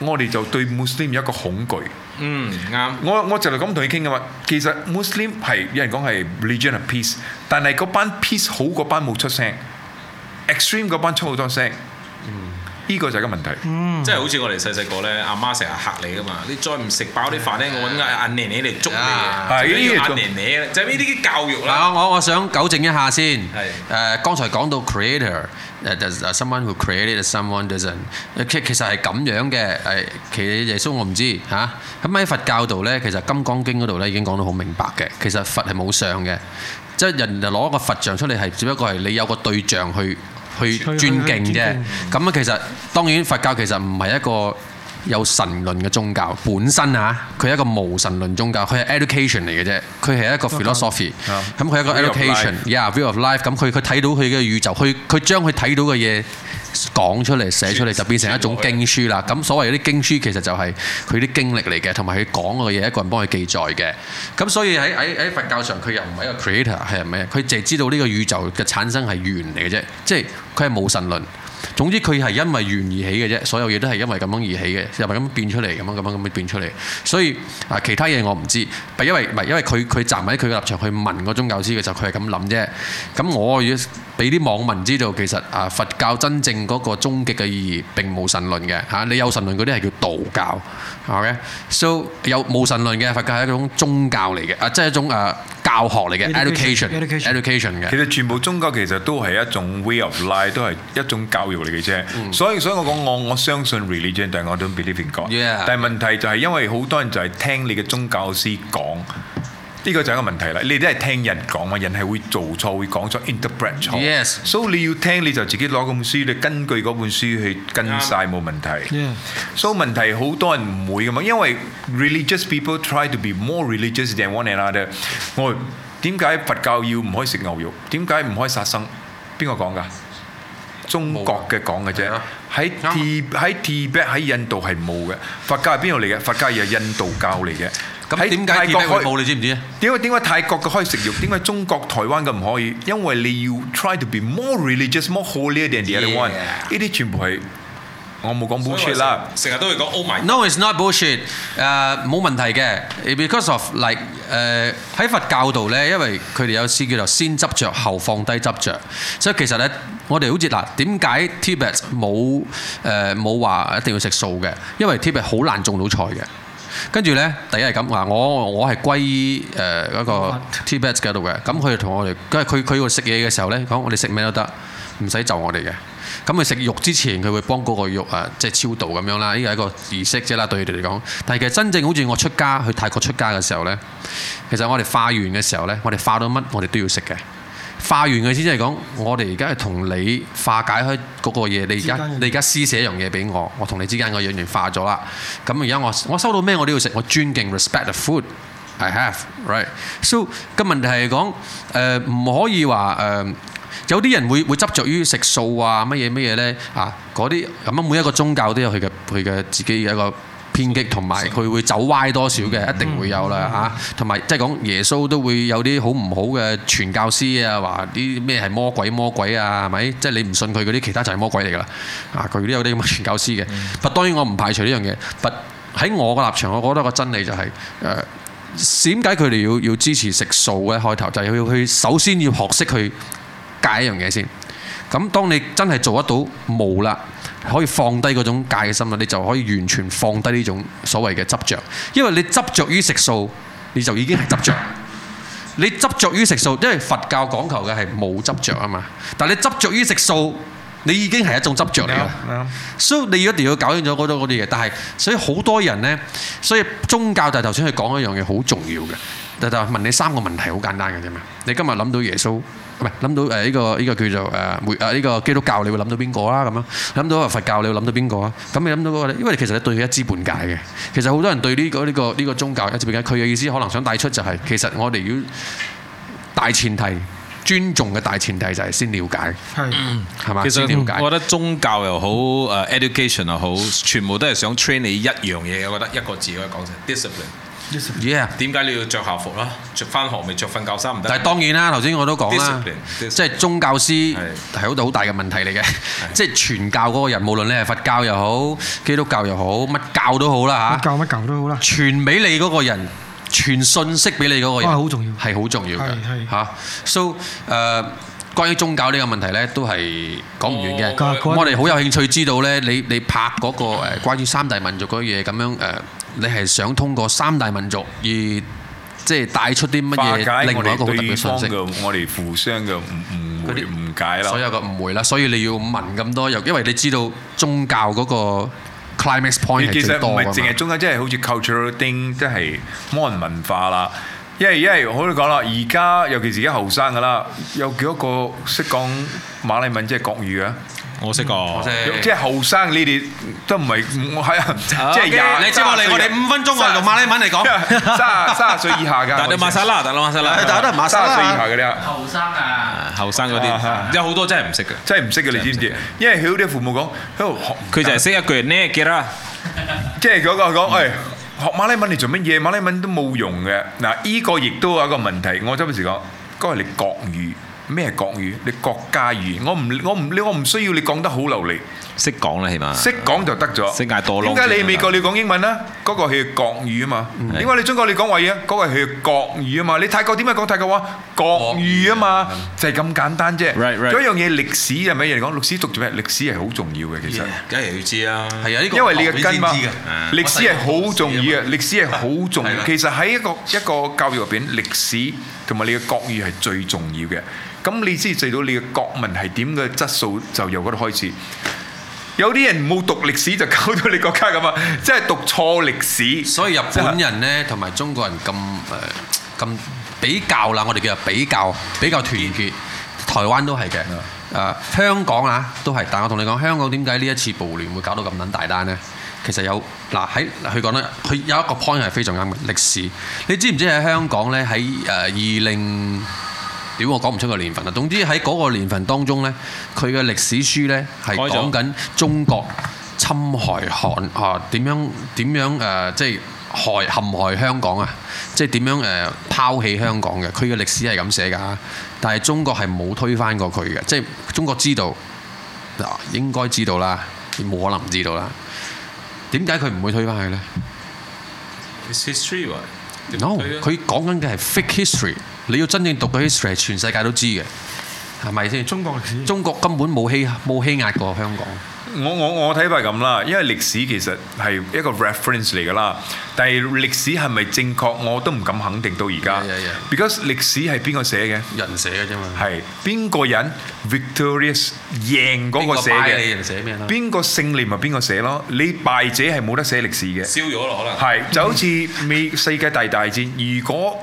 我哋就對穆斯林有一個恐懼。嗯，啱。我我就係咁同你傾嘅嘛。其實 Muslim 係有人講係 religion of peace，但係嗰班 peace 好嗰班冇出聲，extreme 嗰班出好多聲。嗯。呢個就係個問題，即係好似我哋細細個咧，阿媽成日嚇你㗎嘛，你再唔食飽啲飯咧，我揾個阿爺爺嚟捉你啊！係呢啲，即係呢啲教育啦。我我我想糾正一下先。係誒，剛才講到 creator，does someone who created someone doesn't？其其實係咁樣嘅。誒，其實耶穌我唔知吓。咁喺佛教度咧，其實《金剛經》嗰度咧已經講到好明白嘅。其實佛係冇相嘅，即係人就攞個佛像出嚟，係只不過係你有個對象去。去尊敬啫，咁啊，其實當然佛教其實唔係一個有神論嘅宗教，本身啊，佢係一個無神論宗教，佢係 education 嚟嘅啫，佢係一個 philosophy，咁佢係一個 education，yeah view of life，咁佢佢睇到佢嘅宇宙，佢佢將佢睇到嘅嘢，講出嚟、寫出嚟就變成一種經書啦。咁、嗯、所謂嗰啲經書其實就係佢啲經歷嚟嘅，同埋佢講嗰個嘢，一個人幫佢記載嘅。咁所以喺喺佛教上，佢又唔係一個 creator，係唔係？佢淨係知道呢個宇宙嘅產生係緣嚟嘅啫，即係佢係冇神論。總之佢係因為緣而起嘅啫，所有嘢都係因為咁樣而起嘅，又係咁變出嚟，咁樣咁樣咁樣變出嚟。所以啊，其他嘢我唔知，但因為唔係因為佢佢站喺佢嘅立場去問嗰種教師嘅時候，佢係咁諗啫。咁我俾啲網民知道，其實啊佛教真正嗰個終極嘅意義並無神論嘅嚇，你有神論嗰啲係叫道教，OK？So 有無神論嘅佛教係一種宗教嚟嘅，啊即係一種誒教學嚟嘅 education，education，education 嘅。其實全部宗教其實都係一種 way of life，都係一種教育嚟嘅啫。所以所以我講我我相信 religion，但係我唔 believe in God。但係問題就係因為好多人就係聽你嘅宗教師講。呢個就係一個問題啦，你都係聽人講嘛，人係會做錯、會講錯、interpret 錯，Yes，所以你要聽你就自己攞本書，你根據嗰本書去跟曬冇問題。所以問題好多人唔會㗎嘛，因為 religious people try to be more religious than one another。我點解佛教要唔可以食牛肉？點解唔可以殺生？邊個講噶？中國嘅講嘅啫，喺 T 喺 Tibet 喺印度係冇嘅，佛教係邊度嚟嘅？佛教又係印度教嚟嘅。喺泰國可以，你知唔知啊？點解，點解泰國嘅可以食肉，點解中國台灣嘅唔可以？因為你要 try to be more religious, more holy than anyone。呢啲全部係我冇講 bullshit 啦。成日都會講 oh my。No, it's not bullshit。誒，冇問題嘅。Because of like 誒，喺佛教度咧，因為佢哋有書叫做先執著，後放低執著。所以其實咧，我哋好似嗱，點解 Tibet 冇誒冇話一定要食素嘅？因為 Tibet 好難種到菜嘅。跟住呢，第一係咁，嗱，我我係歸誒嗰、呃、個 Tibet 嘅度嘅，咁佢哋同我哋，因為佢佢要食嘢嘅時候呢，講我哋食咩都得，唔使就我哋嘅。咁佢食肉之前，佢會幫嗰個肉啊，即係超度咁樣啦，呢個係一個儀式啫啦，對佢哋嚟講。但係其實真正好似我出家去泰國出家嘅時候呢，其實我哋化完嘅時候呢，我哋化到乜我哋都要食嘅。化完佢先即係講，我哋而家係同你化解開嗰個嘢。你而家你而家施捨一樣嘢俾我，我同你之間個養緣化咗啦。咁而家我我收到咩我都要食，我尊敬 respect the food。I have, right? So 個問題係講誒唔可以話誒、呃、有啲人會會執着於食素啊乜嘢乜嘢咧啊，嗰啲咁樣，每一個宗教都有佢嘅佢嘅自己一個。偏激同埋佢會走歪多少嘅，一定會有啦嚇。同埋即係講耶穌都會有啲好唔好嘅傳教師啊，話啲咩係魔鬼魔鬼啊，係咪？即係你唔信佢嗰啲，其他就係魔鬼嚟㗎啦。啊，佢都有啲咁嘅傳教師嘅。但、嗯、當然我唔排除呢樣嘢，但喺我個立場，我覺得個真理就係誒點解佢哋要要支持食素嘅開頭，就係要去首先要學識去戒一樣嘢先。咁當你真係做得到無啦，可以放低嗰種戒心啦，你就可以完全放低呢種所謂嘅執著。因為你執著於食素，你就已經係執著。你執著於食素，因為佛教講求嘅係無執著啊嘛。但係你執著於食素，你已經係一種執著嚟。有，所以你要一定要搞清楚嗰種嗰啲嘢。但係，所以好多人呢，所以宗教就頭先去講一樣嘢好重要嘅。就就問你三個問題，好簡單嘅啫嘛。你今日諗到耶穌？唔係諗到誒呢個呢個叫做誒每誒呢個基督教，你會諗到邊個啦？咁樣諗到佛教，你會諗到邊個？咁你諗到嗰個咧？因為其實你對佢一知半解嘅。其實好多人對呢個呢個呢個宗教一知半解。佢嘅意思可能想帶出就係，其實我哋要大前提尊重嘅大前提就係先了解，係係嘛？先了解。其實我覺得宗教又好誒，education 又好，全部都係想 train 你一樣嘢。我覺得一個字可以講成 discipline。依十幾啊？點解你要著校服啦？著翻學咪著瞓覺衫唔得。但係當然啦，頭先我都講啦，即係宗教師係好好大嘅問題嚟嘅。即係傳教嗰個人，無論你係佛教又好、基督教又好、乜教都好啦嚇。乜教乜教都好啦。傳俾你嗰個人，傳信息俾你嗰個人，係好重要，係好重要㗎。係係嚇，so 誒。關於宗教呢個問題呢，都係講唔完嘅。哦、我哋好有興趣知道呢，你你拍嗰個誒關於三大民族嗰嘢咁樣誒，你係想通過三大民族而即係帶出啲乜嘢另外一個好特別嘅信息？化解對方嘅我哋互相嘅誤誤誤解啦，所有嘅誤會啦，所以你要問咁多，又因為你知道宗教嗰個 climax point 係最多嘅嘛。其實唔係淨係宗教，即係好似 cultural thing，即係多元文化啦。因為因為我都講啦，而家尤其是而家後生噶啦，有幾多個識講馬來文即係國語嘅？我識過，即係後生呢啲都唔係，我係啊，即係廿你知我嚟，我哋五分鐘啊，用馬來文嚟講。三十歲以下㗎。但你馬塞拉，大佬馬塞拉，大家都係三十歲以下㗎啦。後生啊，後生嗰啲，有好多真係唔識嘅，真係唔識嘅，你知唔知？因為佢嗰啲父母講，佢就係識一句呢，Kira，即係講講講學馬來文嚟做乜嘢？馬來文都冇用嘅。嗱，呢個亦都有一個問題。我周不時講，嗰係你國語咩？國語你國家語。我唔我唔我唔需要你講得好流利。識講啦，起碼識講就得咗。點解你美國你講英文呢？嗰個係國語啊嘛。點解你中國你講華語啊？嗰個係國語啊嘛。你泰國點解講泰國話？國語啊嘛，就係咁簡單啫。仲有一樣嘢歷史係咪？嚟講歷史讀做咩？歷史係好重要嘅，其實梗係要知啊。係啊，因為你嘅根嘛，歷史係好重要嘅，歷史係好重要。其實喺一個一個教育入邊，歷史同埋你嘅國語係最重要嘅。咁你先至知道你嘅國文係點嘅質素，就由嗰度開始。有啲人冇讀歷史就搞到你國家咁啊！即係讀錯歷史。所以日本人呢，同埋真是 中國人咁誒咁比較啦，我哋叫做比較，比較團結。台灣都係嘅，誒、 呃、香港啊都係。但我同你講，香港點解呢一次暴亂會搞到咁撚大單呢？其實有嗱喺佢講得，佢、呃、有一個 point 係非常啱嘅歷史。你知唔知喺香港呢？喺誒二零？呃點我講唔出個年份啊！總之喺嗰個年份當中呢，佢嘅歷史書呢係講緊中國侵害韓嚇點、啊、樣點樣誒、啊、即係害陷害香港啊！即係點樣誒、啊、拋棄香港嘅？佢嘅歷史係咁寫㗎，但係中國係冇推翻過佢嘅，即係中國知道嗱、啊、應該知道啦，冇可能唔知道啦。點解佢唔會推翻去呢？It's history No，佢講緊嘅係 fake history。你要真正讀到 history，全世界都知嘅，係咪先？中國歷史？中國根本冇欺冇欺壓過香港。我我我睇法係咁啦，因為歷史其實係一個 reference 嚟噶啦，但係歷史係咪正確，我都唔敢肯定到而家。因為歷史係邊個寫嘅？人寫嘅啫嘛。係邊個人 victorious 贏嗰個寫嘅？邊個敗你？人寫咩咯？邊個勝利咪邊個寫咯？你敗者係冇得寫歷史嘅。燒咗咯，可能。係就好似未世界第二大戰，如果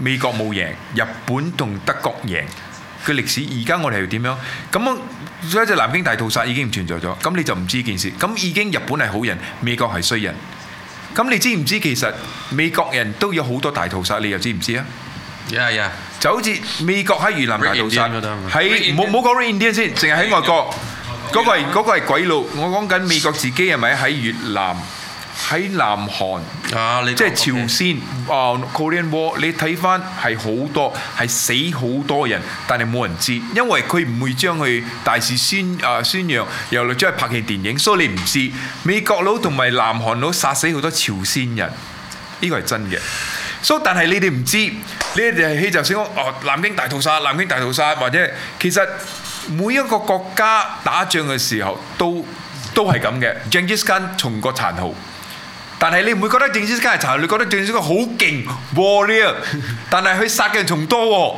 美國冇贏，日本同德國贏嘅歷史，而家我哋係點樣？咁我所以只南京大屠殺已經唔存在咗，咁你就唔知件事。咁已經日本係好人，美國係衰人。咁你知唔知其實美國人都有好多大屠殺？你又知唔知啊？知啊知，就好似美國喺越南大屠殺，喺冇冇講印第安先，淨係喺外國嗰個係嗰個係鬼佬。我講緊美國自己係咪喺越南？喺南韓，啊、即係朝鮮啊，Cold Okay.、uh, War，你睇翻係好多係死好多人，但係冇人知，因為佢唔會將佢大肆宣啊、呃、宣揚，又來將佢拍戲電影，所以你唔知美國佬同埋南韓佬殺死好多朝鮮人，呢個係真嘅。所、so, 以但係你哋唔知，你哋係起就講哦南京大屠殺，南京大屠殺，或者其實每一個國家打仗嘅時候都都係咁嘅 j o h n s o 殘酷。但係你唔會覺得 Genghis Khan 係殘，你覺得 Genghis Khan 好勁，Warrior？但係佢殺嘅人仲多喎。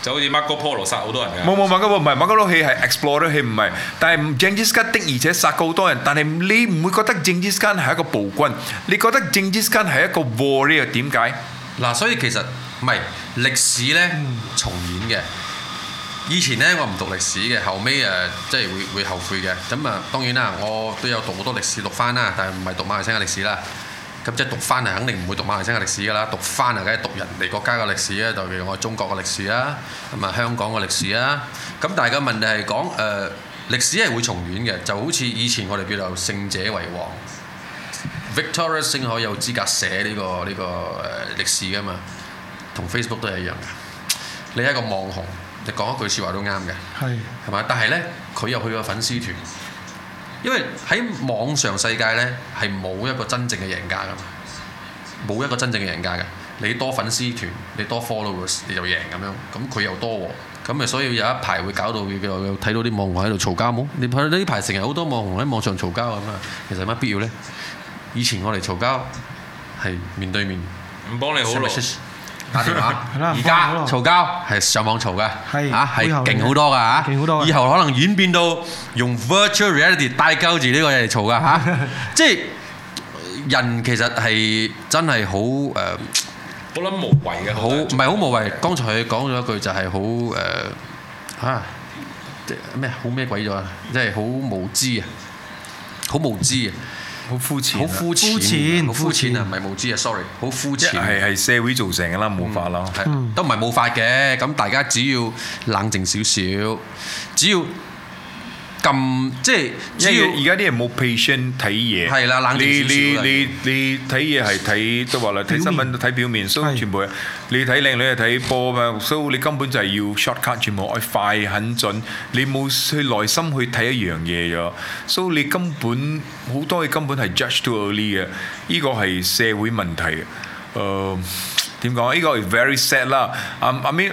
就好似 Marco Polo 殺好多人嘅。冇冇 Marco 喎，唔係 Marco Polo，佢係 explorer，佢唔係。但係 Genghis Khan 的而且殺過好多人。但係你唔會覺得 Genghis Khan 係一個暴君，你覺得 Genghis Khan 係一個 Warrior？點解？嗱，所以其實唔係歷史咧重演嘅。以前呢，我唔讀歷史嘅，後尾誒即係會會後悔嘅。咁啊，當然啦，我都有讀好多歷史，讀返啦，但係唔係讀馬來西亞歷史啦。咁即係讀返啊，肯定唔會讀馬來西亞歷史噶啦。讀返啊，梗係讀人哋國家嘅歷史啊，就譬如我中國嘅歷史啊，咁啊香港嘅歷史啊。咁但係個問題係講誒歷史係會重演嘅，就好似以前我哋叫做勝者為王，Victor 先可以有資格寫呢個呢個誒歷史噶嘛。同 Facebook 都係一樣嘅，你係一個網紅。你講一句説話都啱嘅，係係咪？但係呢，佢又去過個粉絲團，因為喺網上世界呢，係冇一個真正嘅贏家噶嘛，冇一個真正嘅贏家嘅。你多粉絲團，你多 followers，你就贏咁樣。咁佢又多喎，咁誒，所以有一排會搞到佢佢睇到啲網紅喺度嘈交冇？你睇到呢排成日好多網紅喺網上嘈交咁啊，其實有乜必要呢？以前我哋嘈交係面對面，唔幫你好打電話，而家嘈交係上網嘈嘅，嚇係勁好多嘅嚇，以後可能演變到用 virtual reality 帶交住呢個嘢嚟嘈嘅嚇，即係人其實係真係好誒，呃、我諗無謂嘅，好唔係好無謂。剛才佢講咗一句就係好誒嚇咩好咩鬼咗啊！即係好無知啊，好無知啊！好膚淺，好膚淺，好膚淺啊！唔係無知啊 ，sorry，好膚淺啊。一係係社會造成嘅啦，冇法啦、嗯，都唔係冇法嘅。咁大家只要冷靜少少，只要。咁即係，因為而家啲人冇 patient 睇嘢，係啦，冷靜少少。你你你你睇嘢係睇，都話啦，睇新聞都睇表面，所以全部。你睇靚女係睇波嘛？所以你根本就係要 short cut，全部愛快很準。你冇去耐心去睇一樣嘢咗，所以你根本好多嘢根本係 judge too early 嘅。呢個係社會問題嘅。誒點講？呢個係 very sad。嗯，I mean。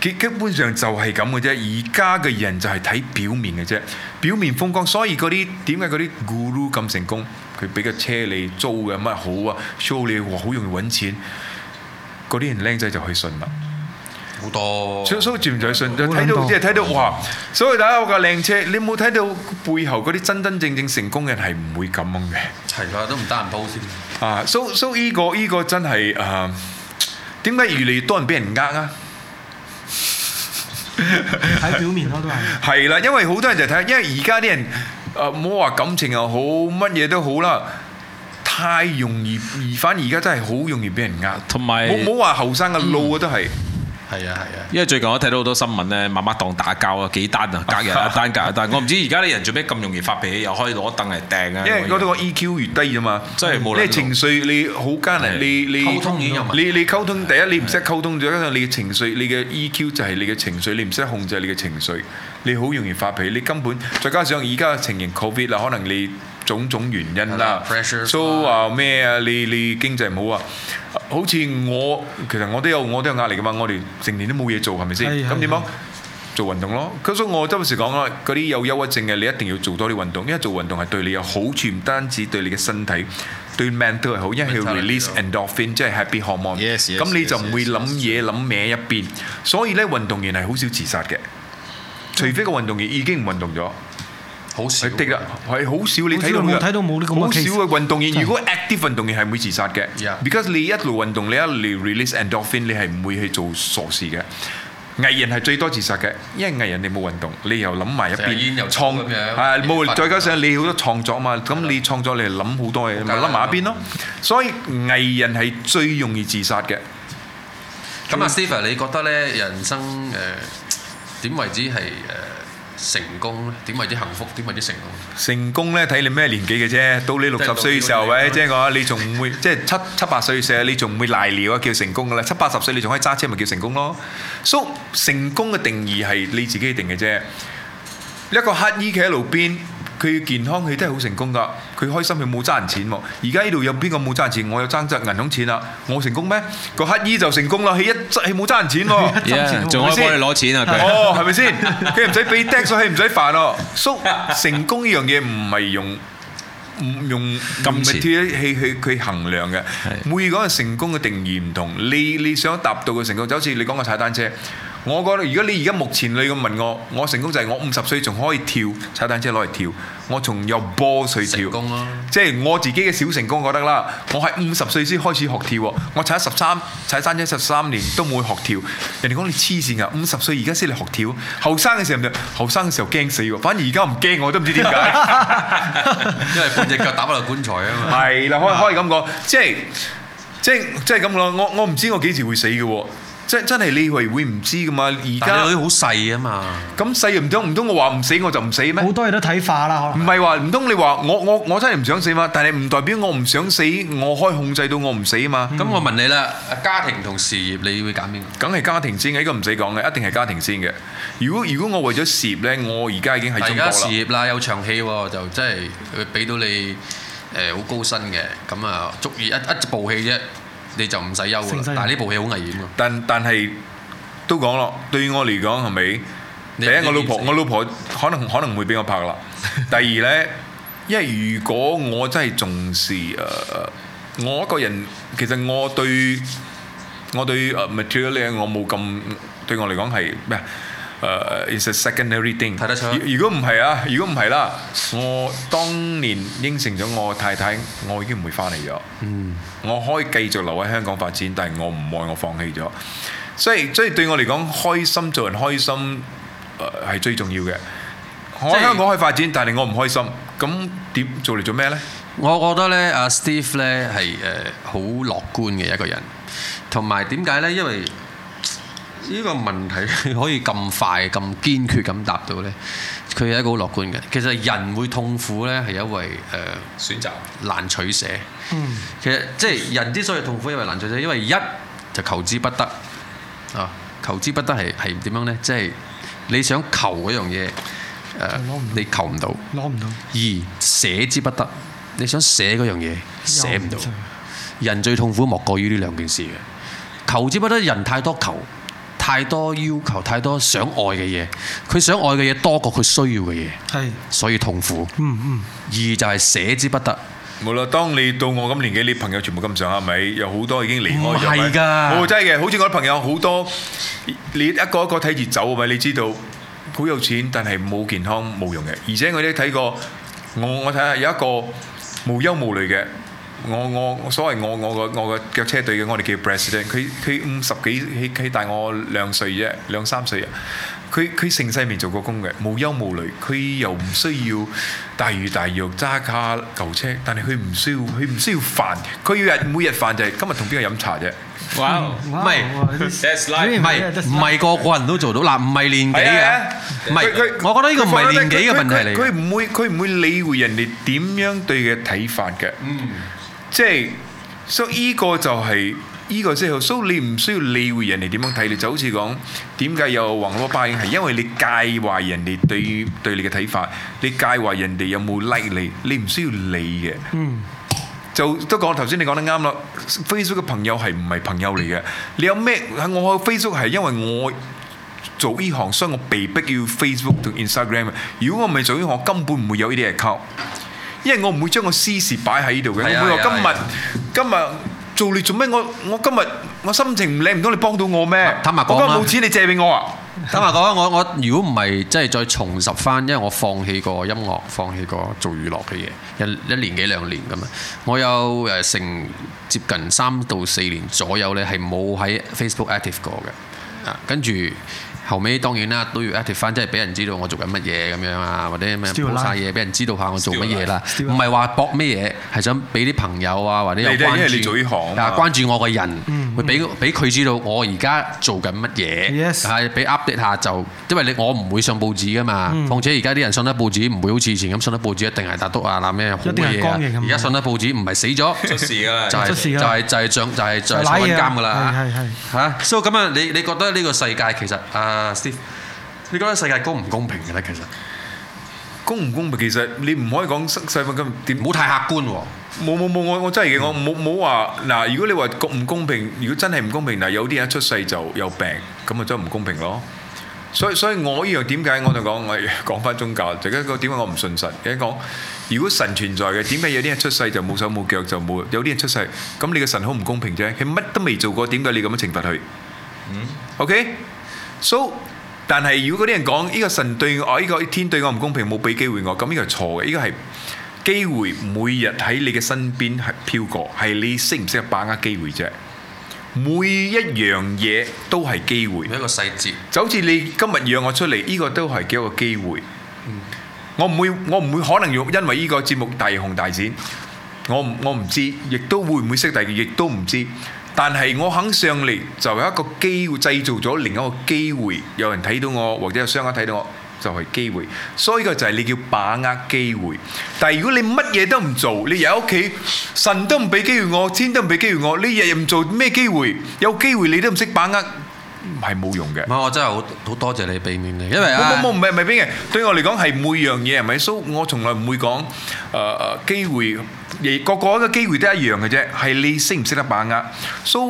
基本上就係咁嘅啫，而家嘅人就係睇表面嘅啫，表面風光，所以嗰啲點解嗰啲咕 u 咁成功？佢俾架車你租嘅乜好啊？show 你話好容易揾錢，嗰啲人靚仔就去信啦，好多。所以全部在信，睇到即嘅睇到哇，嗯、所以大家開架靚車，你冇睇到背後嗰啲真真正正成功嘅係唔會咁嘅。係㗎，都唔得人報先。 啊 s h o s o 依、so, 這個依、這個這個真係誒，點、呃、解越嚟越，越多人俾人呃啊？睇表面咯都係，係 啦樂， 因為好多人就睇，因為而家啲人，誒、呃，唔好話感情又好，乜嘢都好啦，太容易，而反而而家真係好容易俾人呃，同埋唔好話後生嘅路啊都係。嗯係啊係啊，因為最近我睇到好多新聞咧，媽媽檔打交啊，幾單啊，隔日一、啊、 單隔一單，我唔知而家啲人做咩咁容易發脾氣，又可以攞凳嚟掟啊！因為嗰啲個 EQ 越低啊嘛，即係無論咩情緒你艱難對你，你好艱難，你你溝通嘢又唔，你你溝通第一你唔識溝通，再加上你嘅情緒，你嘅 EQ 就係你嘅情緒，你唔識控制你嘅情緒，你好容易發脾氣，你根本再加上而家嘅情形，COVID 可能你。種種原因啦，所以話咩啊？你你經濟唔好啊？好似我其實我都有我都有壓力噶嘛。我哋成年都冇嘢做係咪先？咁點講？做運動咯。咁所以我周時講啊，嗰啲有憂鬱症嘅你一定要做多啲運動，因為做運動係對你有好處，唔單止對你嘅身體，對 mental 係好，因為 release endorphin 即係 happy hormone。咁你就唔會諗嘢諗歪一邊。所以咧運動員係好少自殺嘅，除非個運動員已經唔運動咗。係的啦，係好少你睇到冇呢個。好少嘅運動員，如果 active 運動員係唔會自殺嘅。because 你一路運動，你一路 release endorphin，你係唔會去做傻事嘅。藝人係最多自殺嘅，因為藝人你冇運動，你又諗埋一邊，又創咁樣。係冇，再加上你好多創作嘛，咁你創作你係諗好多嘢，咪諗埋一邊咯。所以藝人係最容易自殺嘅。咁啊，Steve，你覺得咧人生誒點為之係誒？成功咧，點為之幸福？點為之成功？成功咧，睇你咩年紀嘅啫。到你六十歲嘅時候，喂，即係我，你仲唔會即係七七八歲嘅時候，你仲唔會賴尿啊，叫成功㗎喇。七八十歲你仲可以揸車，咪叫成功咯。所、so, 以成功嘅定義係你自己定嘅啫。一個乞兒企喺路邊。佢健康佢都係好成功㗎，佢開心佢冇揸人錢喎。而家呢度有邊個冇揸人錢？我有爭執銀行錢啦，我成功咩？個乞兒就成功啦，佢一執佢冇揸人錢喎。仲 Yeah, 可以幫你攞錢啊？ 哦，係咪先？佢唔使俾 tax 佢唔使煩哦。蘇、so, 成功呢樣嘢唔係用唔用，用，用，用金錢去去去衡量嘅。的每一個成功嘅定義唔同，你你想達到嘅成功就好似你講嘅踩單車。我覺得，如果你而家目前你咁問我，我成功就係我五十歲仲可以跳踩單車攞嚟跳，我仲有波水跳，啊、即係我自己嘅小成功，覺得啦。我係五十歲先開始學跳，我踩十三踩單車十三年都冇學跳。人哋講，你黐線㗎，五十歲而家先嚟學跳，後生嘅時候後生嘅時候驚死喎。反而而家唔驚，我都唔知點解， 因為半隻腳打開落棺材啊嘛。係啦， 可以咁講，即係即係即係咁囉，我我唔知我幾時會死嘅喎。即係真係你係會唔知噶嘛？而家女好細啊嘛。咁細又唔通唔通我話唔死我就唔死咩？好多嘢都睇化啦，嗬。唔係話唔通你話我我我真係唔想死嘛？但係唔代表我唔想死，我可以控制到我唔死啊嘛。咁我問你啦，家庭同事業你會揀邊個？梗係家庭先嘅，依個唔使講嘅，一定係家庭先嘅。如果如果我為咗事業咧，我而家已經係。而家事業啦，有場戲喎，就真係俾到你誒好高薪嘅，咁啊足以一一部戲啫。你就唔使憂噶啦，但係呢部戲好危險喎。但但係都講咯，對我嚟講係咪？第一，我老婆我老婆可能可能會俾我拍啦。第二呢，因為如果我真係重視誒，我一個人其實我對我對誒 material 呢我冇咁，對我嚟講係咩？Uh, it's a secondary thing。睇得出。如果唔係啊，如果唔係啦，我當年應承咗我太太，我已經唔會翻嚟咗。嗯，我可以繼續留喺香港發展，但係我唔愛，我放棄咗。所以，所以對我嚟講，開心做人，開心係、呃、最重要嘅。是我喺香港可以發展，但係我唔開心，咁點做嚟做咩呢？我覺得呢阿、啊、Steve 呢係誒好樂觀嘅一個人，同埋點解呢？因為呢個問題可以咁快咁堅決咁答到呢？佢係一個好樂觀嘅。其實人會痛苦呢，係因為誒選擇難取捨。嗯，其實即係人之所以痛苦，因為難取捨，因為一就求之不得啊，求之不得係係點樣呢？即係你想求嗰樣嘢誒，你求唔到，攞唔到。二，捨之不得，你想捨嗰樣嘢捨唔到。人最痛苦莫過於呢兩件事嘅求之不得，人太多求。太多要求，太多想愛嘅嘢，佢想愛嘅嘢多過佢需要嘅嘢，係，所以痛苦。嗯嗯。二、嗯、就係捨之不得。冇啦，當你到我咁年紀，你朋友全部咁上下係咪，有好多已經離開咗咪？唔係㗎，真係嘅，好似我啲朋友好多，你一個一個睇住走啊咪？你知道，好有錢但係冇健康冇用嘅，而且我都睇過，我我睇下有一個無憂無慮嘅。我我所謂我我個我個腳車隊嘅，我哋叫 president。佢佢五十幾，佢佢大我兩歲啫，兩三歲啊。佢佢成世未做過工嘅，無憂無慮。佢又唔需要大魚大肉揸卡舊車，但係佢唔需要，佢唔需要煩。佢要日每日飯就係今日同邊個飲茶啫。哇！唔係唔係唔係個個人都做到嗱，唔係年紀嘅。唔係，我覺得呢個唔係年紀嘅問題嚟。佢唔會佢唔會理會人哋點樣對佢嘅睇法嘅。嗯。即係，所以依個就係依個即係，所以你唔需要理會人哋點樣睇你。就好似講，點解有橫禍霸影係因為你介懷人哋對對你嘅睇法，你介懷人哋有冇 like 你，你唔需要理嘅。嗯，就都講頭先你講得啱咯。Facebook 嘅朋友係唔係朋友嚟嘅？你有咩？我 Facebook 係因為我做依行，所以我被逼要 Facebook 同 Instagram。如果我唔係做依行，根本唔會有依啲 account。因為我唔會將個私事擺喺呢度嘅，唔、啊、會話今日、啊啊、今日做你做咩？我我今日我心情唔靚唔通，你幫到我咩？坦白講， 我冇錢你借俾我啊！坦白講，我我如果唔係真係再重拾翻，因為我放棄過音樂，放棄過做娛樂嘅嘢，一一年幾兩年咁啊！我有誒、呃、成接近三到四年左右咧，係冇喺 Facebook active 過嘅、啊，跟住。後尾當然啦，都要 update 翻，即係俾人知道我做緊乜嘢咁樣啊，或者咩鋪曬嘢，俾人知道下我做乜嘢啦。唔係話博咩嘢，係想俾啲朋友啊，或者有關注，啊關注我嘅人，會俾俾佢知道我而家做緊乜嘢。係俾 update 下就，因為我唔會上報紙噶嘛。況且而家啲人上得報紙，唔會好似以前咁上得報紙一定係大篤啊，嗱咩好嘢啊。一定係光榮咁。而家上得報紙唔係死咗出事㗎啦，就係就係就係像就係就係坐監㗎啦。係係嚇。So 咁啊，你你覺得呢個世界其實啊？啊，Steve，你覺得世界公唔公平嘅咧？其實公唔公平，其實你唔可以講世界咁點，唔好太客觀喎。冇冇冇，我我真係嘅，我冇冇話嗱。如果你話公唔公平，如果真係唔公平嗱，有啲人一出世就有病，咁咪真係唔公平咯。所以所以，我呢樣點解我就講我講返宗教，就係一個點解我唔信神。點講？如果神存在嘅，點解有啲人出世就冇手冇腳就冇，有啲人出世咁你嘅神好唔公平啫？佢乜都未做過，點解你咁樣懲罰佢？嗯，OK。So，但係如果嗰啲人講，依個神對我，依個天對我唔公平，冇俾機會我，咁依個係錯嘅。依個係機會，每日喺你嘅身邊係飄過，係你識唔識得把握機會啫。每一樣嘢都係機會，一個細節。就好似你今日約我出嚟，依個都係幾個機會。我唔會，我唔會可能用，因為依個節目大紅大紫，我唔，我唔知，亦都會唔會識，亦都唔知。但係我肯上嚟就有一個機會，製造咗另一個機會。有人睇到我，或者有商家睇到我，就係機會。所以個就係你要把握機會。但係如果你乜嘢都唔做，你喺屋企，神都唔畀機會我，天都唔畀機會我，你日日唔做咩機會？有機會你都唔識把握。係冇用嘅。唔係，我真係好好多謝你畀面你，因為冇冇冇，唔係唔係邊嘅？對我嚟講係每樣嘢，咪？係 so。我從來唔會講誒誒機會，而個個嘅機會都係一樣嘅啫。係你識唔識得把握？So，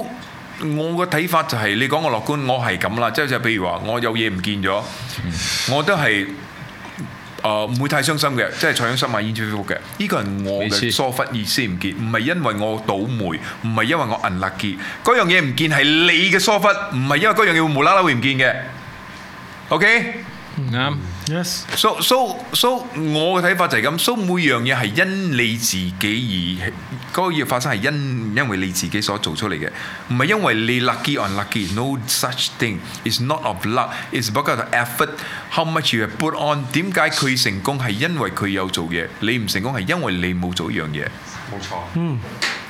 我個睇法就係、是、你講個樂觀，我係咁啦。即係譬如話，我有嘢唔見咗，嗯、我都係。誒唔、uh, 會太傷心嘅，即係坐商失萬煙消雲散嘅。呢、這個係我嘅疏忽，意思唔見，唔係沒錯 因為我倒楣，唔係因為我銀辣結 unlucky，嗰樣嘢唔見係你嘅疏忽，唔係因為嗰樣嘢會無啦啦會唔見嘅。OK，啱對。嗯 so so so 我嘅睇法就係咁，so 每樣嘢係因你自己而嗰個嘢發生係因因為你自己所做出嚟嘅，唔係因為你 lucky or unlucky no such thing it's not of luck it's about the effort how much you have put on，點解佢成功係因為佢有做嘢，你唔成功係因為你冇做一樣嘢。冇錯，嗯，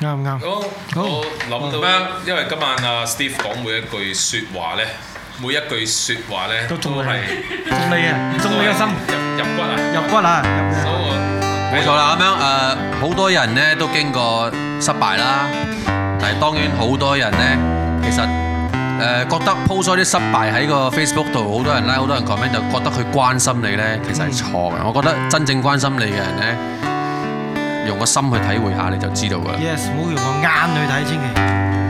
啱唔啱？好，好，諗到咩？因為今晚啊，Steve 講每一句説話咧。每一句説話咧，都係中你啊，中你嘅心，入骨啊，入骨啊，冇錯啦。咁樣誒，好多人咧都經過失敗啦，但係當然好多人咧，其實誒覺得鋪曬啲失敗喺個 Facebook 度，好多人 Like，好多人 comment，就覺得佢關心你咧，其實係錯嘅。我覺得真正關心你嘅人咧，用個心去體會下你就知道㗎。Yes，唔好用個眼去睇，千祈。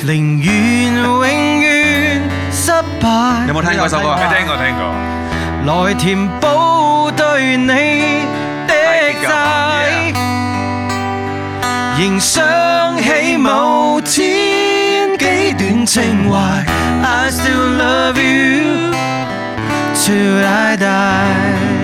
寧願永遠失敗，有冇聽過首歌？聽過聽過。來填補對你的債，仍想起某天幾段情懷。I still love you till I die.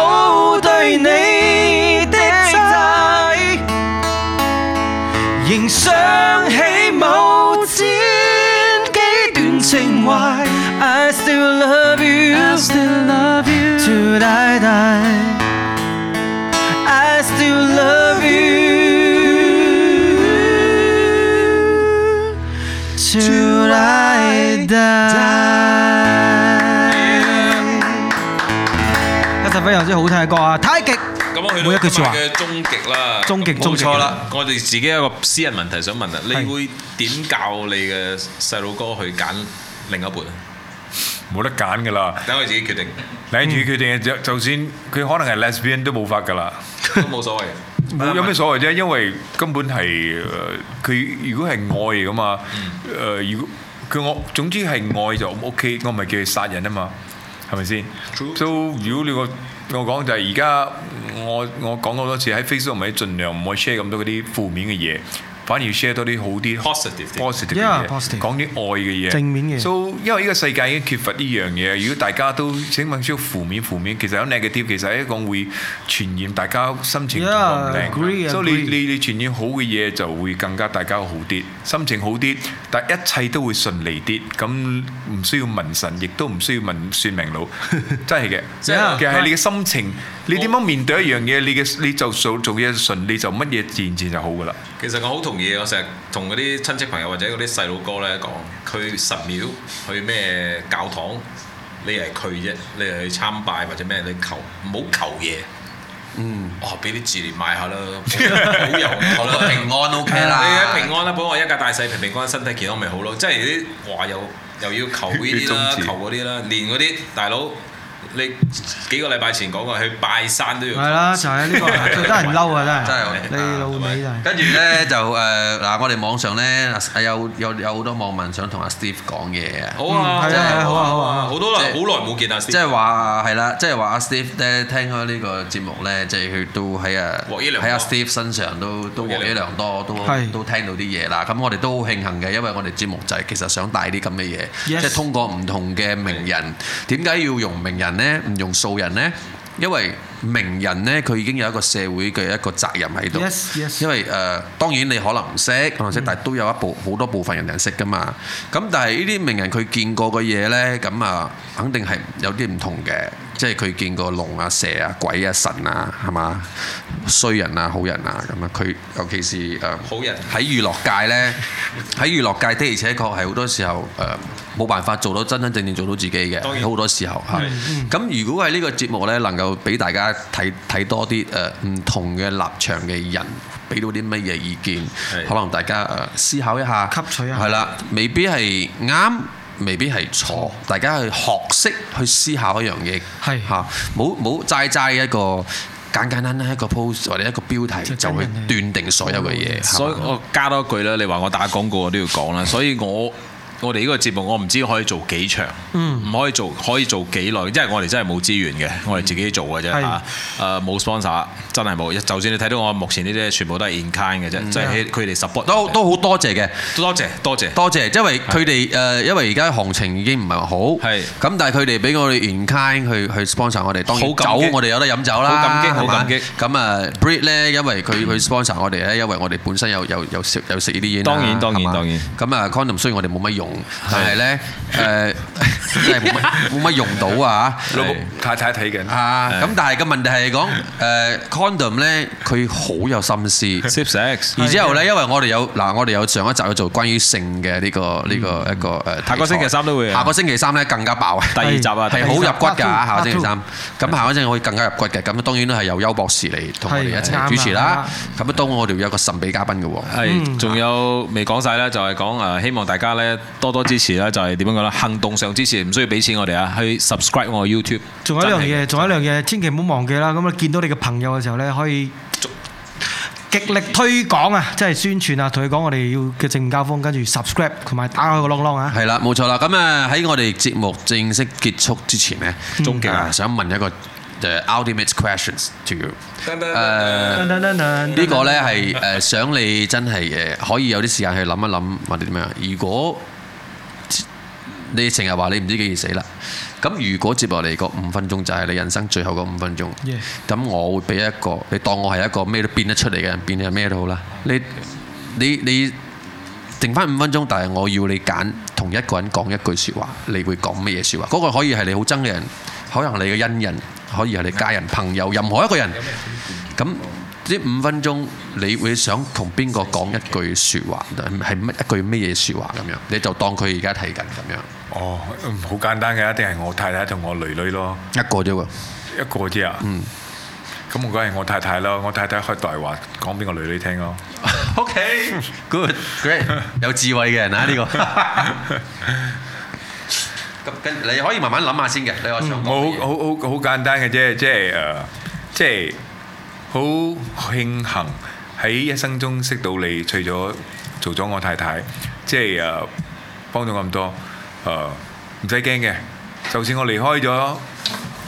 大哥啊，太極每一句説話，終極啦，冇錯啦。我哋自己一個私人問題想問啊，你會點教你嘅細路哥去揀另一半？冇得揀噶啦，等佢自己決定。等佢決定啊，就就算佢可能係 lesbian 都冇法噶啦，都冇所謂。冇有咩所謂啫，因為根本係佢如果係愛噶嘛，誒，如果佢我總之係愛就 OK，我唔係叫佢殺人啊嘛。係咪先？s o、so，如果你個我講就係而家，我我講好多次喺 Facebook 唔係盡量唔好 share 咁多嗰啲負面嘅嘢。反而 share 多啲好啲 positive 嘅嘢，講啲愛嘅嘢，正面嘅。所以因為呢個世界已經缺乏呢樣嘢，如果大家都請問少負面負面，其實有 negative 其實係一個會傳染大家心情都唔靚嘅。所以你你你傳染好嘅嘢就會更加大家好啲，心情好啲，但一切都會順利啲。咁唔需要問神，亦都唔需要問算命佬，真係嘅。其實係你嘅心情。你點樣面對一樣嘢？你嘅你就做，仲要順，你就乜嘢自然自然就好噶啦。其實我好同意，我成日同嗰啲親戚朋友或者嗰啲細佬哥咧講，去神廟，去咩教堂，你係佢啫，你係去參拜或者咩，你求唔好求嘢。嗯。哦，俾啲紙連買下啦，保佑，平安 OK 啦，平安啦，保我一家大細平平安安，身體健康咪好咯。即係啲話又又要求呢啲啦，求嗰啲啦，連嗰啲大佬。你幾個禮拜前講過去拜山都要係啦，就係呢個真係唔嬲啊，真係。真係你老味真係。跟住咧就誒嗱，我哋網上咧有有有好多網民想同阿 Steve 講嘢啊。好啊，係啊，好啊，好多好耐冇見阿 Steve。即係話係啦，即係話阿 Steve 咧聽開呢個節目咧，即係佢都喺啊喺阿 Steve 身上都都獲益良多，都都聽到啲嘢啦。咁我哋都好慶幸嘅，因為我哋節目就係其實想帶啲咁嘅嘢，即係通過唔同嘅名人，點解要用名人咧？咧唔用素人呢？因為。名人呢，佢已經有一個社會嘅一個責任喺度，Yes, yes. 因為誒、呃、當然你可能唔識，可能識，但係都有一部好多部分人認識㗎嘛。咁但係呢啲名人佢見過嘅嘢呢，咁、嗯、啊肯定係有啲唔同嘅，即係佢見過龍啊、蛇啊、鬼啊、神啊，係嘛？衰人啊、好人啊咁啊，佢尤其是誒、呃、好人喺娛樂界呢，喺娛樂界的而且確係好多時候誒冇、呃、辦法做到真真正正做到自己嘅，好然多時候吓。咁、嗯、如果係呢個節目呢能夠俾大家。睇睇多啲誒唔同嘅立場嘅人，俾到啲乜嘢意見，可能大家誒思考一下，吸取一下，係啦，未必係啱，未必係錯，大家去學識去思考一樣嘢，係嚇，冇冇齋齋一個簡簡單單一個 pose 或者一個標題就去斷定所有嘅嘢。所以我加多句啦，你話我打廣告我都要講啦，所以我。我哋呢個節目，我唔知可以做幾長，唔可以做可以做幾耐，因為我哋真係冇資源嘅，我哋自己做嘅啫嚇。誒冇 sponsor 真係冇，就算你睇到我目前呢啲全部都係 in kind 嘅啫，即係佢哋 support 都都好多謝嘅。多謝多謝多謝，因為佢哋誒，因為而家行情已經唔係話好。係咁，但係佢哋俾我哋 in kind 去去 sponsor 我哋，當然酒我哋有得飲酒啦。好感激，好感激咁啊！Breed 咧，因為佢佢 sponsor 我哋咧，因為我哋本身有有有食有食呢啲嘢。當然當然當然。咁啊，Condom 雖然我哋冇乜用。但係咧，誒，即係冇乜用到啊！老太太睇緊啊，咁但係個問題係講誒 Condom 咧，佢好有心思。然之後咧，因為我哋有嗱，我哋有上一集有做關於性嘅呢個呢個一個誒，下個星期三都會，下個星期三咧更加爆啊！第二集啊，係好入骨㗎，下個星期三，咁下個星期可以更加入骨嘅。咁當然都係由邱博士嚟同我哋一齊主持啦。咁啊，當我哋有個神秘嘉賓嘅喎。係，仲有未講晒咧，就係講啊，希望大家咧。多多支持咧，就係點樣講咧？行動上支持，唔需要俾錢我哋啊，去 subscribe 我 YouTube。仲有一樣嘢，仲有一樣嘢，千祈唔好忘記啦。咁啊，見到你嘅朋友嘅時候咧，可以極力推廣啊，即係宣傳啊，同佢講我哋要嘅正面交鋒，跟住 subscribe 同埋打開個 long long 啊。係啦，冇錯啦。咁啊，喺我哋節目正式結束之前咧，終極啊，想問一個嘅 ultimate questions to you，誒呢個咧係，誒想你真係誒可以有啲時間去諗一諗或者點樣。如果你成日話你唔知幾時死啦，咁如果接落嚟個五分鐘就係你人生最後嗰五分鐘，咁 Yeah. 我會俾一個你當我係一個咩都變得出嚟嘅人，變你係咩都好啦。你你你剩翻五分鐘，但係我要你揀同一個人講一句説話，你會講咩嘢説話？嗰、嗰個可以係你好憎嘅人，可能你嘅恩人，可以係你家人、朋友，任何一個人。咁呢五分鐘，你會想同邊個講一句説話？係乜一句咩嘢説話咁樣？你就當佢而家睇緊咁樣。哦，好簡單嘅，一定係我太太同我女女咯，一個啫喎，一個啫啊。嗯，咁我梗係我太太咯，我太太開大話講邊個女女聽咯。O、okay, K，good, great， 有智慧嘅人啊，呢、呢個咁跟 你可以慢慢諗下先嘅，嗯、你我想講咩。我好好好，好簡單嘅啫，即係誒，即係好慶幸喺一生中識到你，除咗做咗我太太，即係誒幫咗咁多。誒唔使驚嘅，就算我離開咗，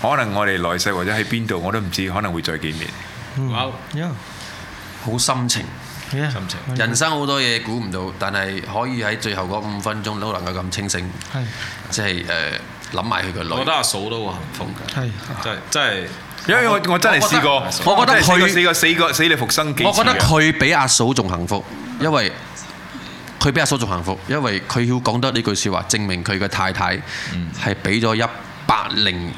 可能我哋來世或者喺邊度我都唔知，可能會再見面。哇呀！好深情，深情，人生好多嘢估唔到，但係可以喺最後嗰五分鐘都能夠咁清醒，即係誒諗埋佢個女。我覺得阿嫂都好幸福嘅，真係真係，因為我我真係試過，我覺得佢死個死個死你復生幾次嘅。我覺得佢比阿嫂仲幸福，因為。佢比阿叔仲幸福，因為佢要講得呢句説話，證明佢嘅太太係俾咗一百零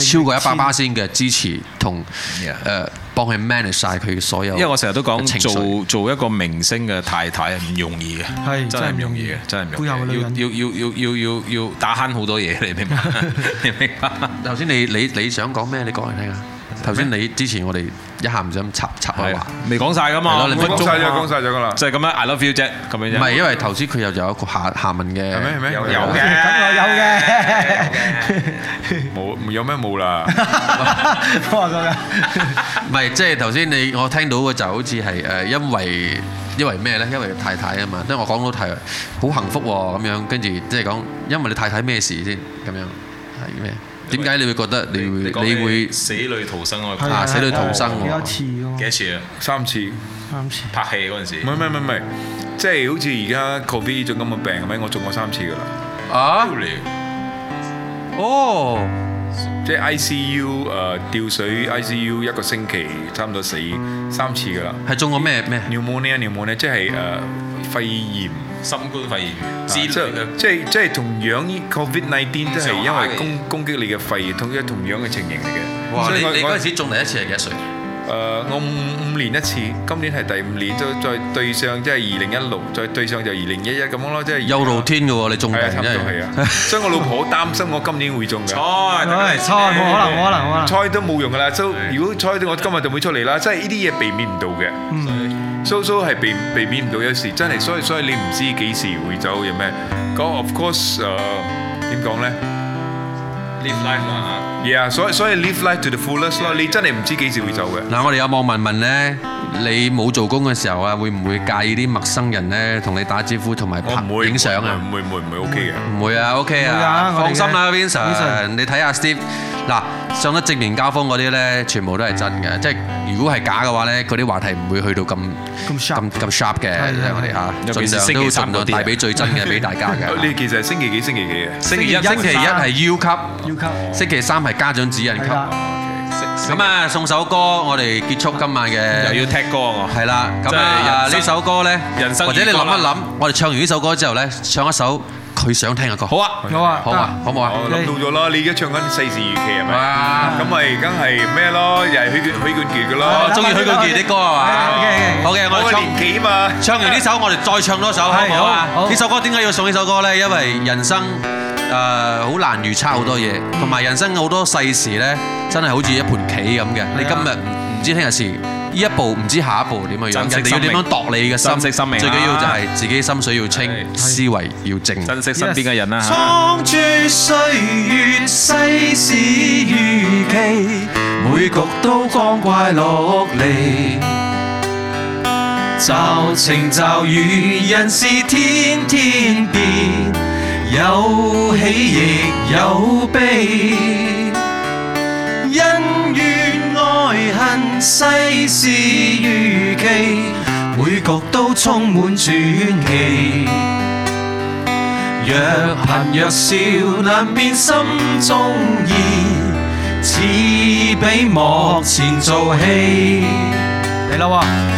超過一百巴仙嘅支持同誒、呃、幫佢 manage 晒佢所有。因為我成日都講做做一個明星嘅太太唔容易嘅，是真係唔容易嘅，真係要要要要要要要打慳好多嘢，你明白 你？你明白？頭先你你你想講咩？你講嚟聽下。頭先你之前我哋一下唔想插插下話，未講晒噶嘛？係啦，講曬咗，講曬咗噶啦，就係咁樣，I love you 啫，咁樣，唔係，因為頭先佢又有一個下下文嘅，係咩？有嘅，有嘅，冇有咩冇啦？唔係，即係頭先你我聽到嘅就好似係誒，因為因為咩咧？因為太太啊嘛，因為我講到太太，好幸福咁樣，跟住即係講，因為你太太咩事先咁樣？係咩？點解你會覺得你會你會死裡逃生喎？啊，死裡逃生喎？幾多次啊？三次，三次拍戲嗰陣時。唔係唔係唔係，即係好似而家 COVID 咁嘅病，係咪我中過三次㗎啦？啊？哦，即係 ICU 誒吊水 ICU 一個星期差唔多死三次㗎啦。係中過咩咩？Pneumonia Pneumonia，即係誒肺炎。新冠肺炎，即係即係即係同樣呢個 COVID-19 都係因為攻攻擊你嘅肺，同即係同樣嘅情形嚟嘅。哇！你你嗰陣時中第一次係幾多歲？誒，我五五年一次，今年係第五年，再再對上即係二零一六，再對上就二零一一咁樣咯，即係有露天嘅喎，你中，因為係啊，所以我老婆好擔心我今年會中嘅。猜，猜，冇可能，冇可能，冇可能，猜都冇用噶啦。都如果猜，我今日就唔會出嚟啦。即係呢啲嘢避免唔到嘅。So so 係避避免唔到有時真係，所以所以你唔知幾時會走有咩？咁 of course 誒點講呢 Live life 啦所以 live life to the fullest 咯，你真係唔知幾時會走嘅。嗱，我哋有網民問咧。你冇做工嘅時候啊，會唔會介意啲陌生人咧同你打招呼同埋拍影相啊？唔會唔會唔會，OK 嘅？唔會啊 OK 啊！放心啦 Vincent，你睇下 Steve 嗱，上得正面交鋒嗰啲咧，全部都係真嘅。即係如果係假嘅話咧，嗰啲話題唔會去到咁咁咁 sharp 嘅。我哋嚇，盡量都盡量帶俾最真嘅俾大家嘅。呢啲其實星期幾？星期幾嘅？星期一，星期一係 U 級，星期三係家長指引級。咁啊，送首歌，我哋結束今晚嘅又要聽歌喎。係啦，咁啊呢首歌呢，人生，或者你諗一諗，我哋唱完呢首歌之後呢，唱一首佢想聽嘅歌。好啊，好啊，好啊，好唔好啊？我諗到咗啦，你而家唱緊《世事如棋》係咪？哇！咁咪梗係咩咯？又係許冠許冠傑嘅咯，中意許冠傑啲歌係嘛？OK，我哋年紀嘛，唱完呢首我哋再唱多首，好唔好啊？呢首歌點解要送呢首歌呢？因為人生。誒好難預測好多嘢，同埋人生好多世事呢，真係好似一盤棋咁嘅。你今日唔知聽日事，呢一步唔知下一步點樣樣，你點樣度你嘅心？珍惜生命。最緊要就係自己心水要清，思維要靜。珍惜身邊嘅人啦嚇。有喜亦有悲，恩怨愛恨世事如棋，每局都充滿傳奇。若含若笑，難辨心中意，似比幕前做戲。係啦喎。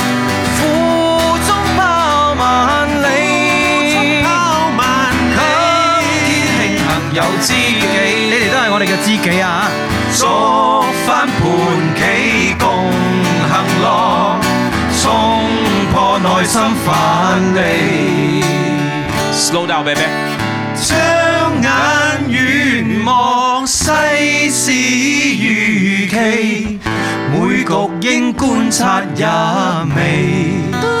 有知己，你哋都係我哋嘅知己啊！捉翻盤棋共行樂，衝破內心藩籬。Slow down，baby。張眼遠望，世事如棋，每局應觀察也美。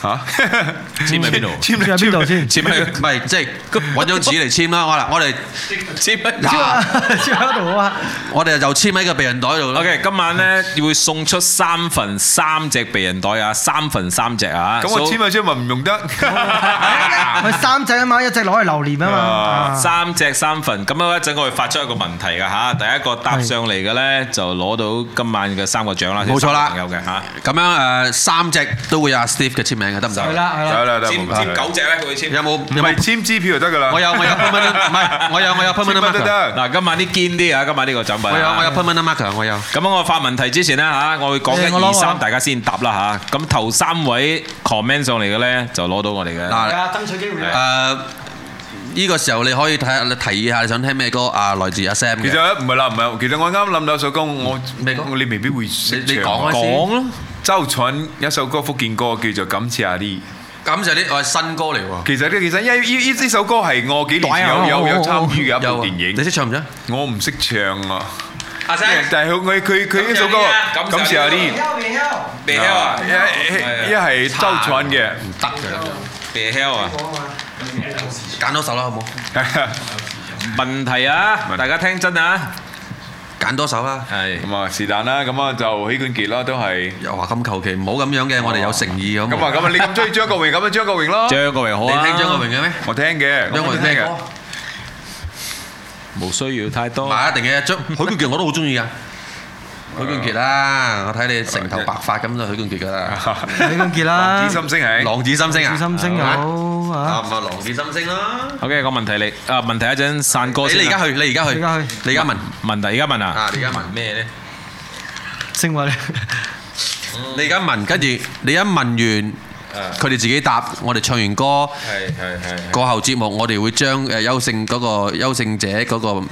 嚇！簽喺邊度？簽喺邊度先？簽喺唔係即係揾張紙嚟簽啦！我啦，我哋簽喺簽喺度啊！我哋就簽喺個避孕袋度啦。OK，今晚咧要會送出三份三隻避孕袋啊，三份三隻啊！咁我簽埋先，咪唔用得？係三隻啊嘛，一隻攞嚟榴蓮啊嘛。三隻三份，咁樣一陣我會發出一個問題嘅嚇。第一個答上嚟嘅咧，就攞到今晚嘅三個獎啦。冇錯啦，有嘅嚇。咁樣誒，三隻都會有阿 Steve 嘅簽名。得唔得？係啦，係啦。簽簽九隻咧，佢會簽。有冇唔係簽支票就得㗎啦。我有我有 penman，唔係我有我有 penman marker。得得得。嗱，今晚啲堅啲啊，今晚呢個獎品。我有我有 penman marker，我有。咁啊，我發問題之前咧嚇，我會講一二三，大家先答啦嚇。咁頭三位 comment 上嚟嘅咧，就攞到我哋嘅。係啊，爭取機會咧。誒，呢個時候你可以睇下，你提議下你想聽咩歌啊？來自阿 Sam 嘅。其實唔係啦，唔係。其實我啱諗到首歌，我你未必會識。你講開先。周俊有首歌福建歌叫做《感謝阿爹》，感謝阿爹，我係新歌嚟喎。其實咧，其實因為呢呢呢首歌係我幾年前有有有參與嘅一部電影。你識唱唔唱？我唔識唱啊！阿生，但係佢佢佢呢首歌《感謝阿爹》。別嬌，別嬌，別嬌啊！一係一係周俊嘅唔得嘅，別嬌啊！揀多首啦，好冇？問題啊！大家聽真啊！揀多首啦，咁啊是但啦，咁啊就許冠傑啦，都係又話咁求其唔好咁樣嘅，我哋有誠意好嘛？咁啊咁啊，你咁中意張國榮，咁啊張國榮咯，張國榮好啊，你聽張國榮嘅咩？我聽嘅，張國榮聽嘅咩歌？無需要太多，係啊，一定嘅張，許冠傑我都好中意噶。許冠傑啦，我睇你成頭白髮咁就許冠傑噶啦。許冠傑啦，浪子心聲係。浪子心聲啊。心聲好啊。啊唔係浪子心聲咯。O.K. 個問題你啊，問題一陣散歌先。你而家去，你而家去。而家去。你而家問問題，而家問啊。啊，你而家問咩咧？正話咧。你而家問跟住，你一問完。佢哋自己答，我哋唱完歌，過後節目，我哋會將誒優勝嗰個優勝者嗰個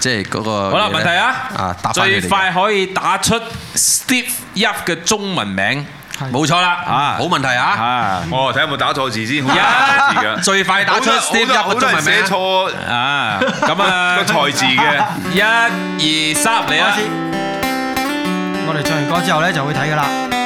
即係嗰個。好啦，問題啊！最快可以打出 Steve Yap 嘅中文名，冇錯啦！啊，好問題啊！啊，我睇下有冇打錯字先，最快打出 Steve Yap 嘅中文名。錯啊！咁啊，個錯字嘅，一、二、三，嚟啊！我哋唱完歌之後咧，就會睇㗎啦。